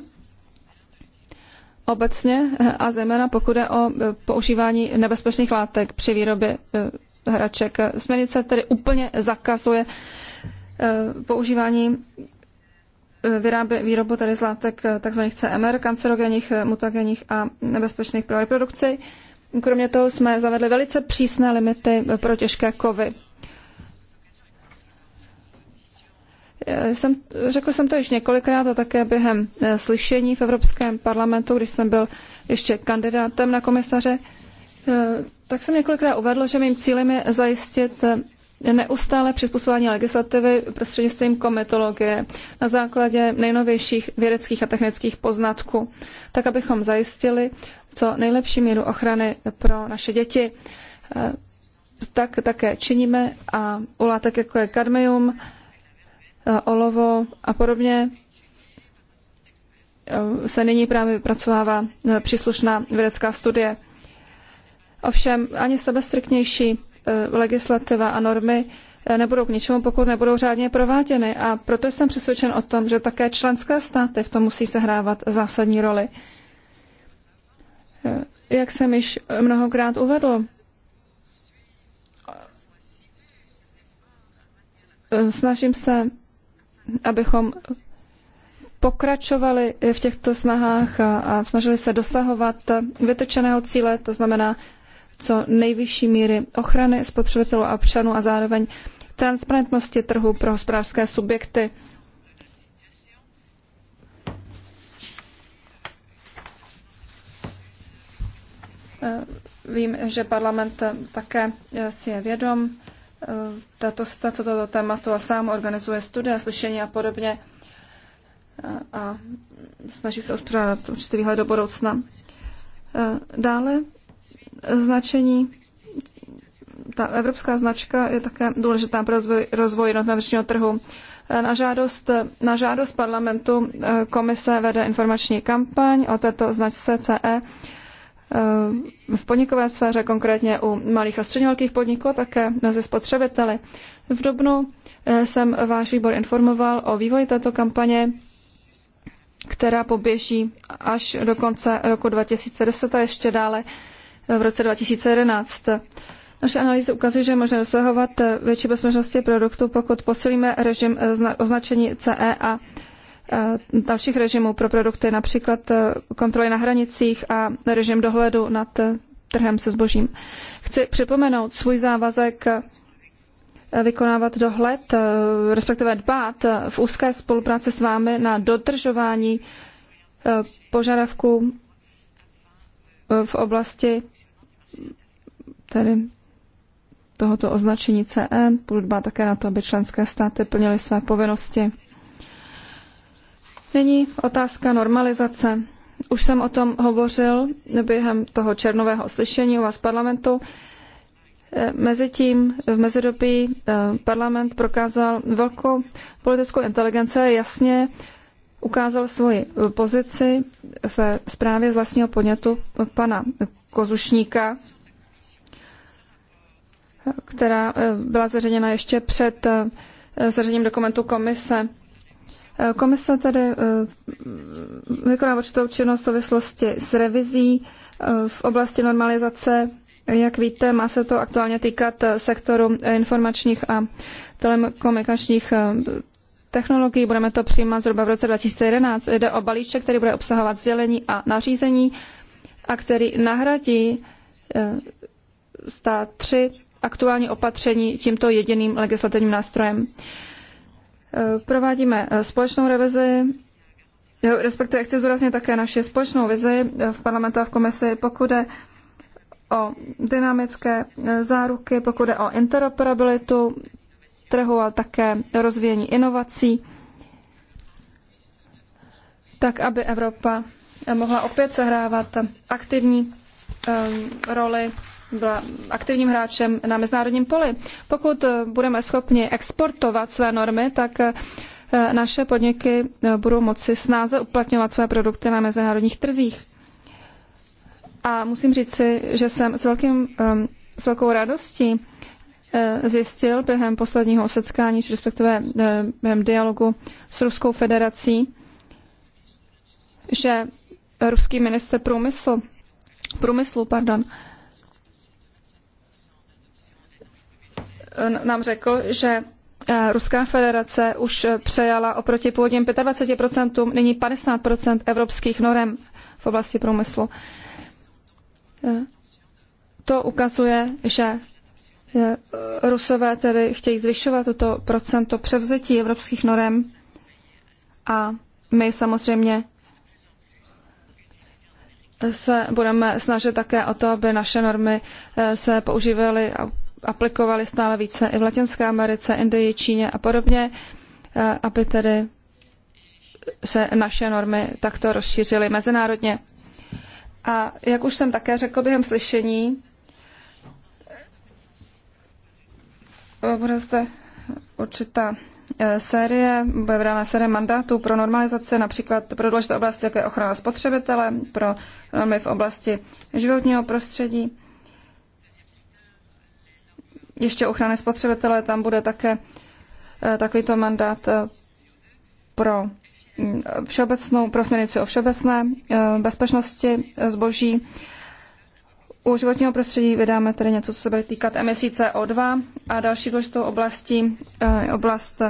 obecně eh, a zejména pokud je o eh, používání nebezpečných látek při výrobě eh, hraček. Směrnice tedy úplně zakazuje používání vyrábě, výrobu tedy z látek tzv. CMR, kancerogenních, mutagenních a nebezpečných pro reprodukci. Kromě toho jsme zavedli velice přísné limity pro těžké kovy. Eh, jsem, řekl jsem to již několikrát a také během eh, slyšení v Evropském parlamentu, když jsem byl ještě kandidátem na komisaře, eh, tak jsem několikrát uvedl, že mým cílem je zajistit neustále přizpůsobování legislativy prostřednictvím komitologie na základě nejnovějších vědeckých a technických poznatků, tak abychom zajistili co nejlepší míru ochrany pro naše děti. Tak také činíme a u látek, jako je kadmium, olovo a podobně eh, se nyní právě vypracovává eh, příslušná vědecká studie. Ovšem ani sebestriknější eh, legislativa a normy nebudou k ničemu, pokud nebudou řádně prováděny. A proto jsem přesvědčen o tom, že také členské státy v tom musí sehrávat zásadní roli. Jak jsem již mnohokrát uvedl, snažím se abychom pokračovali v těchto snahách a, a snažili se dosahovat vytečeného cíle, to znamená co nejvyšší míry ochrany spotřebitelů a občanů a zároveň transparentnosti trhu pro hospodářské subjekty. Eh, vím, že parlament také eh, si je vědom Eh, tato situace, toto tématu a sám organizuje studia, slyšení a podobně a, eh, a snaží se uspořádat určitý výhled do budoucna. Eh, dále značení, ta evropská značka je také důležitá pro rozvoj, rozvoj jednotného trhu. Na žádost, na žádost parlamentu komise vede informační kampaň o této značce CE Eh, v podnikové sféře, konkrétně u malých a středně velkých podniků, také mezi spotřebiteli. V Dobnu eh, jsem váš výbor informoval o vývoji této kampaně, která poběží až do konce roku 2010 a ještě dále eh, v roce 2011. Naše analýzy ukazují, že je možné dosahovat větší bezpečnosti produktu, pokud posilíme režim označení CE a dalších eh, režimů pro produkty, například eh, kontroly na hranicích a režim dohledu nad eh, trhem se zbožím. Chci připomenout svůj závazek vykonávat dohled, respektive dbát v úzké spolupráci s vámi na dodržování požadavků v oblasti tedy tohoto označení CE. Budu dbát také na to, aby členské státy plnily své povinnosti. Nyní otázka normalizace. Už jsem o tom hovořil během toho černového slyšení u vás v parlamentu. E, mezitím v mezidobí e, parlament prokázal velkou politickou inteligenci a jasně ukázal svoji pozici ve zprávě z vlastního podnětu pana Kozušníka, která e, byla zveřejněna ještě před zveřejněním dokumentu komise. Komise tedy eh, vykonává určitou činnost v souvislosti s revizí eh, v oblasti normalizace. Jak víte, má se to aktuálně týkat eh, sektoru informačních a telekomunikačních technologií. Budeme to přijímat zhruba v roce 2011. Jde o balíček, který bude obsahovat sdělení a nařízení a který nahradí stát tři aktuální opatření tímto jediným legislativním nástrojem. Eh, provádíme eh, společnou revizi, eh, respektive chci zdůraznit také naši společnou vizi v parlamentu a v komisi, pokud je o dynamické záruky, pokud je o interoperabilitu trhu, a také rozvíjení inovací, tak aby Evropa mohla opět sehrávat aktivní roli byla aktivním hráčem na mezinárodním poli. Pokud eh, budeme schopni exportovat své normy, tak eh, naše podniky eh, budou moci snáze uplatňovat své produkty na mezinárodních trzích. A musím říci, že jsem s, velkým, ehm, s velkou radostí zjistil během posledního setkání, či respektive během dialogu s Ruskou federací, že ruský minister průmysl, průmyslu pardon, nám řekl, že eh, Ruská federace už přejala oproti původním 25%, nyní 50% evropských norem v oblasti průmyslu. Eh, to ukazuje, že eh, Rusové tedy chtějí zvyšovat toto procento převzetí evropských norem a my samozřejmě se budeme snažit také o to, aby naše normy se používaly aplikovaly stále více i v Latinské Americe, Indii, Číně a podobně, eh, aby tedy se naše normy takto rozšířily mezinárodně. A jak už jsem také řekl během slyšení, eh, bude zde určitá eh, série, bude vydána série mandátů pro normalizaci, například pro důležité oblasti, jako je ochrana spotřebitele, pro normy v oblasti životního prostředí ještě ochrany spotřebitele, tam bude také eh, takovýto mandát eh, pro mm, všeobecnou, pro směrnici o všeobecné eh, bezpečnosti zboží. U životního prostředí vydáme tedy něco, co se bude týkat emisí CO2 a další důležitou oblastí oblast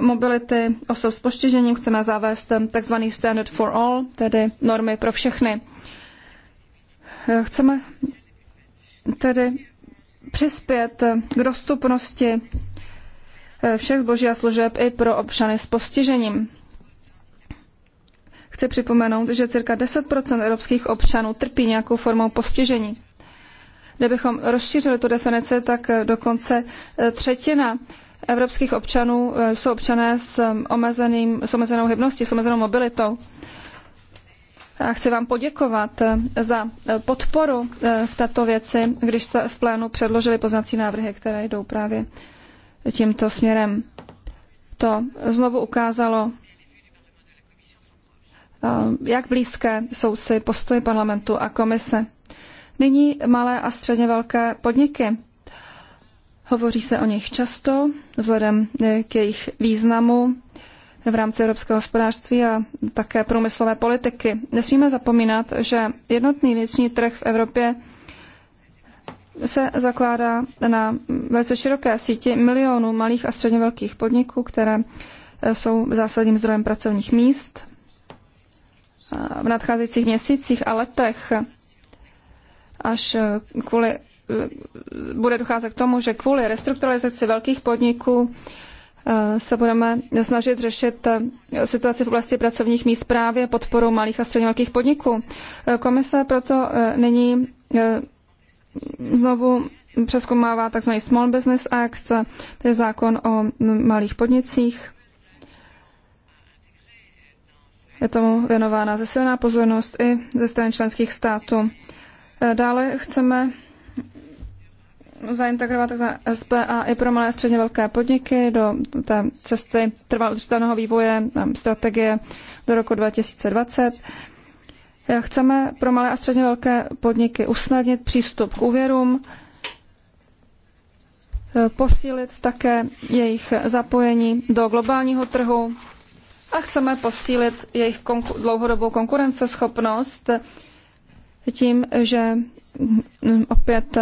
mobility osob s postižením. Chceme zavést tzv. standard for all, tedy normy pro všechny. Chceme tedy přispět k dostupnosti eh, všech zboží a služeb i pro občany s postižením. Chci připomenout, že cirka 10 evropských občanů trpí nějakou formou postižení. Kdybychom rozšířili tu definici, tak eh, dokonce eh, třetina evropských občanů jsou občané s, omezeným, s omezenou hybností, s omezenou mobilitou a chci vám poděkovat eh, za eh, podporu eh, v této věci, když jste v plénu předložili poznací návrhy, které jdou právě tímto směrem. To znovu ukázalo, jak blízké jsou si postoje parlamentu a komise. Nyní malé a středně velké podniky. Hovoří se o nich často vzhledem k jejich významu v rámci evropského hospodářství a také průmyslové politiky. Nesmíme zapomínat, že jednotný vnitřní trh v Evropě se zakládá na velice široké síti milionů malých a středně velkých podniků, které eh, jsou zásadním zdrojem pracovních míst. Eh, v nadcházejících měsících a letech až eh, kvůli bude docházet k tomu, že kvůli restrukturalizaci velkých podniků Eh, se budeme snažit řešit eh, situaci v oblasti pracovních míst právě podporou malých a středně velkých podniků. Eh, komise proto nyní znovu přeskumává tzv. Small Business Act, to je zákon o malých podnicích. Je tomu věnována zesilná pozornost i ze strany členských států. Dále chceme zaintegrovat SPA i pro malé a středně velké podniky do té cesty trvalého udržitelného vývoje, strategie do roku 2020. Chceme pro malé a středně velké podniky usnadnit přístup k úvěrům, posílit také jejich zapojení do globálního trhu a chceme posílit jejich konku- dlouhodobou konkurenceschopnost tím, že opět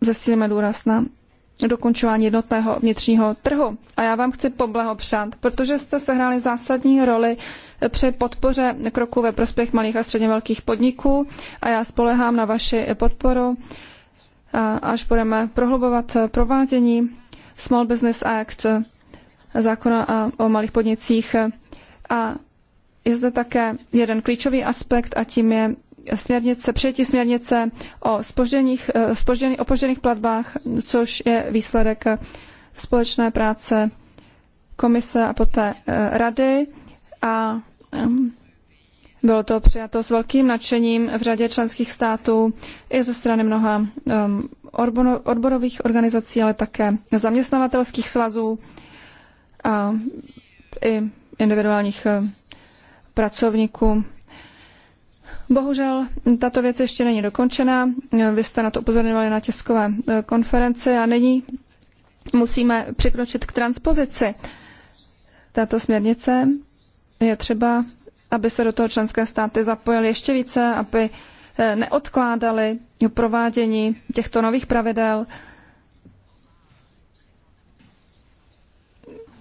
zesílíme důraz na dokončování jednotného vnitřního trhu. A já vám chci poblahopřát, protože jste sehráli zásadní roli při podpoře kroku ve prospěch malých a středně velkých podniků a já spolehám na vaši podporu, až budeme prohlubovat provádění Small Business Act, zákona o malých podnicích a je zde také jeden klíčový aspekt a tím je směrnice, přijetí směrnice o spožděných, eh, spožděný, opožděných platbách, což je výsledek společné práce komise a poté eh, rady a ehm, bylo to přijato s velkým nadšením v řadě členských států i ze strany mnoha ehm, odborových organizací, ale také zaměstnavatelských svazů a i individuálních eh, pracovníků Bohužel tato věc ještě není dokončená. Vy jste na to upozorňovali na tiskové e, konferenci a nyní musíme přikročit k transpozici této směrnice. Je třeba, aby se do toho členské státy zapojily ještě více, aby e, neodkládali provádění těchto nových pravidel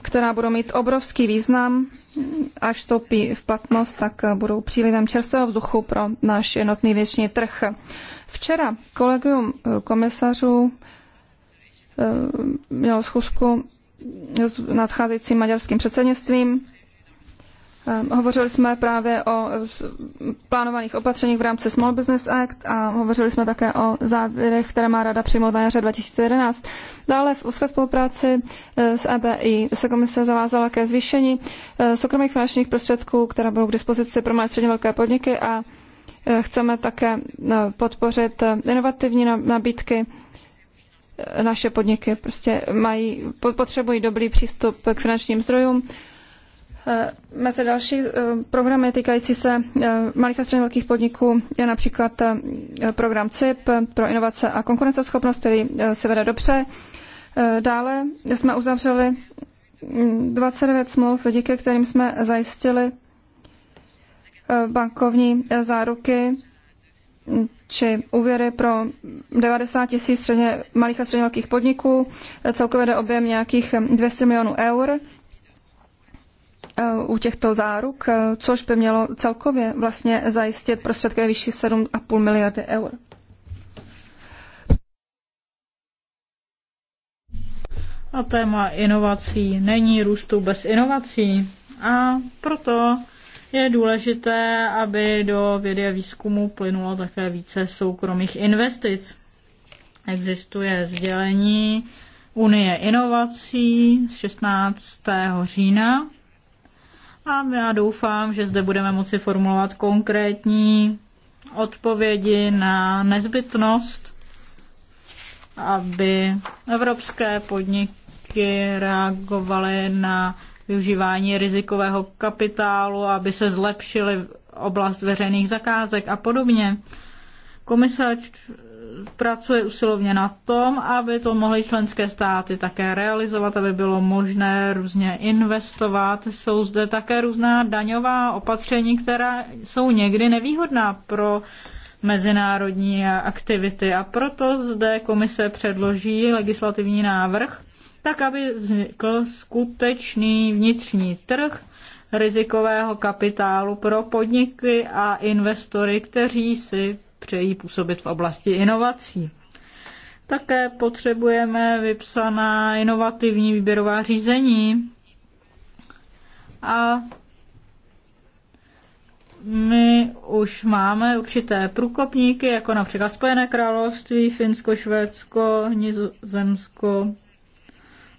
která budou mít obrovský význam. Až vstoupí v platnost, tak budou přílivem čerstvého vzduchu pro náš jednotný věční trh. Včera kolegium eh, komisařů eh, mělo schůzku s nadcházejícím maďarským předsednictvím Ehm, hovořili jsme právě o eh, plánovaných opatřeních v rámci Small Business Act a hovořili jsme také o závěrech, které má Rada přijmout na jaře 2011. Dále v úzké spolupráci eh, s EBI se komise zavázala ke zvýšení eh, soukromých finančních prostředků, které budou k dispozici pro malé středně velké podniky a chceme také podpořit inovativní nabídky naše podniky prostě mají, potřebují dobrý přístup k finančním zdrojům Eh, mezi další eh, programy týkající se eh, malých a středně velkých podniků je například program CIP pro inovace a konkurenceschopnost, který se vede dobře. Dále jsme uzavřeli 29 mm, smluv, díky kterým jsme zajistili bankovní záruky mm, či úvěry pro 90 tisíc malých a středně velkých podniků. Celkově jde objem nějakých 200 milionů eur. Eh, u těchto záruk, eh, což by mělo celkově vlastně zajistit prostředky ve výši 7,5 miliardy eur. A téma inovací není růstu bez inovací. A proto je důležité, aby do vědy a výzkumu plynulo také více soukromých investic. Existuje sdělení Unie inovací z 16. října a já doufám, že zde budeme moci formulovat konkrétní odpovědi na nezbytnost, aby evropské podniky reagovaly na využívání rizikového kapitálu, aby se zlepšily oblast veřejných zakázek a podobně. Komisař pracuje usilovně na tom, aby to mohly členské státy také realizovat, aby bylo možné různě investovat. Jsou zde také různá daňová opatření, která jsou někdy nevýhodná pro mezinárodní aktivity a proto zde komise předloží legislativní návrh, tak aby vznikl skutečný vnitřní trh rizikového kapitálu pro podniky a investory, kteří si přejí působit v oblasti inovací. Také potřebujeme vypsaná inovativní výběrová řízení a my už máme určité průkopníky, jako například Spojené království, Finsko, Švédsko, Nizozemsko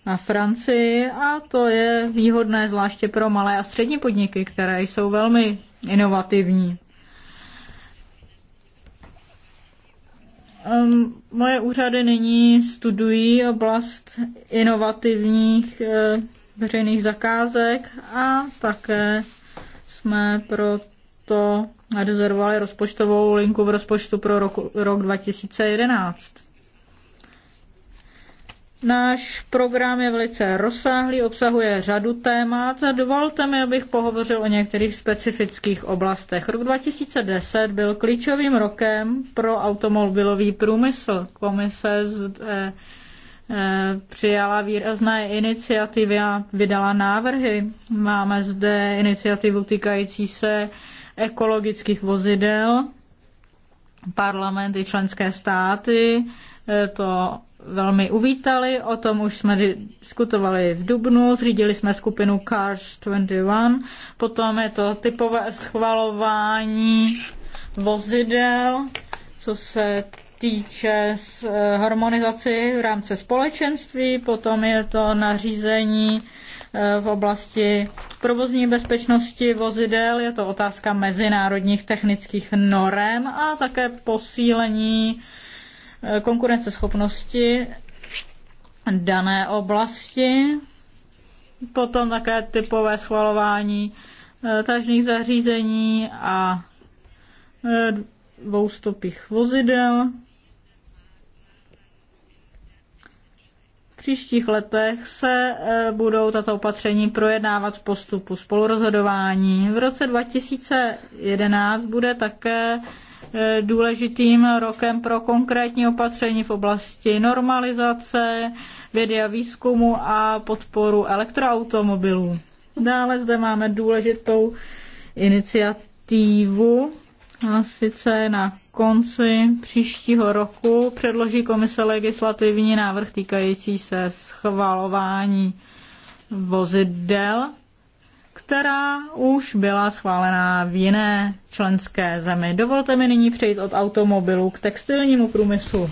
na Francii a to je výhodné zvláště pro malé a střední podniky, které jsou velmi inovativní. Um, moje úřady nyní studují oblast inovativních uh, veřejných zakázek a také jsme pro to rezervovali rozpočtovou linku v rozpočtu pro roku, rok 2011. Náš program je velice rozsáhlý, obsahuje řadu témat a dovolte mi, abych pohovořil o některých specifických oblastech. Rok 2010 byl klíčovým rokem pro automobilový průmysl. Komise zde eh, eh, přijala výrazné iniciativy a vydala návrhy. Máme zde iniciativu týkající se ekologických vozidel. Parlament i členské státy eh, to velmi uvítali, o tom už jsme diskutovali v Dubnu, zřídili jsme skupinu Cars 21, potom je to typové schvalování vozidel, co se týče eh, harmonizaci v rámci společenství, potom je to nařízení eh, v oblasti provozní bezpečnosti vozidel, je to otázka mezinárodních technických norem a také posílení Eh, konkurenceschopnosti dané oblasti, potom také typové schvalování eh, tažných zařízení a eh, dvoustopých vozidel. V příštích letech se budou tato opatření projednávat v postupu spolurozhodování. V roce 2011 bude také E, důležitým rokem pro konkrétní opatření v oblasti normalizace, vědy a výzkumu a podporu elektroautomobilů. Dále zde máme důležitou iniciativu, a sice na konci příštího roku předloží komise legislativní návrh týkající se schvalování vozidel která už byla schválená v jiné členské zemi. Dovolte mi nyní přejít od automobilů k textilnímu průmyslu.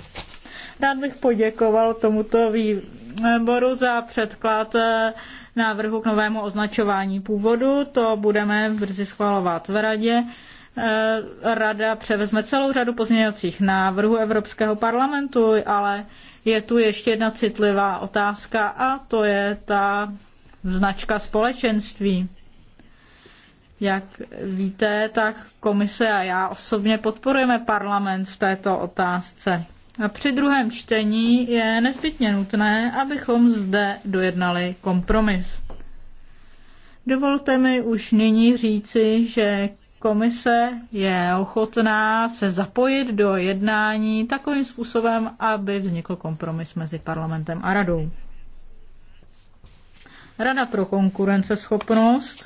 Rád bych poděkoval tomuto výboru za předklad eh, návrhu k novému označování původu. To budeme brzy schvalovat v radě. Eh, rada převezme celou řadu pozměňovacích návrhů Evropského parlamentu, ale je tu ještě jedna citlivá otázka a to je ta značka společenství. Jak víte, tak komise a já osobně podporujeme parlament v této otázce. A při druhém čtení je nezbytně nutné, abychom zde dojednali kompromis. Dovolte mi už nyní říci, že komise je ochotná se zapojit do jednání takovým způsobem, aby vznikl kompromis mezi parlamentem a radou. Rada pro konkurenceschopnost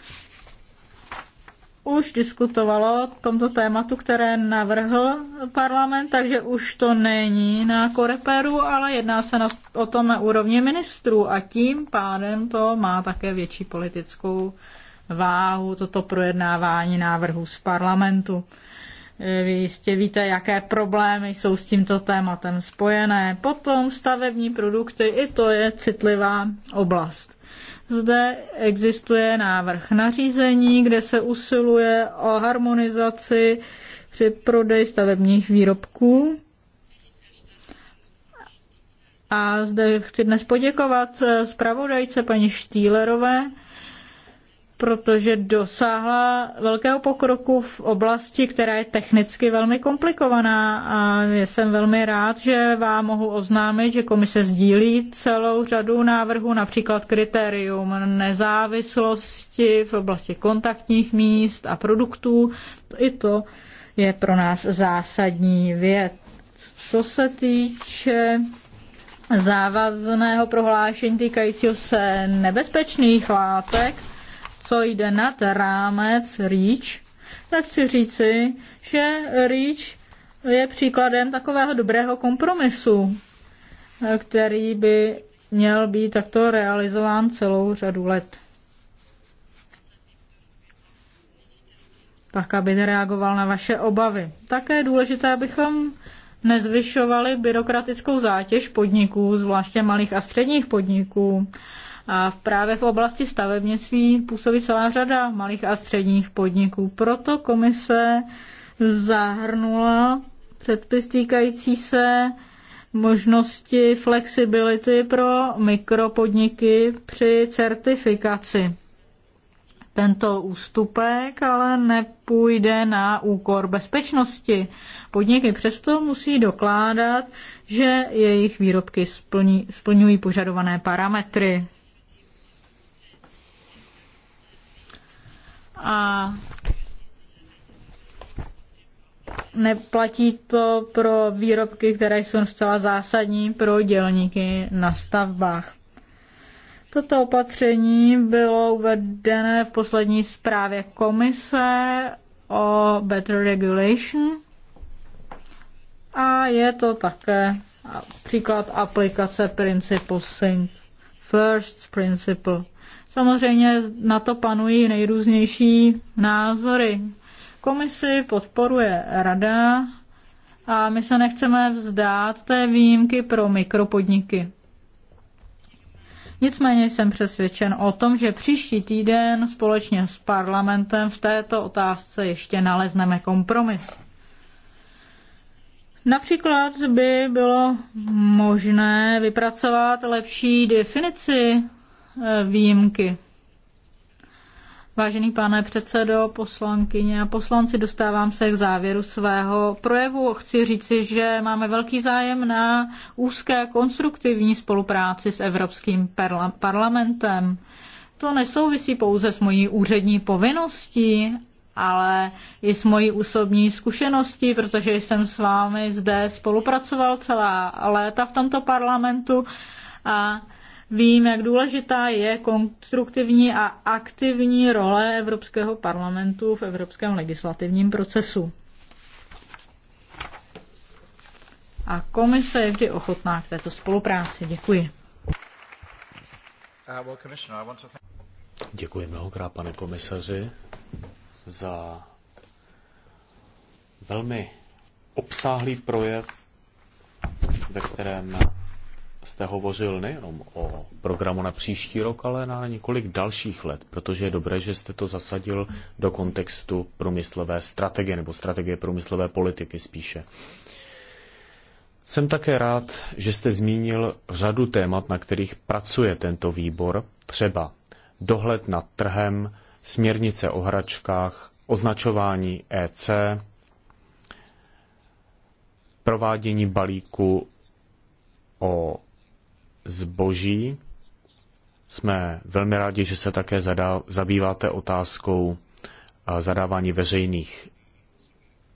už diskutovalo k tomto tématu, které navrhl parlament, takže už to není na koreperu, ale jedná se na, o tom na úrovni ministrů a tím pádem to má také větší politickou váhu, toto projednávání návrhů z parlamentu. E, vy jistě víte, jaké problémy jsou s tímto tématem spojené. Potom stavební produkty, i to je citlivá oblast. Zde existuje návrh nařízení, kde se usiluje o harmonizaci při prodeji stavebních výrobků. A zde chci dnes poděkovat zpravodajce paní Štýlerové protože dosáhla velkého pokroku v oblasti, která je technicky velmi komplikovaná a jsem velmi rád, že vám mohu oznámit, že komise sdílí celou řadu návrhů, například kritérium nezávislosti v oblasti kontaktních míst a produktů. I to je pro nás zásadní věc. Co se týče závazného prohlášení týkajícího se nebezpečných látek, co jde nad rámec REACH, tak chci říci, že REACH je příkladem takového dobrého kompromisu, který by měl být takto realizován celou řadu let. Tak, aby reagoval na vaše obavy. Také je důležité, abychom nezvyšovali byrokratickou zátěž podniků, zvláště malých a středních podniků. A právě v oblasti stavebnictví působí celá řada malých a středních podniků. Proto komise zahrnula předpis týkající se možnosti flexibility pro mikropodniky při certifikaci. Tento ústupek ale nepůjde na úkor bezpečnosti. Podniky přesto musí dokládat, že jejich výrobky splní, splňují požadované parametry. a neplatí to pro výrobky, které jsou zcela zásadní pro dělníky na stavbách. Toto opatření bylo uvedené v poslední zprávě komise o Better Regulation a je to také příklad aplikace principu SYNC, First Principle. Samozřejmě na to panují nejrůznější názory. Komisi podporuje rada a my se nechceme vzdát té výjimky pro mikropodniky. Nicméně jsem přesvědčen o tom, že příští týden společně s parlamentem v této otázce ještě nalezneme kompromis. Například by bylo možné vypracovat lepší definici Eh, výjimky. Vážený pane předsedo, poslankyně a poslanci, dostávám se k závěru svého projevu. Chci říci, že máme velký zájem na úzké konstruktivní spolupráci s Evropským parlamentem. To nesouvisí pouze s mojí úřední povinností, ale i s mojí osobní zkušeností, protože jsem s vámi zde spolupracoval celá léta v tomto parlamentu a Vím, jak důležitá je konstruktivní a aktivní role Evropského parlamentu v evropském legislativním procesu. A komise je vždy ochotná k této spolupráci. Děkuji. Uh, Děkuji mnohokrát, pane komisaři, za velmi obsáhlý projev, ve kterém jste hovořil nejenom o programu na příští rok, ale na několik dalších let, protože je dobré, že jste to zasadil do kontextu průmyslové strategie nebo strategie průmyslové politiky spíše. Jsem také rád, že jste zmínil řadu témat, na kterých pracuje tento výbor, třeba dohled nad trhem, směrnice o hračkách, označování EC, provádění balíku o zboží. Jsme velmi rádi, že se také zadá, zabýváte otázkou zadávání veřejných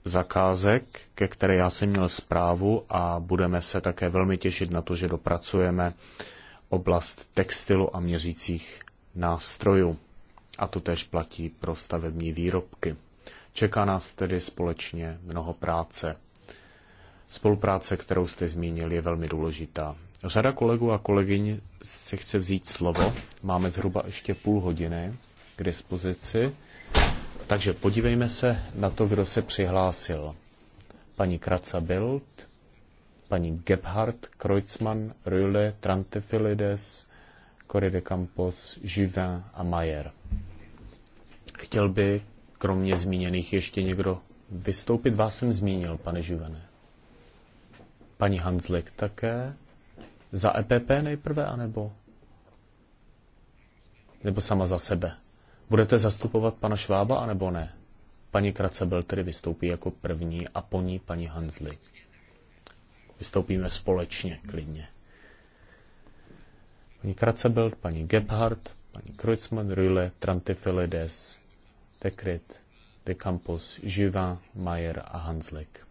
zakázek, ke které já jsem měl zprávu a budeme se také velmi těšit na to, že dopracujeme oblast textilu a měřících nástrojů. A to tež platí pro stavební výrobky. Čeká nás tedy společně mnoho práce. Spolupráce, kterou jste zmínil, je velmi důležitá. Řada kolegů a kolegyň se chce vzít slovo. Máme zhruba ještě půl hodiny k dispozici. Takže podívejme se na to, kdo se přihlásil. Paní Kraca Bild, paní Gebhardt, Kreuzmann, Rüle, Trantefilides, Cory de Campos, Juvin a Mayer. Chtěl by kromě zmíněných ještě někdo vystoupit? Vás jsem zmínil, pane Živene. Paní Hanslik také. Za EPP nejprve, anebo? Nebo sama za sebe? Budete zastupovat pana Švába, anebo ne? Paní Kracebel tedy vystoupí jako první a po ní paní Hanzli. Vystoupíme společně, klidně. Paní Kracebel, paní Gebhardt, paní Kreuzmann, Rühle, Trantifilides, Tekrit, De Campos, Juvin, Mayer a Hanslik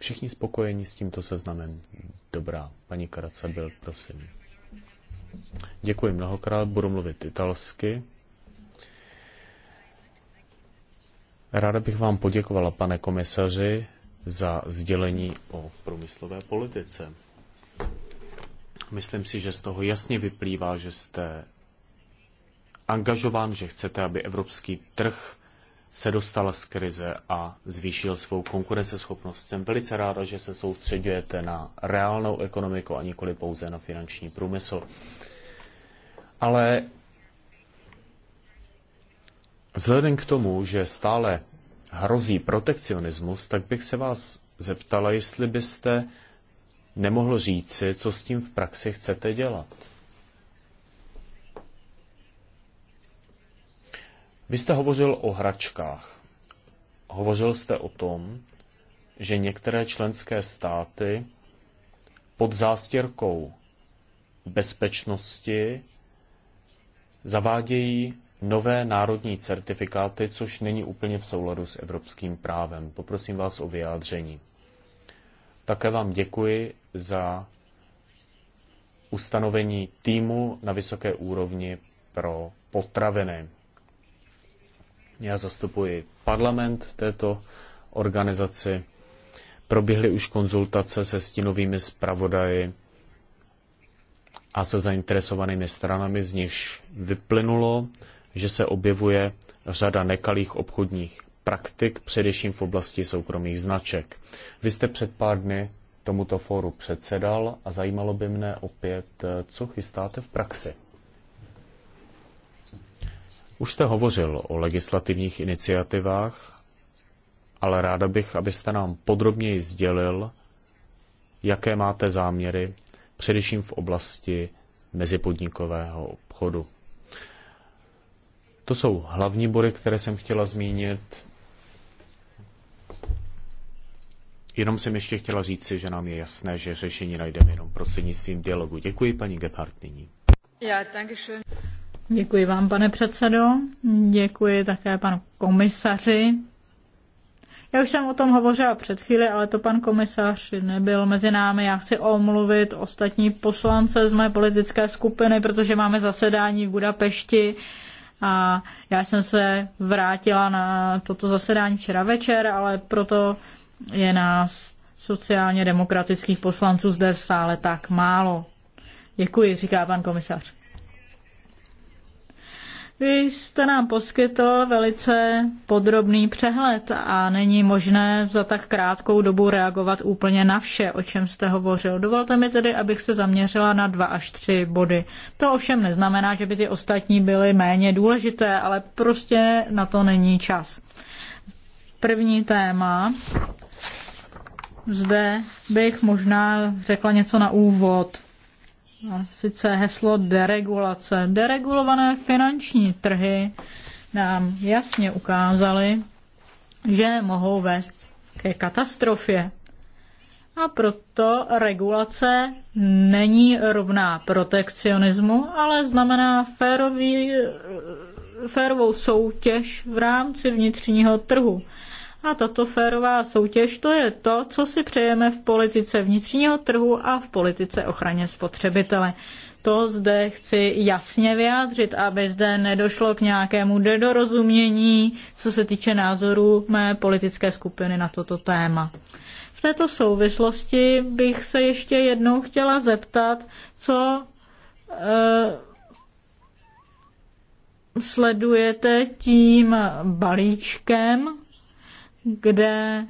všichni spokojeni s tímto seznamem. Dobrá, paní Karace, byl, prosím. Děkuji mnohokrát, budu mluvit italsky. Ráda bych vám poděkovala, pane komisaři, za sdělení o průmyslové politice. Myslím si, že z toho jasně vyplývá, že jste angažován, že chcete, aby evropský trh se dostala z krize a zvýšil svou konkurenceschopnost. Jsem velice ráda, že se soustředujete na reálnou ekonomiku a nikoli pouze na finanční průmysl. Ale vzhledem k tomu, že stále hrozí protekcionismus, tak bych se vás zeptala, jestli byste nemohl říci, co s tím v praxi chcete dělat. Vy jste hovořil o hračkách. Hovořil jste o tom, že některé členské státy pod zástěrkou bezpečnosti zavádějí nové národní certifikáty, což není úplně v souladu s evropským právem. Poprosím vás o vyjádření. Také vám děkuji za ustanovení týmu na vysoké úrovni pro potraviny. Já zastupuji parlament této organizaci. Proběhly už konzultace se stínovými zpravodaji a se zainteresovanými stranami, z nichž vyplynulo, že se objevuje řada nekalých obchodních praktik, především v oblasti soukromých značek. Vy jste před pár dny tomuto fóru předsedal a zajímalo by mne opět, co chystáte v praxi. Už jste hovořil o legislativních iniciativách, ale ráda bych, abyste nám podrobněji sdělil, jaké máte záměry, především v oblasti mezipodnikového obchodu. To jsou hlavní body, které jsem chtěla zmínit. Jenom jsem ještě chtěla říci, že nám je jasné, že řešení najdeme jenom prostřednictvím dialogu. Děkuji paní Gebhardt nyní. schön. Děkuji vám, pane předsedo. Děkuji také panu komisaři. Já už jsem o tom hovořila před chvíli, ale to pan komisař nebyl mezi námi. Já chci omluvit ostatní poslance z mé politické skupiny, protože máme zasedání v Budapešti a já jsem se vrátila na toto zasedání včera večer, ale proto je nás sociálně demokratických poslanců zde v sále tak málo. Děkuji, říká pan komisař. Vy jste nám poskytl velice podrobný přehled a není možné za tak krátkou dobu reagovat úplně na vše, o čem jste hovořil. Dovolte mi tedy, abych se zaměřila na dva až tři body. To ovšem neznamená, že by ty ostatní byly méně důležité, ale prostě na to není čas. První téma. Zde bych možná řekla něco na úvod sice heslo deregulace. Deregulované finanční trhy nám jasně ukázaly, že mohou vést ke katastrofě. A proto regulace není rovná protekcionismu, ale znamená férový, férovou soutěž v rámci vnitřního trhu. A tato férová soutěž to je to, co si přejeme v politice vnitřního trhu a v politice ochraně spotřebitele. To zde chci jasně vyjádřit, aby zde nedošlo k nějakému nedorozumění, co se týče názorů mé politické skupiny na toto téma. V této souvislosti bych se ještě jednou chtěla zeptat, co e, sledujete tím balíčkem kde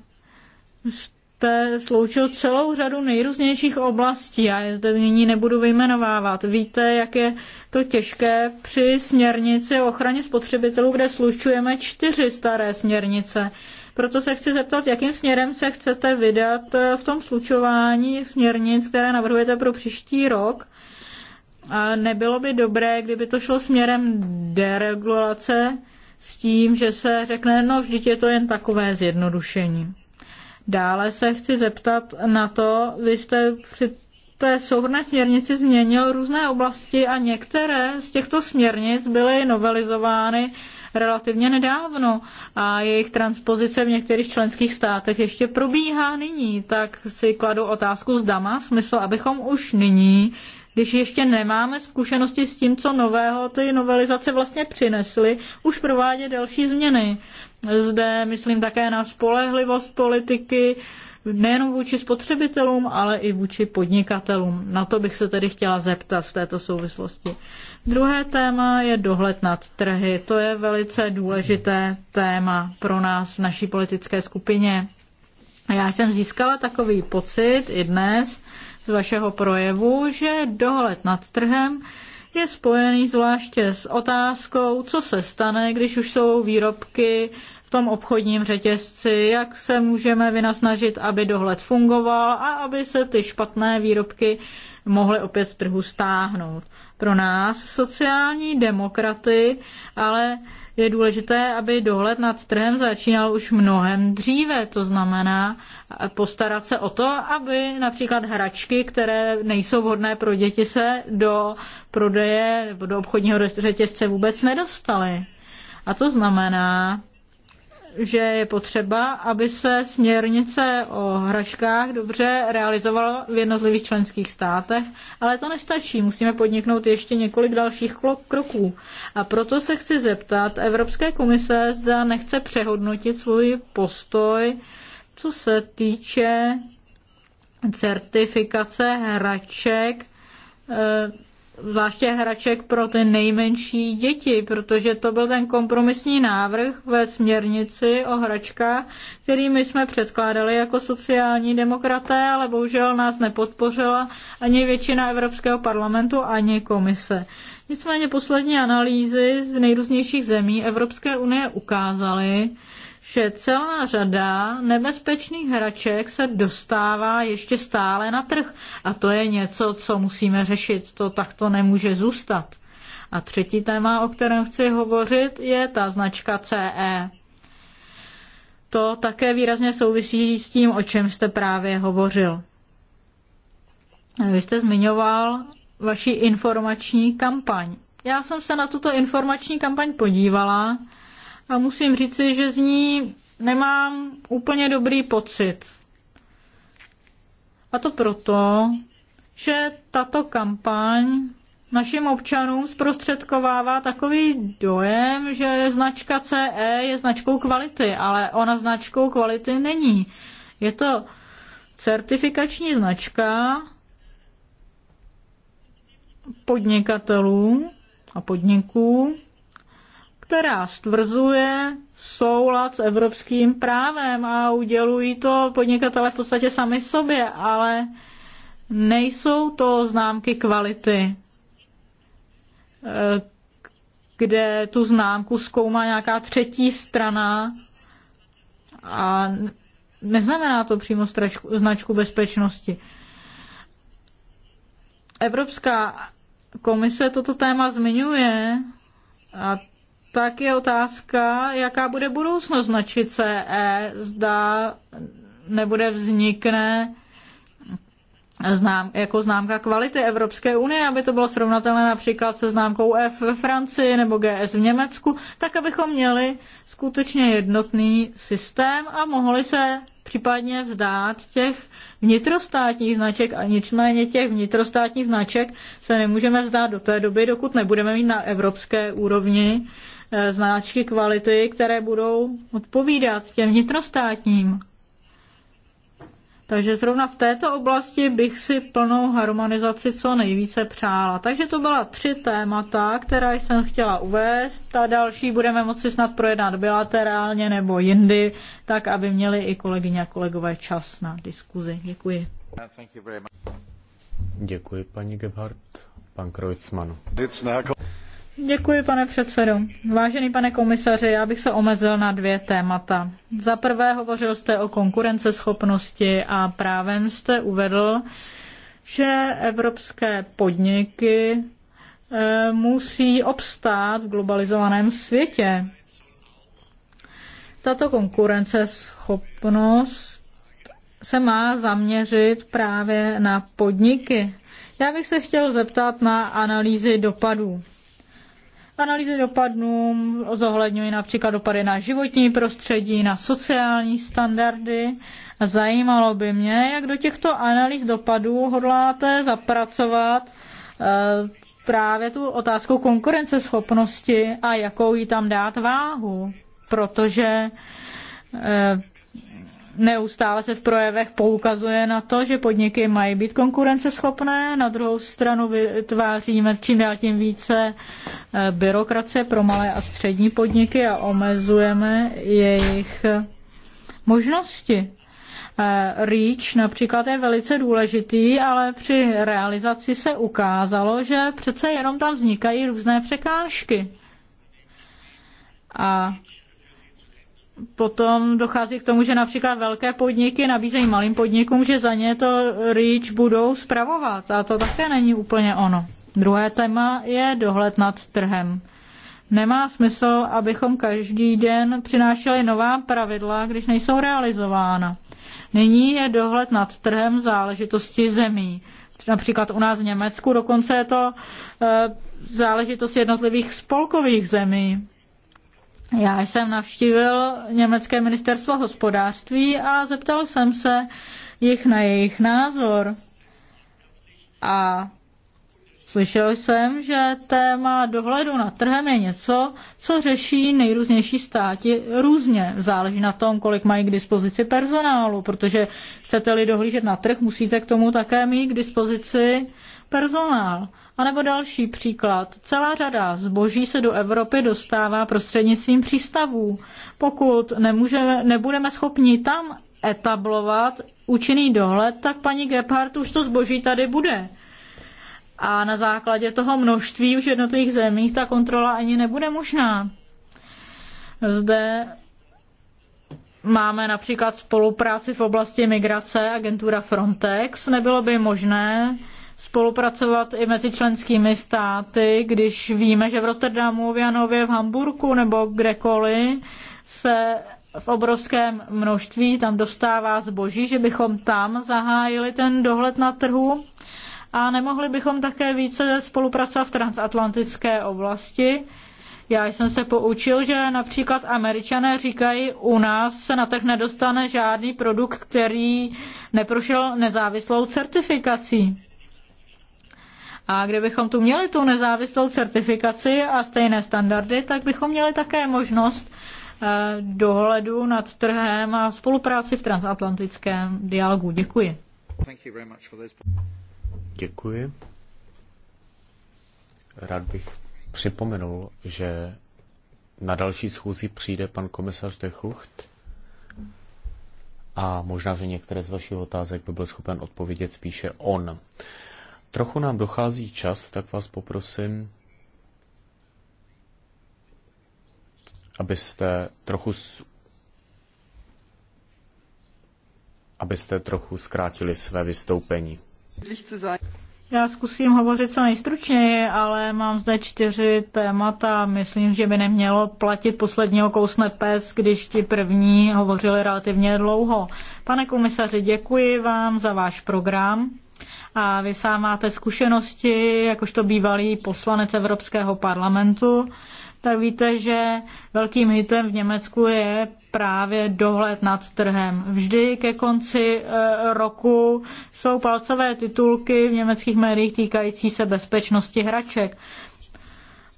jste sloučil celou řadu nejrůznějších oblastí. Já je zde nyní nebudu vyjmenovávat. Víte, jak je to těžké při směrnici o ochraně spotřebitelů, kde slučujeme čtyři staré směrnice. Proto se chci zeptat, jakým směrem se chcete vydat v tom slučování směrnic, které navrhujete pro příští rok. A nebylo by dobré, kdyby to šlo směrem deregulace, s tím, že se řekne, no vždyť je to jen takové zjednodušení. Dále se chci zeptat na to, vy jste při té souhrné směrnici změnil různé oblasti a některé z těchto směrnic byly novelizovány relativně nedávno a jejich transpozice v některých členských státech ještě probíhá nyní, tak si kladu otázku, zda má smysl, abychom už nyní když ještě nemáme zkušenosti s tím, co nového ty novelizace vlastně přinesly, už provádět další změny. Zde myslím také na spolehlivost politiky, nejen vůči spotřebitelům, ale i vůči podnikatelům. Na to bych se tedy chtěla zeptat v této souvislosti. Druhé téma je dohled nad trhy. To je velice důležité téma pro nás v naší politické skupině. Já jsem získala takový pocit i dnes, z vašeho projevu, že dohled nad trhem je spojený zvláště s otázkou, co se stane, když už jsou výrobky v tom obchodním řetězci, jak se můžeme vynasnažit, aby dohled fungoval a aby se ty špatné výrobky mohly opět z trhu stáhnout. Pro nás, sociální demokraty, ale je důležité, aby dohled nad trhem začínal už mnohem dříve. To znamená postarat se o to, aby například hračky, které nejsou vhodné pro děti, se do prodeje nebo do obchodního řetězce vůbec nedostaly. A to znamená, že je potřeba, aby se směrnice o hračkách dobře realizovala v jednotlivých členských státech, ale to nestačí. Musíme podniknout ještě několik dalších kroků. A proto se chci zeptat Evropské komise, zda nechce přehodnotit svůj postoj, co se týče certifikace hraček eh, zvláště hraček pro ty nejmenší děti, protože to byl ten kompromisní návrh ve směrnici o hračkách, který my jsme předkládali jako sociální demokraté, ale bohužel nás nepodpořila ani většina Evropského parlamentu, ani komise. Nicméně poslední analýzy z nejrůznějších zemí Evropské unie ukázaly, že celá řada nebezpečných hraček se dostává ještě stále na trh. A to je něco, co musíme řešit. To takto nemůže zůstat. A třetí téma, o kterém chci hovořit, je ta značka CE. To také výrazně souvisí s tím, o čem jste právě hovořil. Vy jste zmiňoval vaši informační kampaň. Já jsem se na tuto informační kampaň podívala a musím říci, že z ní nemám úplně dobrý pocit. A to proto, že tato kampaň našim občanům zprostředkovává takový dojem, že značka CE je značkou kvality, ale ona značkou kvality není. Je to certifikační značka podnikatelů a podniků, která stvrzuje soulad s evropským právem a udělují to podnikatele v podstatě sami sobě, ale nejsou to známky kvality, eh, kde tu známku zkoumá nějaká třetí strana a neznamená to přímo značku bezpečnosti. Evropská komise toto téma zmiňuje a tak je otázka, jaká bude budoucnost značky CE. Zda nebude vznikne znám, jako známka kvality Evropské unie, aby to bylo srovnatelné například se známkou F ve Francii nebo GS v Německu, tak abychom měli skutečně jednotný systém a mohli se případně vzdát těch vnitrostátních značek a nicméně těch vnitrostátních značek se nemůžeme vzdát do té doby, dokud nebudeme mít na evropské úrovni Eh, značky kvality, které budou odpovídat těm vnitrostátním. Takže zrovna v této oblasti bych si plnou harmonizaci co nejvíce přála. Takže to byla tři témata, která jsem chtěla uvést. Ta další budeme moci snad projednat bilaterálně nebo jindy, tak aby měli i kolegyně a kolegové čas na diskuzi. Děkuji. Děkuji, paní Gebhardt. Pan Krojcmanu. Děkuji, pane předsedo. Vážený pane komisaři, já bych se omezil na dvě témata. Za prvé hovořil jste o konkurenceschopnosti a právem jste uvedl, že evropské podniky eh, musí obstát v globalizovaném světě. Tato konkurenceschopnost se má zaměřit právě na podniky. Já bych se chtěl zeptat na analýzy dopadů. Analýzy dopadů zohledňují například dopady na životní prostředí, na sociální standardy. Zajímalo by mě, jak do těchto analýz dopadů hodláte zapracovat eh, právě tu otázku konkurenceschopnosti a jakou jí tam dát váhu, protože eh, neustále se v projevech poukazuje na to, že podniky mají být konkurenceschopné, na druhou stranu vytváříme čím dál tím více eh, byrokracie pro malé a střední podniky a omezujeme jejich možnosti. Eh, REACH například je velice důležitý, ale při realizaci se ukázalo, že přece jenom tam vznikají různé překážky. A potom dochází k tomu, že například velké podniky nabízejí malým podnikům, že za ně to REACH budou spravovat. A to také není úplně ono. Druhé téma je dohled nad trhem. Nemá smysl, abychom každý den přinášeli nová pravidla, když nejsou realizována. Nyní je dohled nad trhem záležitosti zemí. Například u nás v Německu dokonce je to e, záležitost jednotlivých spolkových zemí já jsem navštívil německé ministerstvo hospodářství a zeptal jsem se jich na jejich názor. A slyšel jsem, že téma dohledu nad trhem je něco, co řeší nejrůznější státy různě. Záleží na tom, kolik mají k dispozici personálu, protože chcete-li dohlížet na trh, musíte k tomu také mít k dispozici personál. A nebo další příklad. Celá řada zboží se do Evropy dostává prostřednictvím přístavů. Pokud nemůžeme, nebudeme schopni tam etablovat účinný dohled, tak paní Gebhardt už to zboží tady bude. A na základě toho množství už jednotlivých zemích ta kontrola ani nebude možná. Zde máme například spolupráci v oblasti migrace, agentura Frontex. Nebylo by možné spolupracovat i mezi členskými státy, když víme, že v Rotterdamu, v Janově, v Hamburku nebo kdekoliv se v obrovském množství tam dostává zboží, že bychom tam zahájili ten dohled na trhu a nemohli bychom také více spolupracovat v transatlantické oblasti. Já jsem se poučil, že například američané říkají, u nás se na trh nedostane žádný produkt, který neprošel nezávislou certifikací. A kdybychom tu měli tu nezávislou certifikaci a stejné standardy, tak bychom měli také možnost eh, dohledu nad trhem a spolupráci v transatlantickém dialogu. Děkuji. Děkuji. Rád bych připomenul, že na další schůzi přijde pan komisař Dechucht a možná, že některé z vašich otázek by byl schopen odpovědět spíše on. Trochu nám dochází čas, tak vás poprosím, abyste trochu abyste trochu zkrátili své vystoupení. Já zkusím hovořit co nejstručněji, ale mám zde čtyři témata. Myslím, že by nemělo platit posledního kousne pes, když ti první hovořili relativně dlouho. Pane komisaři, děkuji vám za váš program a vy sám máte zkušenosti, jakožto bývalý poslanec Evropského parlamentu, tak víte, že velkým hitem v Německu je právě dohled nad trhem. Vždy ke konci e, roku jsou palcové titulky v německých médiích týkající se bezpečnosti hraček.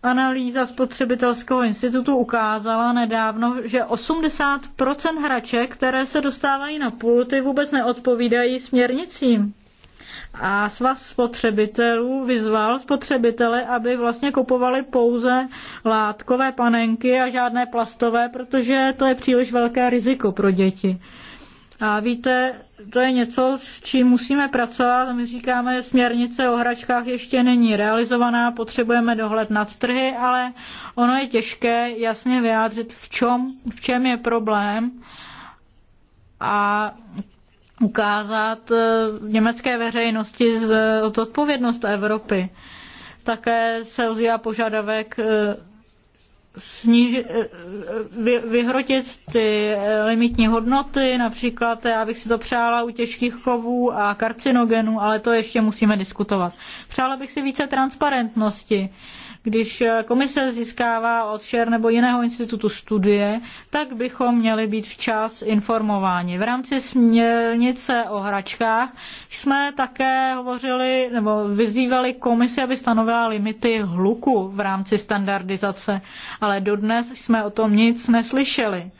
Analýza spotřebitelského institutu ukázala nedávno, že 80% hraček, které se dostávají na pulty, vůbec neodpovídají směrnicím a svaz spotřebitelů vyzval spotřebitele, aby vlastně kupovali pouze látkové panenky a žádné plastové, protože to je příliš velké riziko pro děti. A víte, to je něco, s čím musíme pracovat. My říkáme, směrnice o hračkách ještě není realizovaná, potřebujeme dohled nad trhy, ale ono je těžké jasně vyjádřit, v, čom, v čem je problém. A ukázat eh, německé veřejnosti z odpovědnost Evropy. Také se ozývá požadavek eh, sníž, eh, vy, vyhrotit ty limitní hodnoty, například já bych si to přála u těžkých kovů a karcinogenů, ale to ještě musíme diskutovat. Přála bych si více transparentnosti. Když komise získává od ŠER nebo jiného institutu studie, tak bychom měli být včas informováni. V rámci směrnice o hračkách jsme také hovořili nebo vyzývali komisi, aby stanovila limity hluku v rámci standardizace, ale dodnes jsme o tom nic neslyšeli.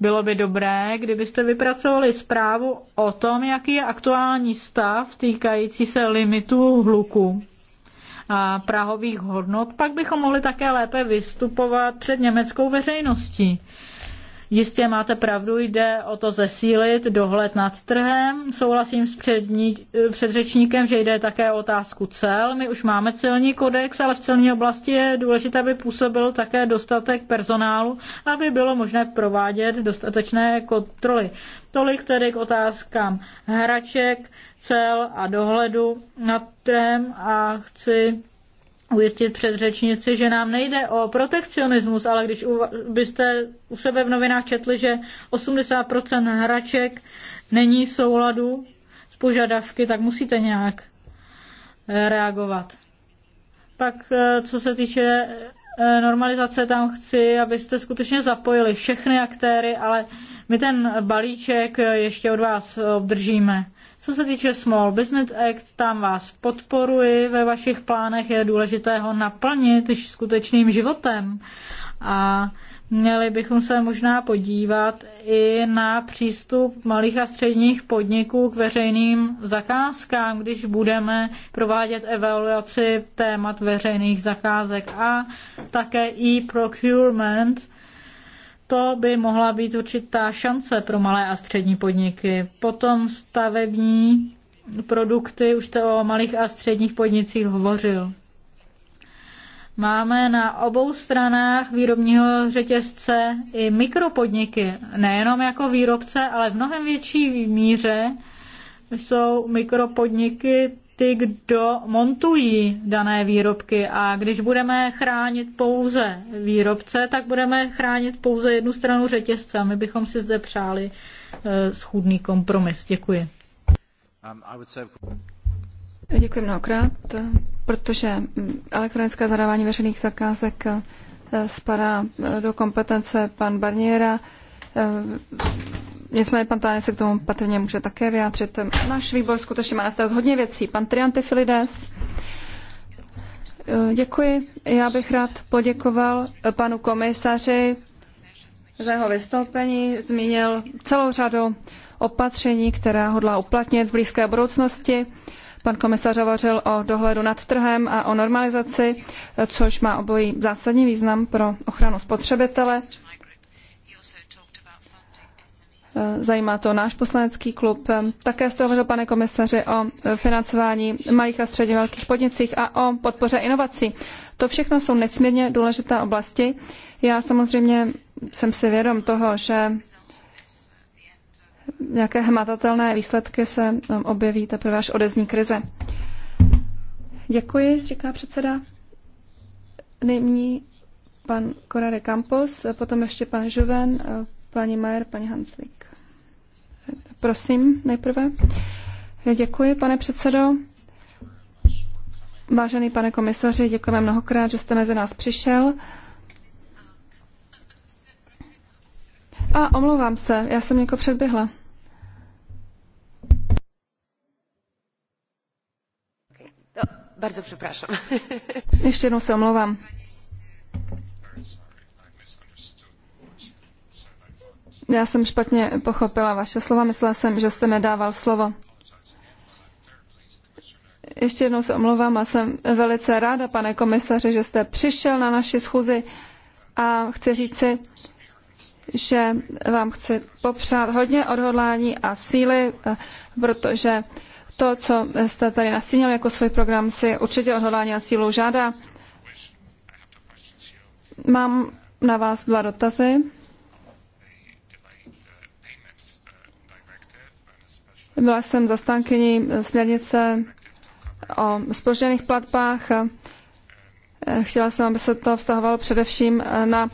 Bylo by dobré, kdybyste vypracovali zprávu o tom, jaký je aktuální stav týkající se limitů hluku a prahových hodnot, pak bychom mohli také lépe vystupovat před německou veřejností. Jistě máte pravdu, jde o to zesílit dohled nad trhem. Souhlasím s eh, předřečníkem, že jde také o otázku cel. My už máme celní kodex, ale v celní oblasti je důležité, aby působil také dostatek personálu, aby bylo možné provádět dostatečné kontroly. Tolik tedy k otázkám hraček, cel a dohledu nad trhem a chci ujistit předřečnici, že nám nejde o protekcionismus, ale když u, byste u sebe v novinách četli, že 80% hraček není v souladu s požadavky, tak musíte nějak eh, reagovat. Pak, eh, co se týče eh, normalizace, tam chci, abyste skutečně zapojili všechny aktéry, ale my ten balíček ještě od vás obdržíme. Co se týče Small Business Act, tam vás podporuji ve vašich plánech, je důležité ho naplnit skutečným životem. A měli bychom se možná podívat i na přístup malých a středních podniků k veřejným zakázkám, když budeme provádět evaluaci témat veřejných zakázek a také e-procurement, to by mohla být určitá šance pro malé a střední podniky. Potom stavební produkty, už jste o malých a středních podnicích hovořil. Máme na obou stranách výrobního řetězce i mikropodniky, nejenom jako výrobce, ale v mnohem větší míře jsou mikropodniky ty, kdo montují dané výrobky. A když budeme chránit pouze výrobce, tak budeme chránit pouze jednu stranu řetězce. A my bychom si zde přáli eh, schůdný kompromis. Děkuji. Um, Děkuji mnohokrát, protože elektronické zadávání veřejných zakázek eh, spadá eh, do kompetence pan Barniera Nicméně pan Táně se k tomu patrně může také vyjádřit. Náš výbor skutečně má na starost hodně věcí. Pan Filides. Eh, děkuji. Já bych rád poděkoval eh, panu komisaři za jeho vystoupení. Zmínil celou řadu opatření, která hodlá uplatnit v blízké budoucnosti. Pan komisař hovořil o dohledu nad trhem a o normalizaci, eh, což má obojí zásadní význam pro ochranu spotřebitele. Zajímá to náš poslanecký klub. Také jste hovořil, pane komisaři, o financování malých a středně velkých podnicích a o podpoře inovací. To všechno jsou nesmírně důležité oblasti. Já samozřejmě jsem si vědom toho, že nějaké hmatatelné výsledky se um, objeví teprve až odezní krize. Děkuji, říká předseda. Nyní pan Corrade Campos, potom ještě pan Žuven, uh, paní Majer, paní Hanslík. Prosím, nejprve. Děkuji, pane předsedo. Vážený pane komisaři, děkujeme mnohokrát, že jste mezi nás přišel. A omlouvám se, já jsem někoho předběhla. Ještě jednou se omlouvám. Já jsem špatně pochopila vaše slova, myslela jsem, že jste nedával slovo. Ještě jednou se omlouvám a jsem velice ráda, pane komisaři, že jste přišel na naši schůzi a chci říci, že vám chci popřát hodně odhodlání a síly, eh, protože to, co jste tady nastínil jako svůj program, si určitě odhodlání a sílu žádá. Mám na vás dva dotazy. Byla jsem zastánkyní směrnice o spožděných platbách. Chtěla jsem, aby se to vztahovalo především na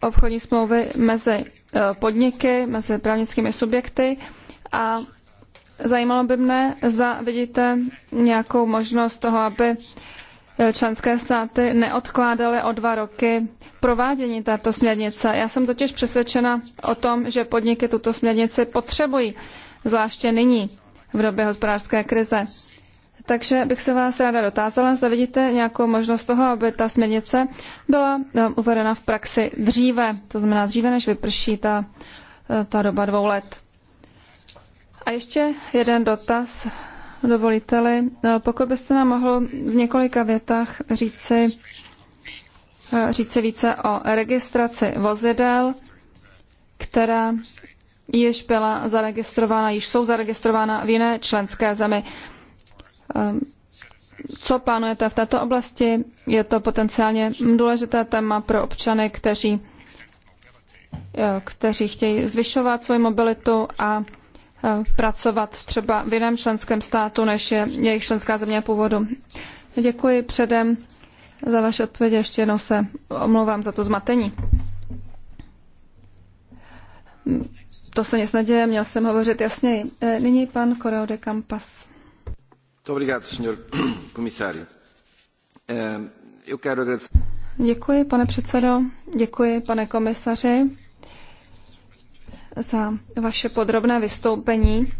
obchodní smlouvy mezi eh, podniky, mezi právnickými subjekty a zajímalo by mne, zda vidíte nějakou možnost toho, aby Eh, členské státy neodkládaly o dva roky provádění této směrnice. Já jsem totiž přesvědčena o tom, že podniky tuto směrnici potřebují, zvláště nyní v době hospodářské krize. Takže bych se vás ráda dotázala, zda vidíte nějakou možnost toho, aby ta směrnice byla eh, uvedena v praxi dříve, to znamená dříve, než vyprší ta, eh, ta doba dvou let. A ještě jeden dotaz dovolíte-li, eh, pokud byste nám mohl v několika větách říci, eh, říci více o registraci vozidel, která již byla zaregistrována, již jsou zaregistrována v jiné členské zemi. Ehm, co plánujete v této oblasti? Je to potenciálně důležité téma pro občany, kteří, eh, kteří chtějí zvyšovat svoji mobilitu a Eh, pracovat třeba v jiném členském státu, než je jejich členská země původu. Děkuji předem za vaše odpovědi. Ještě jednou se omlouvám za to zmatení. To se nic neděje, měl jsem hovořit jasněji. Eh, nyní pan Koreo de Campas. [clears throat] Eh, Děkuji, pane předsedo. Děkuji, pane komisaři za vaše podrobné vystoupení.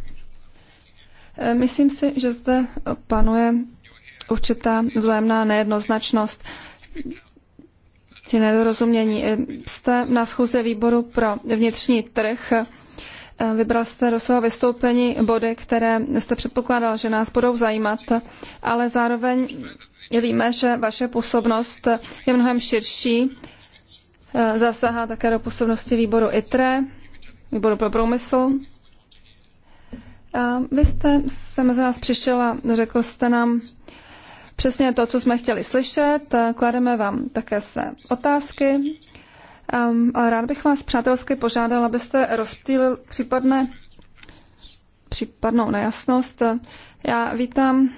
E, myslím si, že zde panuje určitá vzájemná nejednoznačnost či nedorozumění. E, jste na schůze výboru pro vnitřní trh. E, vybral jste do svého vystoupení body, které jste předpokládal, že nás budou zajímat, ale zároveň víme, že vaše působnost je mnohem širší, zasahá také do působnosti výboru ITRE, výboru pro průmysl. A vy jste se mezi nás přišel a řekl jste nám přesně to, co jsme chtěli slyšet. Klademe vám také se otázky. A rád bych vás přátelsky požádal, abyste rozptýlil případné, případnou nejasnost. Já vítám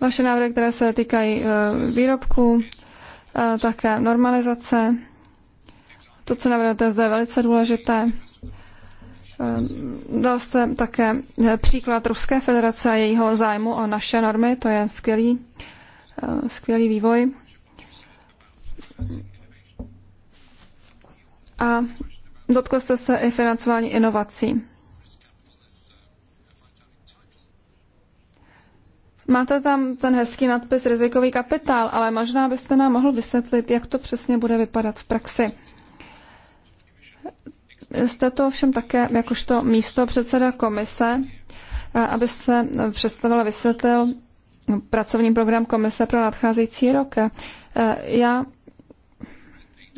vaše návrhy, které se týkají e, výrobků, e, také normalizace to, co navrhujete zde, je velice důležité. Ehm, dal jste také eh, příklad Ruské federace a jejího zájmu o naše normy, to je skvělý, eh, skvělý vývoj. A dotkl jste se i financování inovací. Máte tam ten hezký nadpis rizikový kapitál, ale možná byste nám mohl vysvětlit, jak to přesně bude vypadat v praxi. Jste to ovšem také jakožto místo předseda komise, eh, abyste představil a vysvětlil pracovní program komise pro nadcházející rok. Eh, já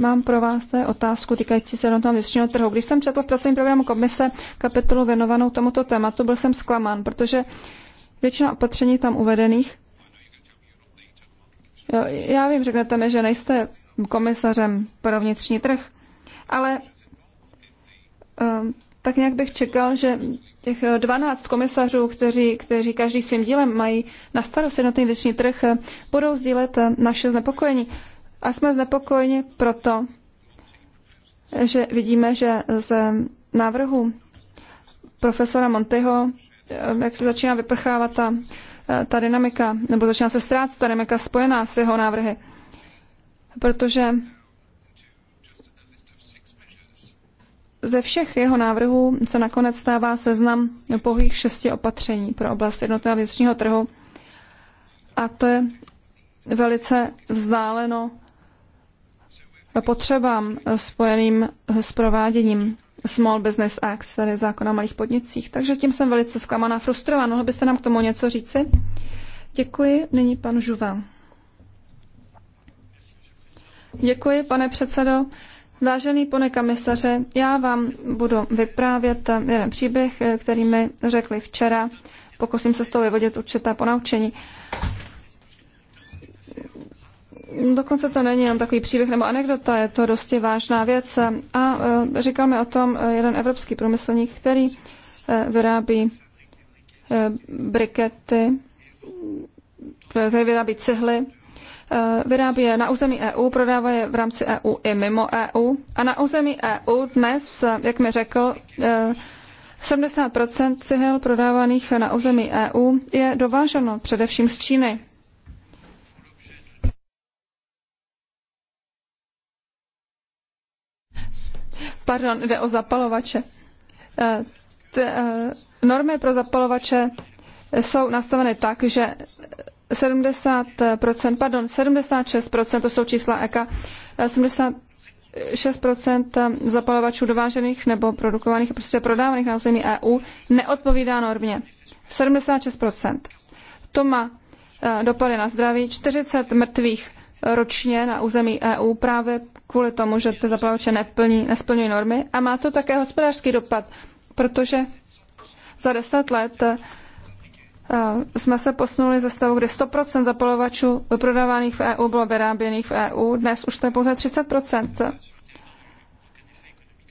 mám pro vás té otázku týkající se jednotného vnitřního trhu. Když jsem četl v pracovním programu komise kapitolu věnovanou tomuto tématu, byl jsem zklamán, protože většina opatření tam uvedených. Já vím, řeknete mi, že nejste komisařem pro vnitřní trh, ale Ehm, tak nějak bych čekal, že těch 12 eh, komisařů, kteří, kteří každý svým dílem mají na starost jednotný vnitřní trh, eh, budou sdílet eh, naše znepokojení. A jsme znepokojeni proto, že vidíme, že z návrhu profesora Monteho, jak se začíná vyprchávat ta, ta dynamika, nebo začíná se ztrácet ta dynamika spojená s jeho návrhy. Protože ze všech jeho návrhů se nakonec stává seznam pouhých šesti opatření pro oblast jednotného vnitřního trhu a to je velice vzdáleno potřebám spojeným s prováděním Small Business Act, tedy zákona o malých podnicích. Takže tím jsem velice zklamaná, frustrovaná. Mohl byste nám k tomu něco říci? Děkuji. Nyní pan Žuva. Děkuji, pane předsedo. Vážený pane komisaře, já vám budu vyprávět jeden příběh, který mi řekli včera. Pokusím se z toho vyvodit určité ponaučení. Dokonce to není jenom takový příběh nebo anekdota, je to dosti vážná věc. A e, říkal mi o tom e, jeden evropský průmyslník, který e, vyrábí brikety, který vyrábí cihly Eh, vyrábí je na území EU, prodává je v rámci EU i mimo EU. A na území EU dnes, jak mi řekl, 70 eh, cihel prodávaných na území EU je dováženo především z Číny. Pardon, jde o zapalovače. Eh, normy pro zapalovače jsou nastaveny tak, že 70%, pardon, 76%, to jsou čísla EKA, 76% zapalovačů dovážených nebo produkovaných, a prostě prodávaných na území EU neodpovídá normě. 76%. To má eh, dopady na zdraví, 40 mrtvých ročně na území EU právě kvůli tomu, že ty zapalovače neplní, nesplňují normy. A má to také hospodářský dopad, protože za deset let eh, jsme se posunuli ze stavu, kdy 100% zapalovačů prodávaných v EU bylo vyráběných v EU, dnes už to je pouze 30%.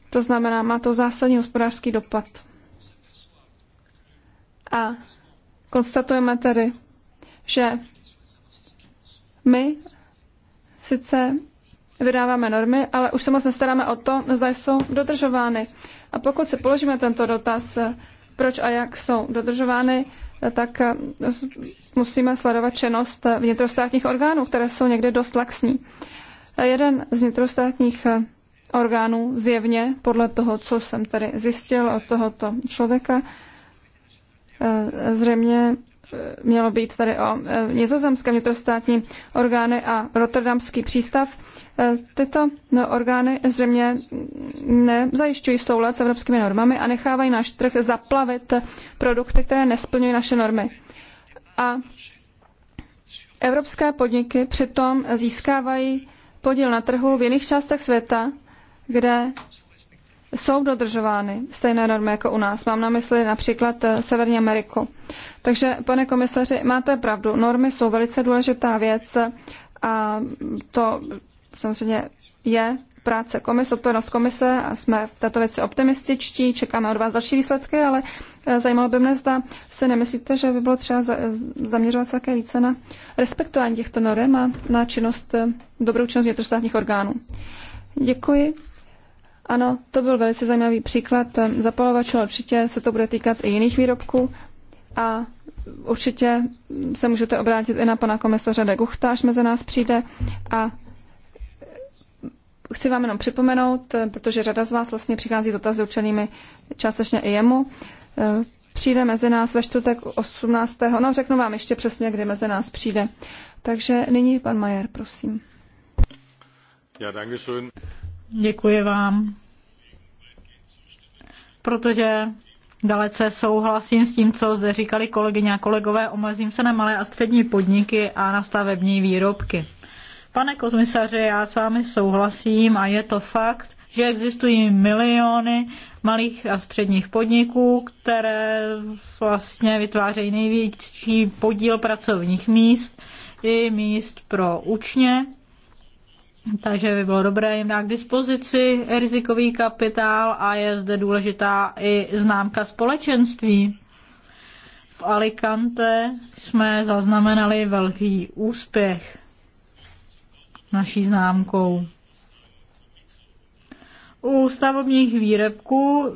To znamená, má to zásadní hospodářský dopad. A konstatujeme tedy, že my sice vydáváme normy, ale už se moc nestaráme o to, zda jsou dodržovány. A pokud si položíme tento dotaz, proč a jak jsou dodržovány, tak eh, musíme sledovat činnost vnitrostátních orgánů, které jsou někdy dost laxní. Eh, jeden z vnitrostátních eh, orgánů zjevně, podle toho, co jsem tady zjistil od tohoto člověka, zřejmě mělo být tady o e, nizozemské vnitrostátní orgány a rotterdamský přístav. E, tyto no, orgány zřejmě nezajišťují soulad s evropskými normami a nechávají náš trh zaplavit produkty, které nesplňují naše normy. A evropské podniky přitom získávají podíl na trhu v jiných částech světa, kde jsou dodržovány stejné normy jako u nás. Mám na mysli například eh, Severní Ameriku. Takže, pane komisaři, máte pravdu. Normy jsou velice důležitá věc a to samozřejmě je práce komise, odpovědnost komise a jsme v této věci optimističtí, čekáme od vás další výsledky, ale eh, zajímalo by mě zda se nemyslíte, že by bylo třeba eh, zaměřovat se také více na respektování těchto norm a na činnost, dobrou činnost vnitrostátních orgánů. Děkuji. Ano, to byl velice zajímavý příklad zapalovačů, ale určitě se to bude týkat i jiných výrobků. A určitě se můžete obrátit i na pana komisaře de Guchta, až mezi nás přijde. A chci vám jenom připomenout, protože řada z vás vlastně přichází dotazy určenými částečně i jemu. Přijde mezi nás ve čtvrtek 18. No, řeknu vám ještě přesně, kdy mezi nás přijde. Takže nyní pan Majer, prosím. Ja, danke schön. Děkuji vám, protože dalece souhlasím s tím, co zde říkali kolegyně a kolegové. Omezím se na malé a střední podniky a na stavební výrobky. Pane kozmisaře, já s vámi souhlasím a je to fakt, že existují miliony malých a středních podniků, které vlastně vytvářejí největší podíl pracovních míst i míst pro učně takže by bylo dobré jim dát k dispozici rizikový kapitál a je zde důležitá i známka společenství. V Alicante jsme zaznamenali velký úspěch naší známkou. U stavebních výrobků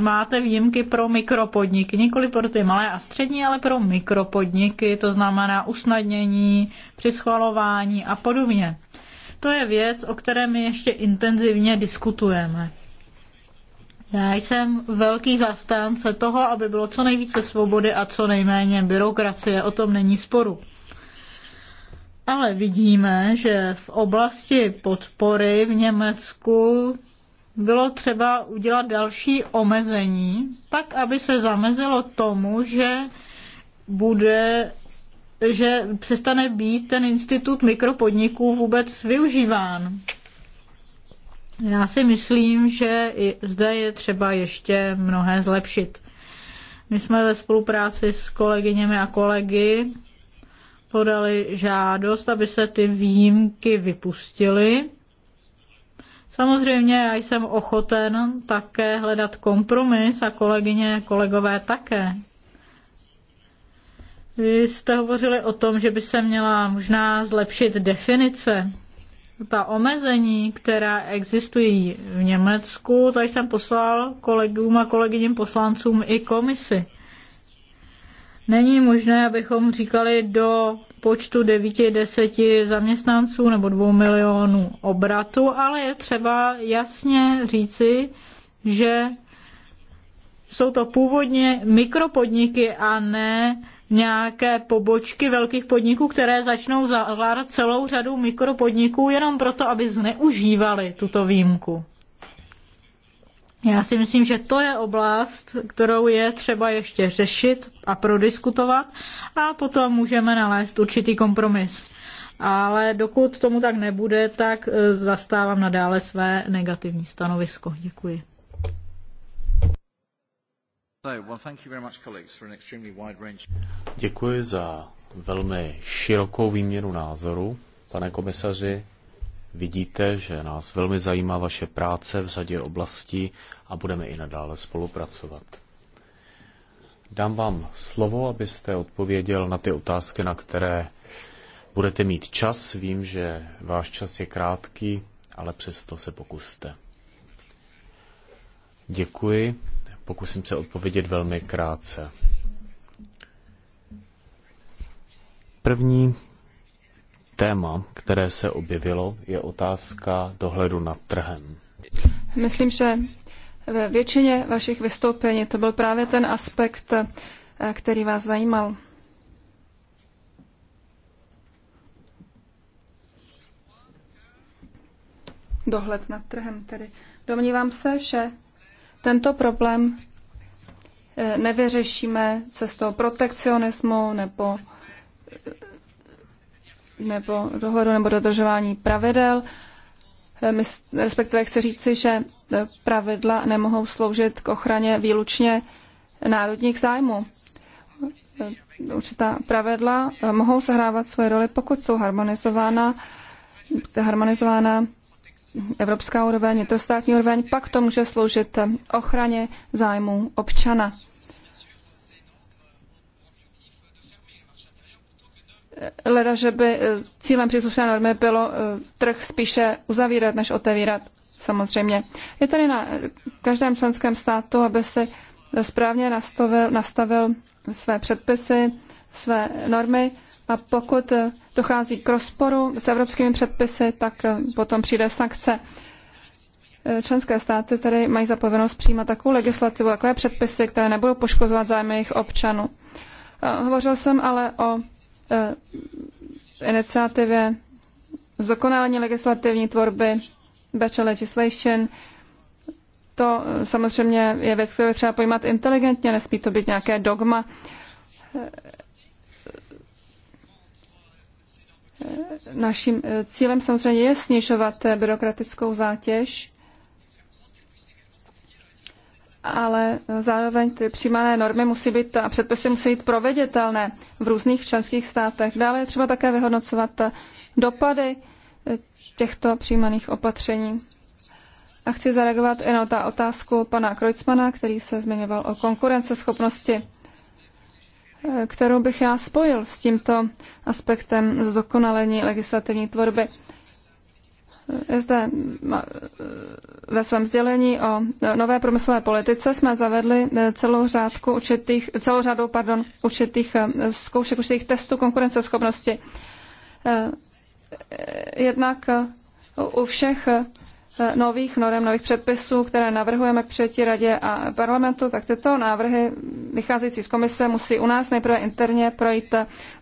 máte výjimky pro mikropodniky, nikoli pro ty malé a střední, ale pro mikropodniky, to znamená usnadnění při schvalování a podobně. To je věc, o které my ještě intenzivně diskutujeme. Já jsem velký zastánce toho, aby bylo co nejvíce svobody a co nejméně byrokracie, o tom není sporu. Ale vidíme, že v oblasti podpory v Německu bylo třeba udělat další omezení, tak aby se zamezilo tomu, že bude že přestane být ten institut mikropodniků vůbec využíván. Já si myslím, že zde je třeba ještě mnohé zlepšit. My jsme ve spolupráci s kolegyněmi a kolegy podali žádost, aby se ty výjimky vypustily. Samozřejmě já jsem ochoten také hledat kompromis a kolegyně, kolegové také. Vy jste hovořili o tom, že by se měla možná zlepšit definice. Ta omezení, která existují v Německu, tady jsem poslal kolegům a kolegyním poslancům i komisi. Není možné, abychom říkali do počtu 9-10 zaměstnanců nebo 2 milionů obratu, ale je třeba jasně říci, že jsou to původně mikropodniky a ne nějaké pobočky velkých podniků, které začnou zavládat celou řadu mikropodniků jenom proto, aby zneužívali tuto výjimku. Já si myslím, že to je oblast, kterou je třeba ještě řešit a prodiskutovat a potom můžeme nalézt určitý kompromis. Ale dokud tomu tak nebude, tak e, zastávám nadále své negativní stanovisko. Děkuji. Děkuji za velmi širokou výměnu názoru. Pane komisaři, vidíte, že nás velmi zajímá vaše práce v řadě oblastí a budeme i nadále spolupracovat. Dám vám slovo, abyste odpověděl na ty otázky, na které budete mít čas. Vím, že váš čas je krátký, ale přesto se pokuste. Děkuji. Pokusím se odpovědět velmi krátce. První téma, které se objevilo, je otázka dohledu nad trhem. Myslím, že ve většině vašich vystoupení to byl právě ten aspekt, eh, který vás zajímal. Dohled nad trhem tedy. Domnívám se, že tento problém eh, nevyřešíme cestou protekcionismu nebo eh, nebo dohodu nebo dodržování pravidel. Eh, my, respektive chci říci, že pravidla nemohou sloužit k ochraně výlučně národních zájmů. Určitá pravidla mohou sehrávat svoje roli, pokud jsou harmonizována, harmonizována evropská úroveň, vnitrostátní úroveň, pak to může sloužit ochraně zájmů občana. Leda, že by eh, cílem příslušné normy bylo eh, trh spíše uzavírat, než otevírat, samozřejmě. Je tady na každém členském státu, aby si správně nastavil, nastavil své předpisy, své normy a pokud dochází k rozporu s evropskými předpisy, tak eh, potom přijde sankce. Eh, členské státy tedy mají povinnost přijímat takovou legislativu, takové předpisy, které nebudou poškozovat zájmy jejich občanů. Eh, hovořil jsem ale o iniciativě zdokonalení legislativní tvorby, better legislation. To samozřejmě je věc, kterou je třeba pojímat inteligentně, nesmí to být nějaké dogma. Naším eh, cílem samozřejmě je snižovat eh, byrokratickou zátěž, ale eh, zároveň ty přijímané normy musí být a předpisy musí být proveditelné v různých členských státech. Dále je třeba také vyhodnocovat dopady těchto přijímaných opatření. A chci zareagovat i na otázku pana Kreutzmana, který se zmiňoval o konkurenceschopnosti. Eh, kterou bych já spojil s tímto aspektem zdokonalení legislativní tvorby. Eh, zde eh, ve svém sdělení o nové průmyslové politice jsme zavedli celou, řádku určitých, celou řadu pardon, určitých zkoušek, určitých testů konkurenceschopnosti. Jednak u všech Eh, nových norem, nových předpisů, které navrhujeme k přijetí radě a parlamentu, tak tyto návrhy vycházející z komise musí u nás nejprve interně projít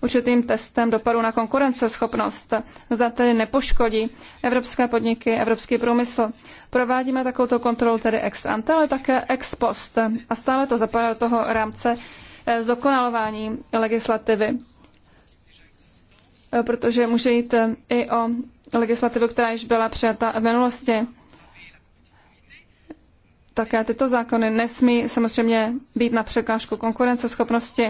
určitým testem dopadu na konkurenceschopnost. Zda tedy nepoškodí evropské podniky, evropský průmysl. Provádíme takovouto kontrolu tedy ex ante, ale také ex post. A stále to zapadá do toho rámce eh, zdokonalování legislativy eh, protože může jít i o legislativu, která již byla přijata v minulosti. Také tyto zákony nesmí samozřejmě být na překážku konkurenceschopnosti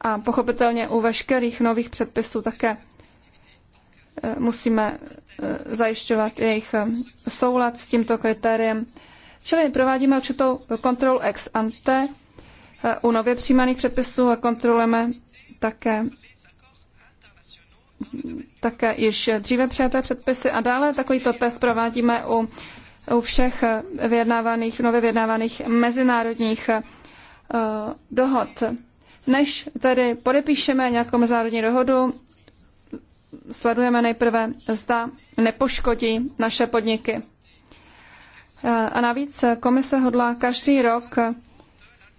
a pochopitelně u veškerých nových předpisů také eh, musíme eh, zajišťovat jejich eh, soulad s tímto kritériem. Čili provádíme určitou kontrolu ex ante u nově přijímaných předpisů a kontrolujeme také také již dříve přijaté předpisy a dále takovýto test provádíme u, u všech vyjednávaných, nově vyjednávaných mezinárodních uh, dohod. Než tedy podepíšeme nějakou mezinárodní dohodu, sledujeme nejprve, zda nepoškodí naše podniky. Eh, a navíc komise hodlá každý rok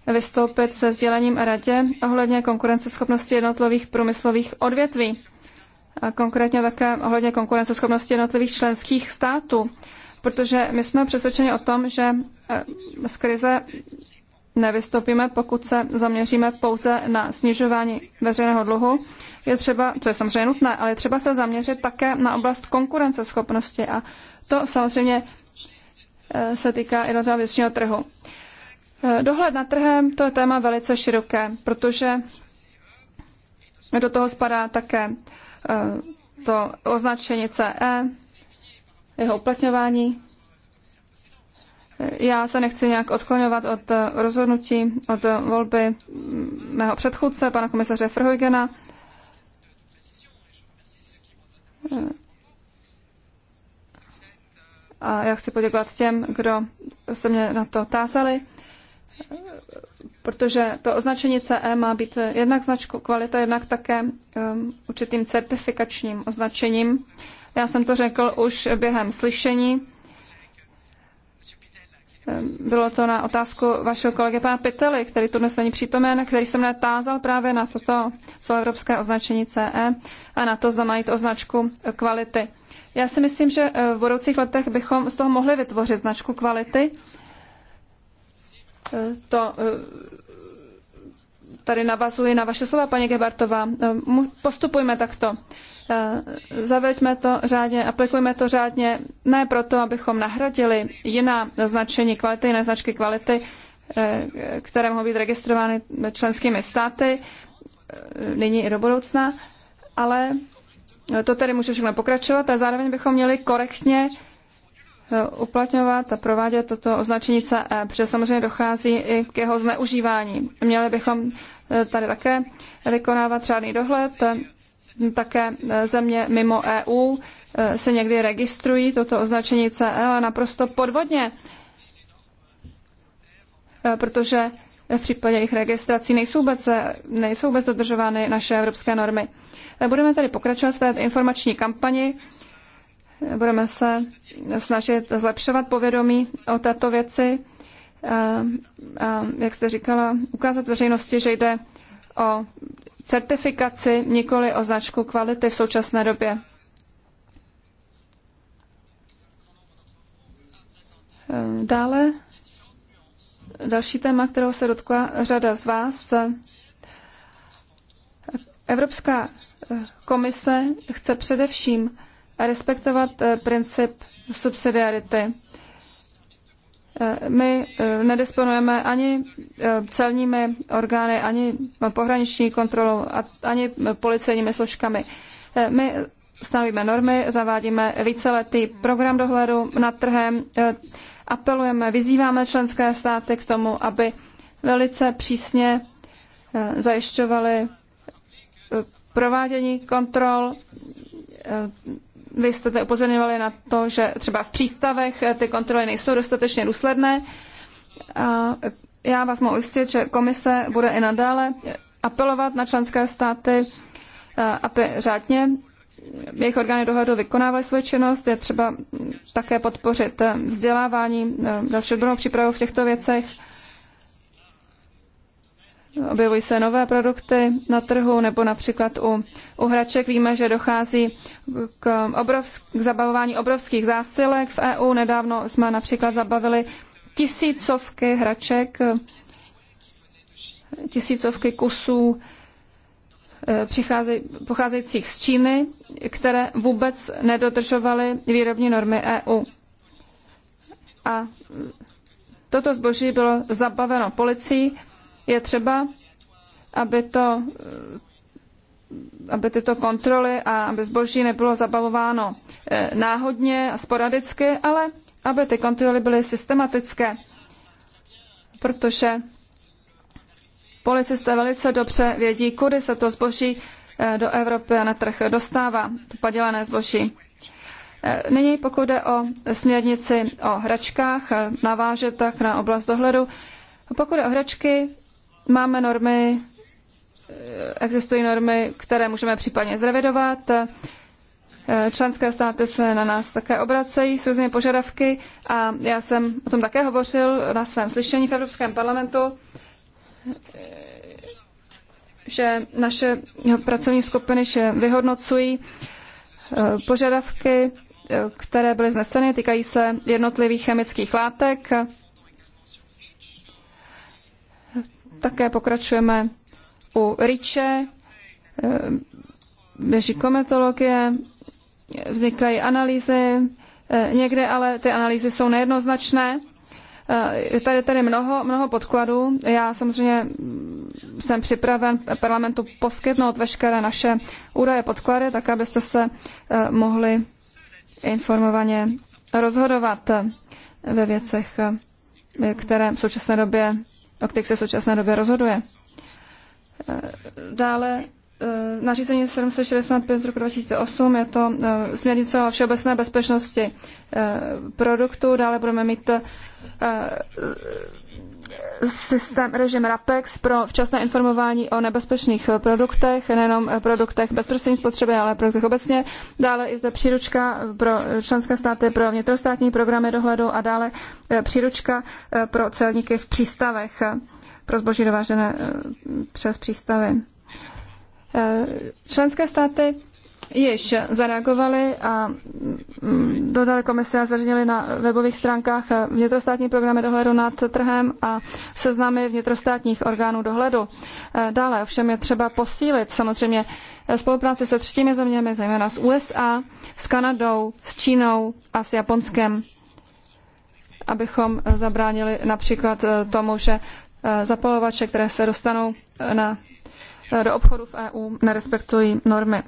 vystoupit se sdělením a radě ohledně konkurenceschopnosti jednotlivých průmyslových odvětví konkrétně také ohledně konkurenceschopnosti jednotlivých členských států, protože my jsme přesvědčeni o tom, že eh, z krize nevystoupíme, pokud se zaměříme pouze na snižování veřejného dluhu. Je třeba, to je samozřejmě nutné, ale je třeba se zaměřit také na oblast konkurenceschopnosti a to samozřejmě eh, se týká i vnitřního trhu. Eh, dohled na trhem, to je téma velice široké, protože do toho spadá také Eh, to označení CE, jeho uplatňování. Eh, já se nechci nějak odklonovat od eh, rozhodnutí, od volby mého předchůdce, pana komisaře Frhojgena. A já chci poděkovat těm, kdo se mě na to tázali protože to označení CE má být jednak značku kvalita, jednak také um, určitým certifikačním označením. Já jsem to řekl už během slyšení. Um, bylo to na otázku vašeho kolegy pana Pitely, který tu dnes není přítomen, který se mne tázal právě na toto celoevropské označení CE a na to, zda mají to značku kvality. Já si myslím, že eh, v budoucích letech bychom z toho mohli vytvořit značku kvality, to eh, tady navazuji na vaše slova, paní Gebartová. Eh, postupujme takto. Eh, zaveďme to řádně, aplikujme to řádně, ne proto, abychom nahradili jiná značení kvality, jiné značky kvality, které mohou být registrovány členskými státy, nyní i do budoucna, ale to tedy může všechno pokračovat a zároveň bychom měli korektně uplatňovat a provádět toto označení CE, protože samozřejmě dochází i k jeho zneužívání. Měli bychom e, tady také vykonávat řádný dohled, také e, země mimo EU e, se někdy registrují toto označení CE, ale naprosto podvodně, protože v případě jejich registrací nejsou vůbec, nejsou vůbec dodržovány naše evropské normy. Budeme tedy pokračovat v té informační kampani Budeme se snažit zlepšovat povědomí o této věci. A, jak jste říkala, ukázat veřejnosti, že jde o certifikaci, nikoli o značku kvality v současné době. Dále další téma, kterou se dotkla řada z vás. Evropská komise chce především respektovat eh, princip subsidiarity. Eh, my eh, nedisponujeme ani celními orgány, ani pohraniční kontrolou, ani policejními složkami. My stanovíme normy, zavádíme víceletý program dohledu nad trhem, apelujeme, vyzýváme členské státy k tomu, aby velice přísně zajišťovali provádění kontrol vy jste upozorňovali na to, že třeba v přístavech eh, ty kontroly nejsou dostatečně důsledné. A já vás mohu ujistit, že komise bude i nadále apelovat na členské státy, eh, aby řádně jejich orgány dohledu vykonávaly svoji činnost. Je třeba také podpořit eh, vzdělávání, další odbornou přípravu v těchto věcech objevují se nové produkty na trhu, nebo například u, u hraček víme, že dochází k, obrovsk, k zabavování obrovských zásilek v EU. Nedávno jsme například zabavili tisícovky hraček, tisícovky kusů eh, pocházejících z Číny, které vůbec nedodržovaly výrobní normy EU. A toto zboží bylo zabaveno policií je třeba, aby to aby tyto kontroly a aby zboží nebylo zabavováno eh, náhodně a sporadicky, ale aby ty kontroly byly systematické, protože policisté velice dobře vědí, kudy se to zboží eh, do Evropy a na trh dostává, to padělané zboží. Eh, nyní pokud jde o směrnici o hračkách, naváže tak na oblast dohledu. Pokud jde o hračky, Máme normy, existují normy, které můžeme případně zrevidovat. Členské státy se na nás také obracejí s různými požadavky a já jsem o tom také hovořil na svém slyšení v Evropském parlamentu, že naše pracovní skupiny že vyhodnocují eh, požadavky, eh, které byly zneseny, týkají se jednotlivých chemických látek, Také pokračujeme u Riče, eh, běží kometologie, vznikají analýzy, eh, někde ale ty analýzy jsou nejednoznačné. Je eh, tady, tady mnoho, mnoho podkladů. Já samozřejmě jsem připraven parlamentu poskytnout veškeré naše údaje, podklady, tak abyste se mohli informovaně rozhodovat ve věcech, které v současné době o kterých se v současné době rozhoduje. Dále eh, nařízení 765 z roku 2008, je to eh, směrnice o všeobecné bezpečnosti eh, produktů. Dále budeme mít systém, režim RAPEX pro včasné informování o nebezpečných produktech, nejenom produktech bezprostřední spotřeby, ale produktech obecně. Dále je zde příručka pro členské státy pro vnitrostátní programy dohledu a dále eh, příručka eh, pro celníky v přístavech eh, pro zboží dovážené přes přístavy. Členské státy již zareagovali a mm, dodali komise a zveřejnili na webových stránkách vnitrostátní programy dohledu nad trhem a seznamy vnitrostátních orgánů dohledu. Eh, dále ovšem je třeba posílit samozřejmě spolupráci se třetími zeměmi, zejména s USA, s Kanadou, s Čínou a s Japonskem, abychom zabránili například eh, tomu, že eh, zapalovače, které se dostanou na, do obchodu v EU, nerespektují normy.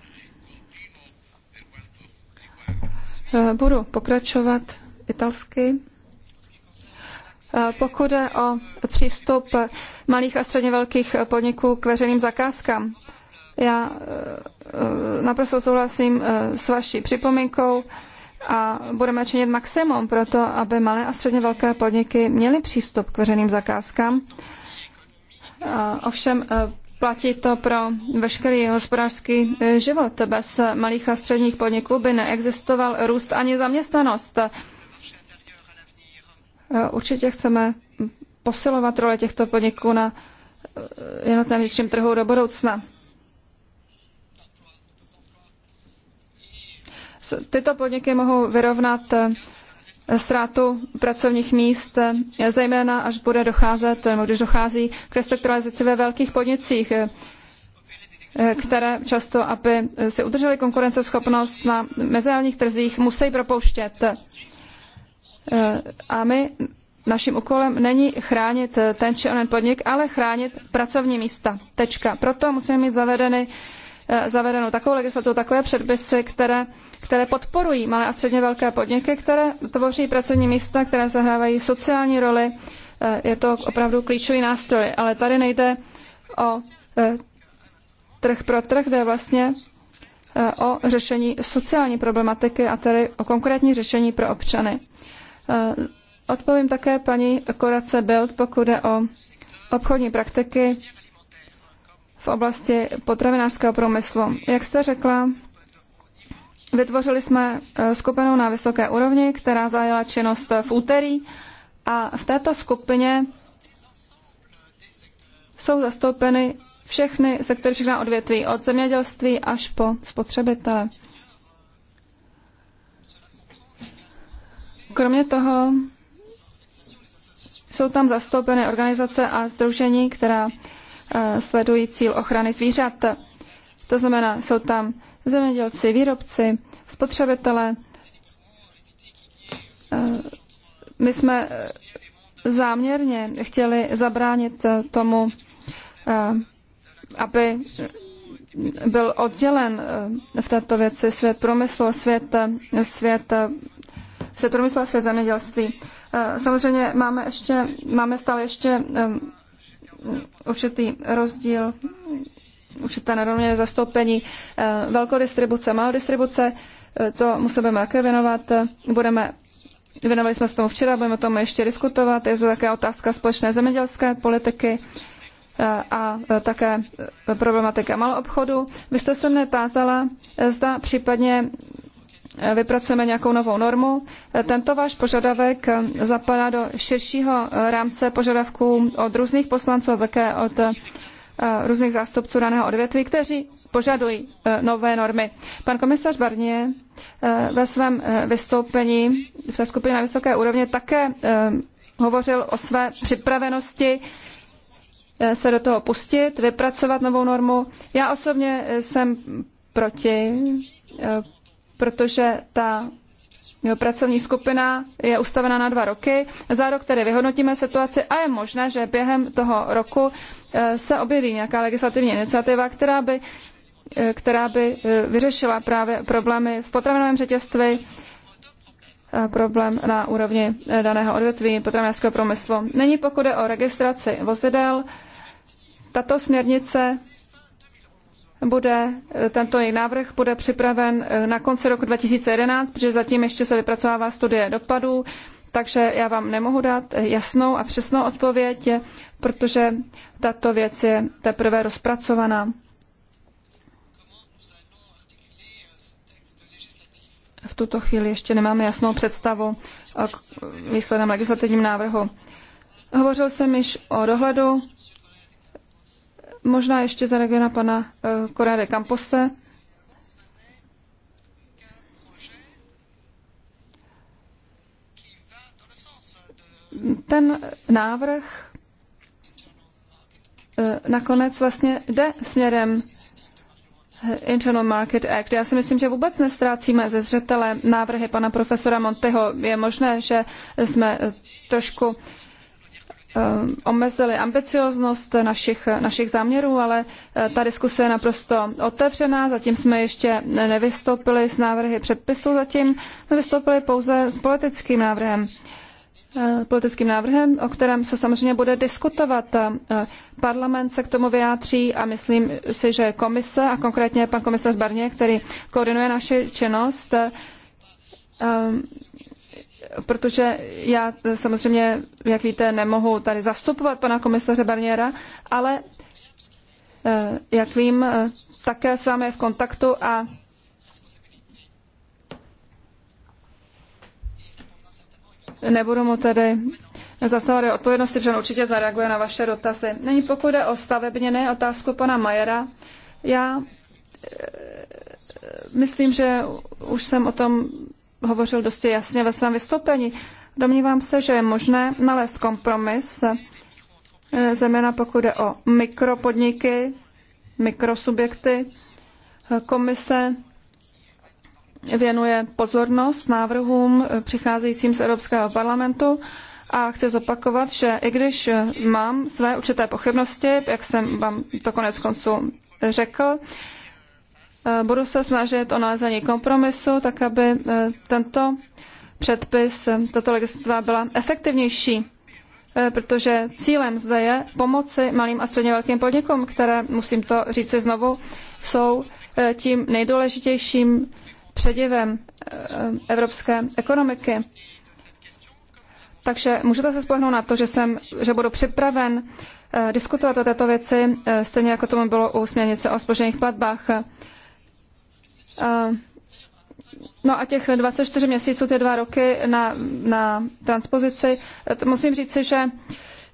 Eh, budu pokračovat italsky. Eh, pokud je o přístup malých a středně velkých podniků k veřejným zakázkám, já eh, naprosto souhlasím s vaší připomínkou a budeme činit maximum pro to, aby malé a středně velké podniky měly přístup k veřejným zakázkám. Ovšem Platí to pro veškerý hospodářský e, život. Bez malých a středních podniků by neexistoval růst ani zaměstnanost. E, určitě chceme posilovat role těchto podniků na e, jednotném větším trhu do budoucna. Tyto podniky mohou vyrovnat ztrátu pracovních míst, zejména až bude docházet, nebo když dochází k restrukturalizaci ve velkých podnicích, které často, aby si udrželi konkurenceschopnost na mezinárodních trzích, musí propouštět. A my Naším úkolem není chránit ten či onen podnik, ale chránit pracovní místa. Tečka. Proto musíme mít zavedeny Eh, zavedenou takovou legislativu, takové předpisy, které, které podporují malé a středně velké podniky, které tvoří pracovní místa, které zahrávají sociální roli. Eh, je to opravdu klíčový nástroj, ale tady nejde o eh, trh pro trh, jde vlastně o řešení sociální problematiky a tedy o konkrétní řešení pro občany. Odpovím také paní Korace Belt pokud je o obchodní praktiky v oblasti potravinářského průmyslu. Jak jste řekla, vytvořili jsme eh, skupinu na vysoké úrovni, která zajela činnost v úterý a v této skupině jsou zastoupeny všechny sektory, všechna odvětví, od zemědělství až po spotřebitele. Kromě toho jsou tam zastoupeny organizace a združení, která Eh, sledují cíl ochrany zvířat. To znamená, jsou tam zemědělci, výrobci, spotřebitelé. Eh, my jsme eh, záměrně chtěli zabránit tomu, aby byl oddělen v této věci svět průmyslu, svět, svět, svět průmyslu a svět zemědělství. Samozřejmě máme, ještě, máme stále ještě určitý rozdíl, určité narovně zastoupení eh, distribuce, malou distribuce, eh, To musíme také věnovat. Budeme Věnovali jsme se tomu včera, budeme o tom ještě diskutovat. Je to také otázka společné zemědělské politiky eh, a také problematika malou obchodu. Vy jste se mě tázala, zda případně vypracujeme nějakou novou normu. Tento váš požadavek zapadá do širšího rámce požadavků od různých poslanců a také od eh, různých zástupců daného odvětví, kteří požadují eh, nové normy. Pan komisař Barnier eh, ve svém vystoupení v té skupině na vysoké úrovni také hovořil o své připravenosti se do toho pustit, vypracovat novou normu. Já osobně jsem proti protože ta jeho pracovní skupina je ustavena na dva roky. Za rok tedy vyhodnotíme situaci a je možné, že během toho roku eh, se objeví nějaká legislativní iniciativa, která by, eh, která by eh, vyřešila právě problémy v potravinovém řetězství, problém na úrovni daného odvětví potravinářského průmyslu. Není pokud je o registraci vozidel, tato směrnice bude, eh, tento jejich návrh bude připraven eh, na konci roku 2011, protože zatím ještě se vypracovává studie dopadů, takže já vám nemohu dát eh, jasnou a přesnou odpověď, protože tato věc je teprve rozpracovaná. V tuto chvíli ještě nemáme jasnou představu o výsledném legislativním návrhu. Hovořil jsem již o dohledu Možná ještě zareaguje regiona pana eh, Koráde Campose. Ten návrh eh, nakonec vlastně jde směrem eh, Internal Market Act. Já si myslím, že vůbec nestrácíme ze zřetele návrhy pana profesora Monteho. Je možné, že jsme trošku Eh, omezili ambicioznost našich, našich záměrů, ale eh, ta diskuse je naprosto otevřená. Zatím jsme ještě nevystoupili s návrhy předpisu, zatím jsme vystoupili pouze s politickým návrhem. Eh, politickým návrhem, o kterém se samozřejmě bude diskutovat. Parlament se k tomu vyjádří a myslím si, že komise, a konkrétně pan komisař Barnier, který koordinuje naši činnost, protože já samozřejmě, jak víte, nemohu tady zastupovat pana komisaře Barniera, ale eh, jak vím, eh, také s vámi je v kontaktu a nebudu mu tedy zasahovat odpovědnosti, protože on určitě zareaguje na vaše dotazy. Není pokud jde o stavebněné otázku pana Majera, já eh, myslím, že už jsem o tom hovořil dosti jasně ve svém vystoupení. Domnívám se, že je možné nalézt kompromis, eh, zejména pokud jde o mikropodniky, mikrosubjekty. Eh, Komise věnuje pozornost návrhům eh, přicházejícím z Evropského parlamentu a chci zopakovat, že i když mám své určité pochybnosti, jak jsem vám to konec konců řekl, Eh, budu se snažit o nalezení kompromisu, tak aby eh, tento předpis, eh, tato legislativa byla efektivnější, protože cílem zde je pomoci malým a středně velkým podnikům, které, musím to říci znovu, jsou tím nejdůležitějším předivem evropské ekonomiky. Takže můžete se spolehnout na to, že, jsem, že budu připraven diskutovat o této věci, stejně jako tomu bylo u směrnice o spožených platbách. No a těch 24 měsíců, ty dva roky na, na transpozici, musím říci, že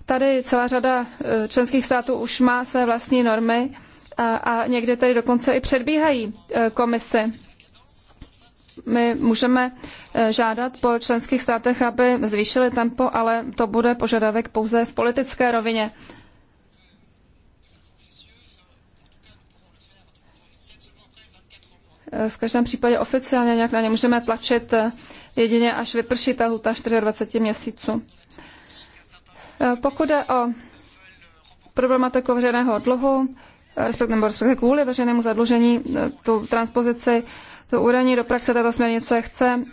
tady celá řada e, členských států už má své vlastní normy a, a někde tady dokonce i předbíhají e, komisy. My můžeme e, žádat po členských státech, aby zvýšili tempo, ale to bude požadavek pouze v politické rovině. Eh, v každém případě oficiálně nějak na ně můžeme tlačit eh, jedině až vyprší ta lhuta 24 měsíců. Eh, pokud je o problematiku veřejného dluhu, respektive, nebo respektive kvůli veřejnému zadlužení, tu transpozici, to údajní do praxe této směrnice chce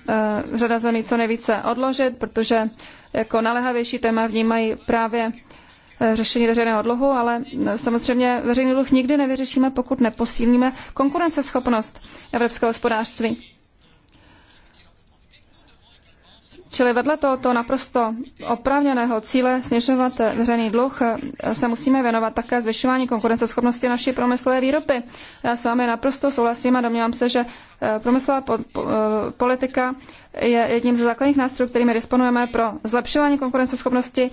řada zemí co nejvíce odložit, protože jako naléhavější téma vnímají právě Eh, řešení veřejného dluhu, ale samozřejmě veřejný dluh nikdy nevyřešíme, pokud neposílíme konkurenceschopnost evropského hospodářství. Čili vedle tohoto naprosto oprávněného cíle snižovat veřejný dluh eh, se musíme věnovat také zvyšování konkurenceschopnosti naší promyslové výroby. Já s vámi naprosto souhlasím a domnívám se, že eh, promyslová po, po, eh, politika je jedním ze základních nástrojů, kterými disponujeme pro zlepšování konkurenceschopnosti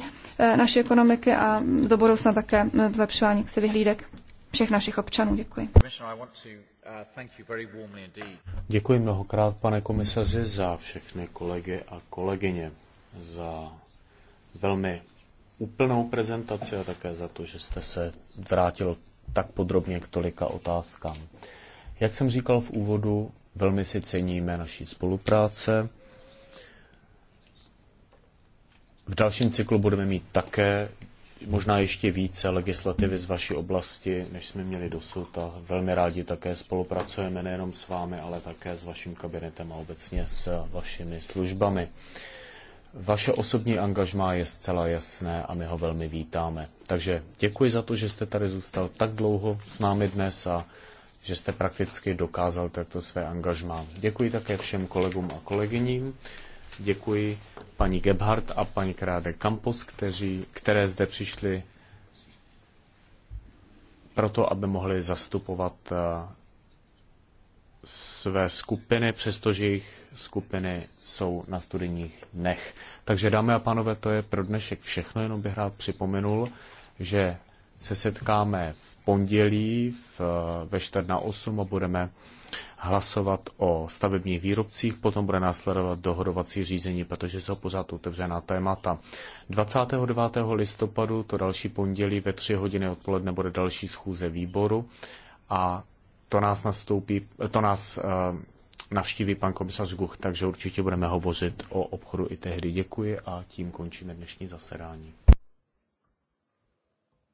naší ekonomiky a do budoucna také zlepšování si vyhlídek všech našich občanů. Děkuji. Děkuji mnohokrát, pane komisaři, za všechny kolegy a kolegyně, za velmi úplnou prezentaci a také za to, že jste se vrátil tak podrobně k tolika otázkám. Jak jsem říkal v úvodu, velmi si ceníme naší spolupráce. V dalším cyklu budeme mít také možná ještě více legislativy z vaší oblasti, než jsme měli dosud a velmi rádi také spolupracujeme nejenom s vámi, ale také s vaším kabinetem a obecně s vašimi službami. Vaše osobní angažmá je zcela jasné a my ho velmi vítáme. Takže děkuji za to, že jste tady zůstal tak dlouho s námi dnes a že jste prakticky dokázal takto své angažmá. Děkuji také všem kolegům a kolegyním. Děkuji paní Gebhardt a paní Kráde Campos, kteří, které zde přišli proto, aby mohli zastupovat eh, své skupiny, přestože jejich skupiny jsou na studijních dnech. Takže dámy a pánové, to je pro dnešek všechno, jenom bych rád připomenul, že se setkáme v pondělí v, eh, ve 4 na 8 a budeme hlasovat o stavebních výrobcích, potom bude následovat dohodovací řízení, protože jsou pořád otevřená témata. 29. listopadu, to další pondělí ve 3 hodiny odpoledne bude další schůze výboru a to nás nastoupí, to nás eh, navštíví pan komisař Guch, takže určitě budeme hovořit o obchodu i tehdy. Děkuji a tím končíme dnešní zasedání.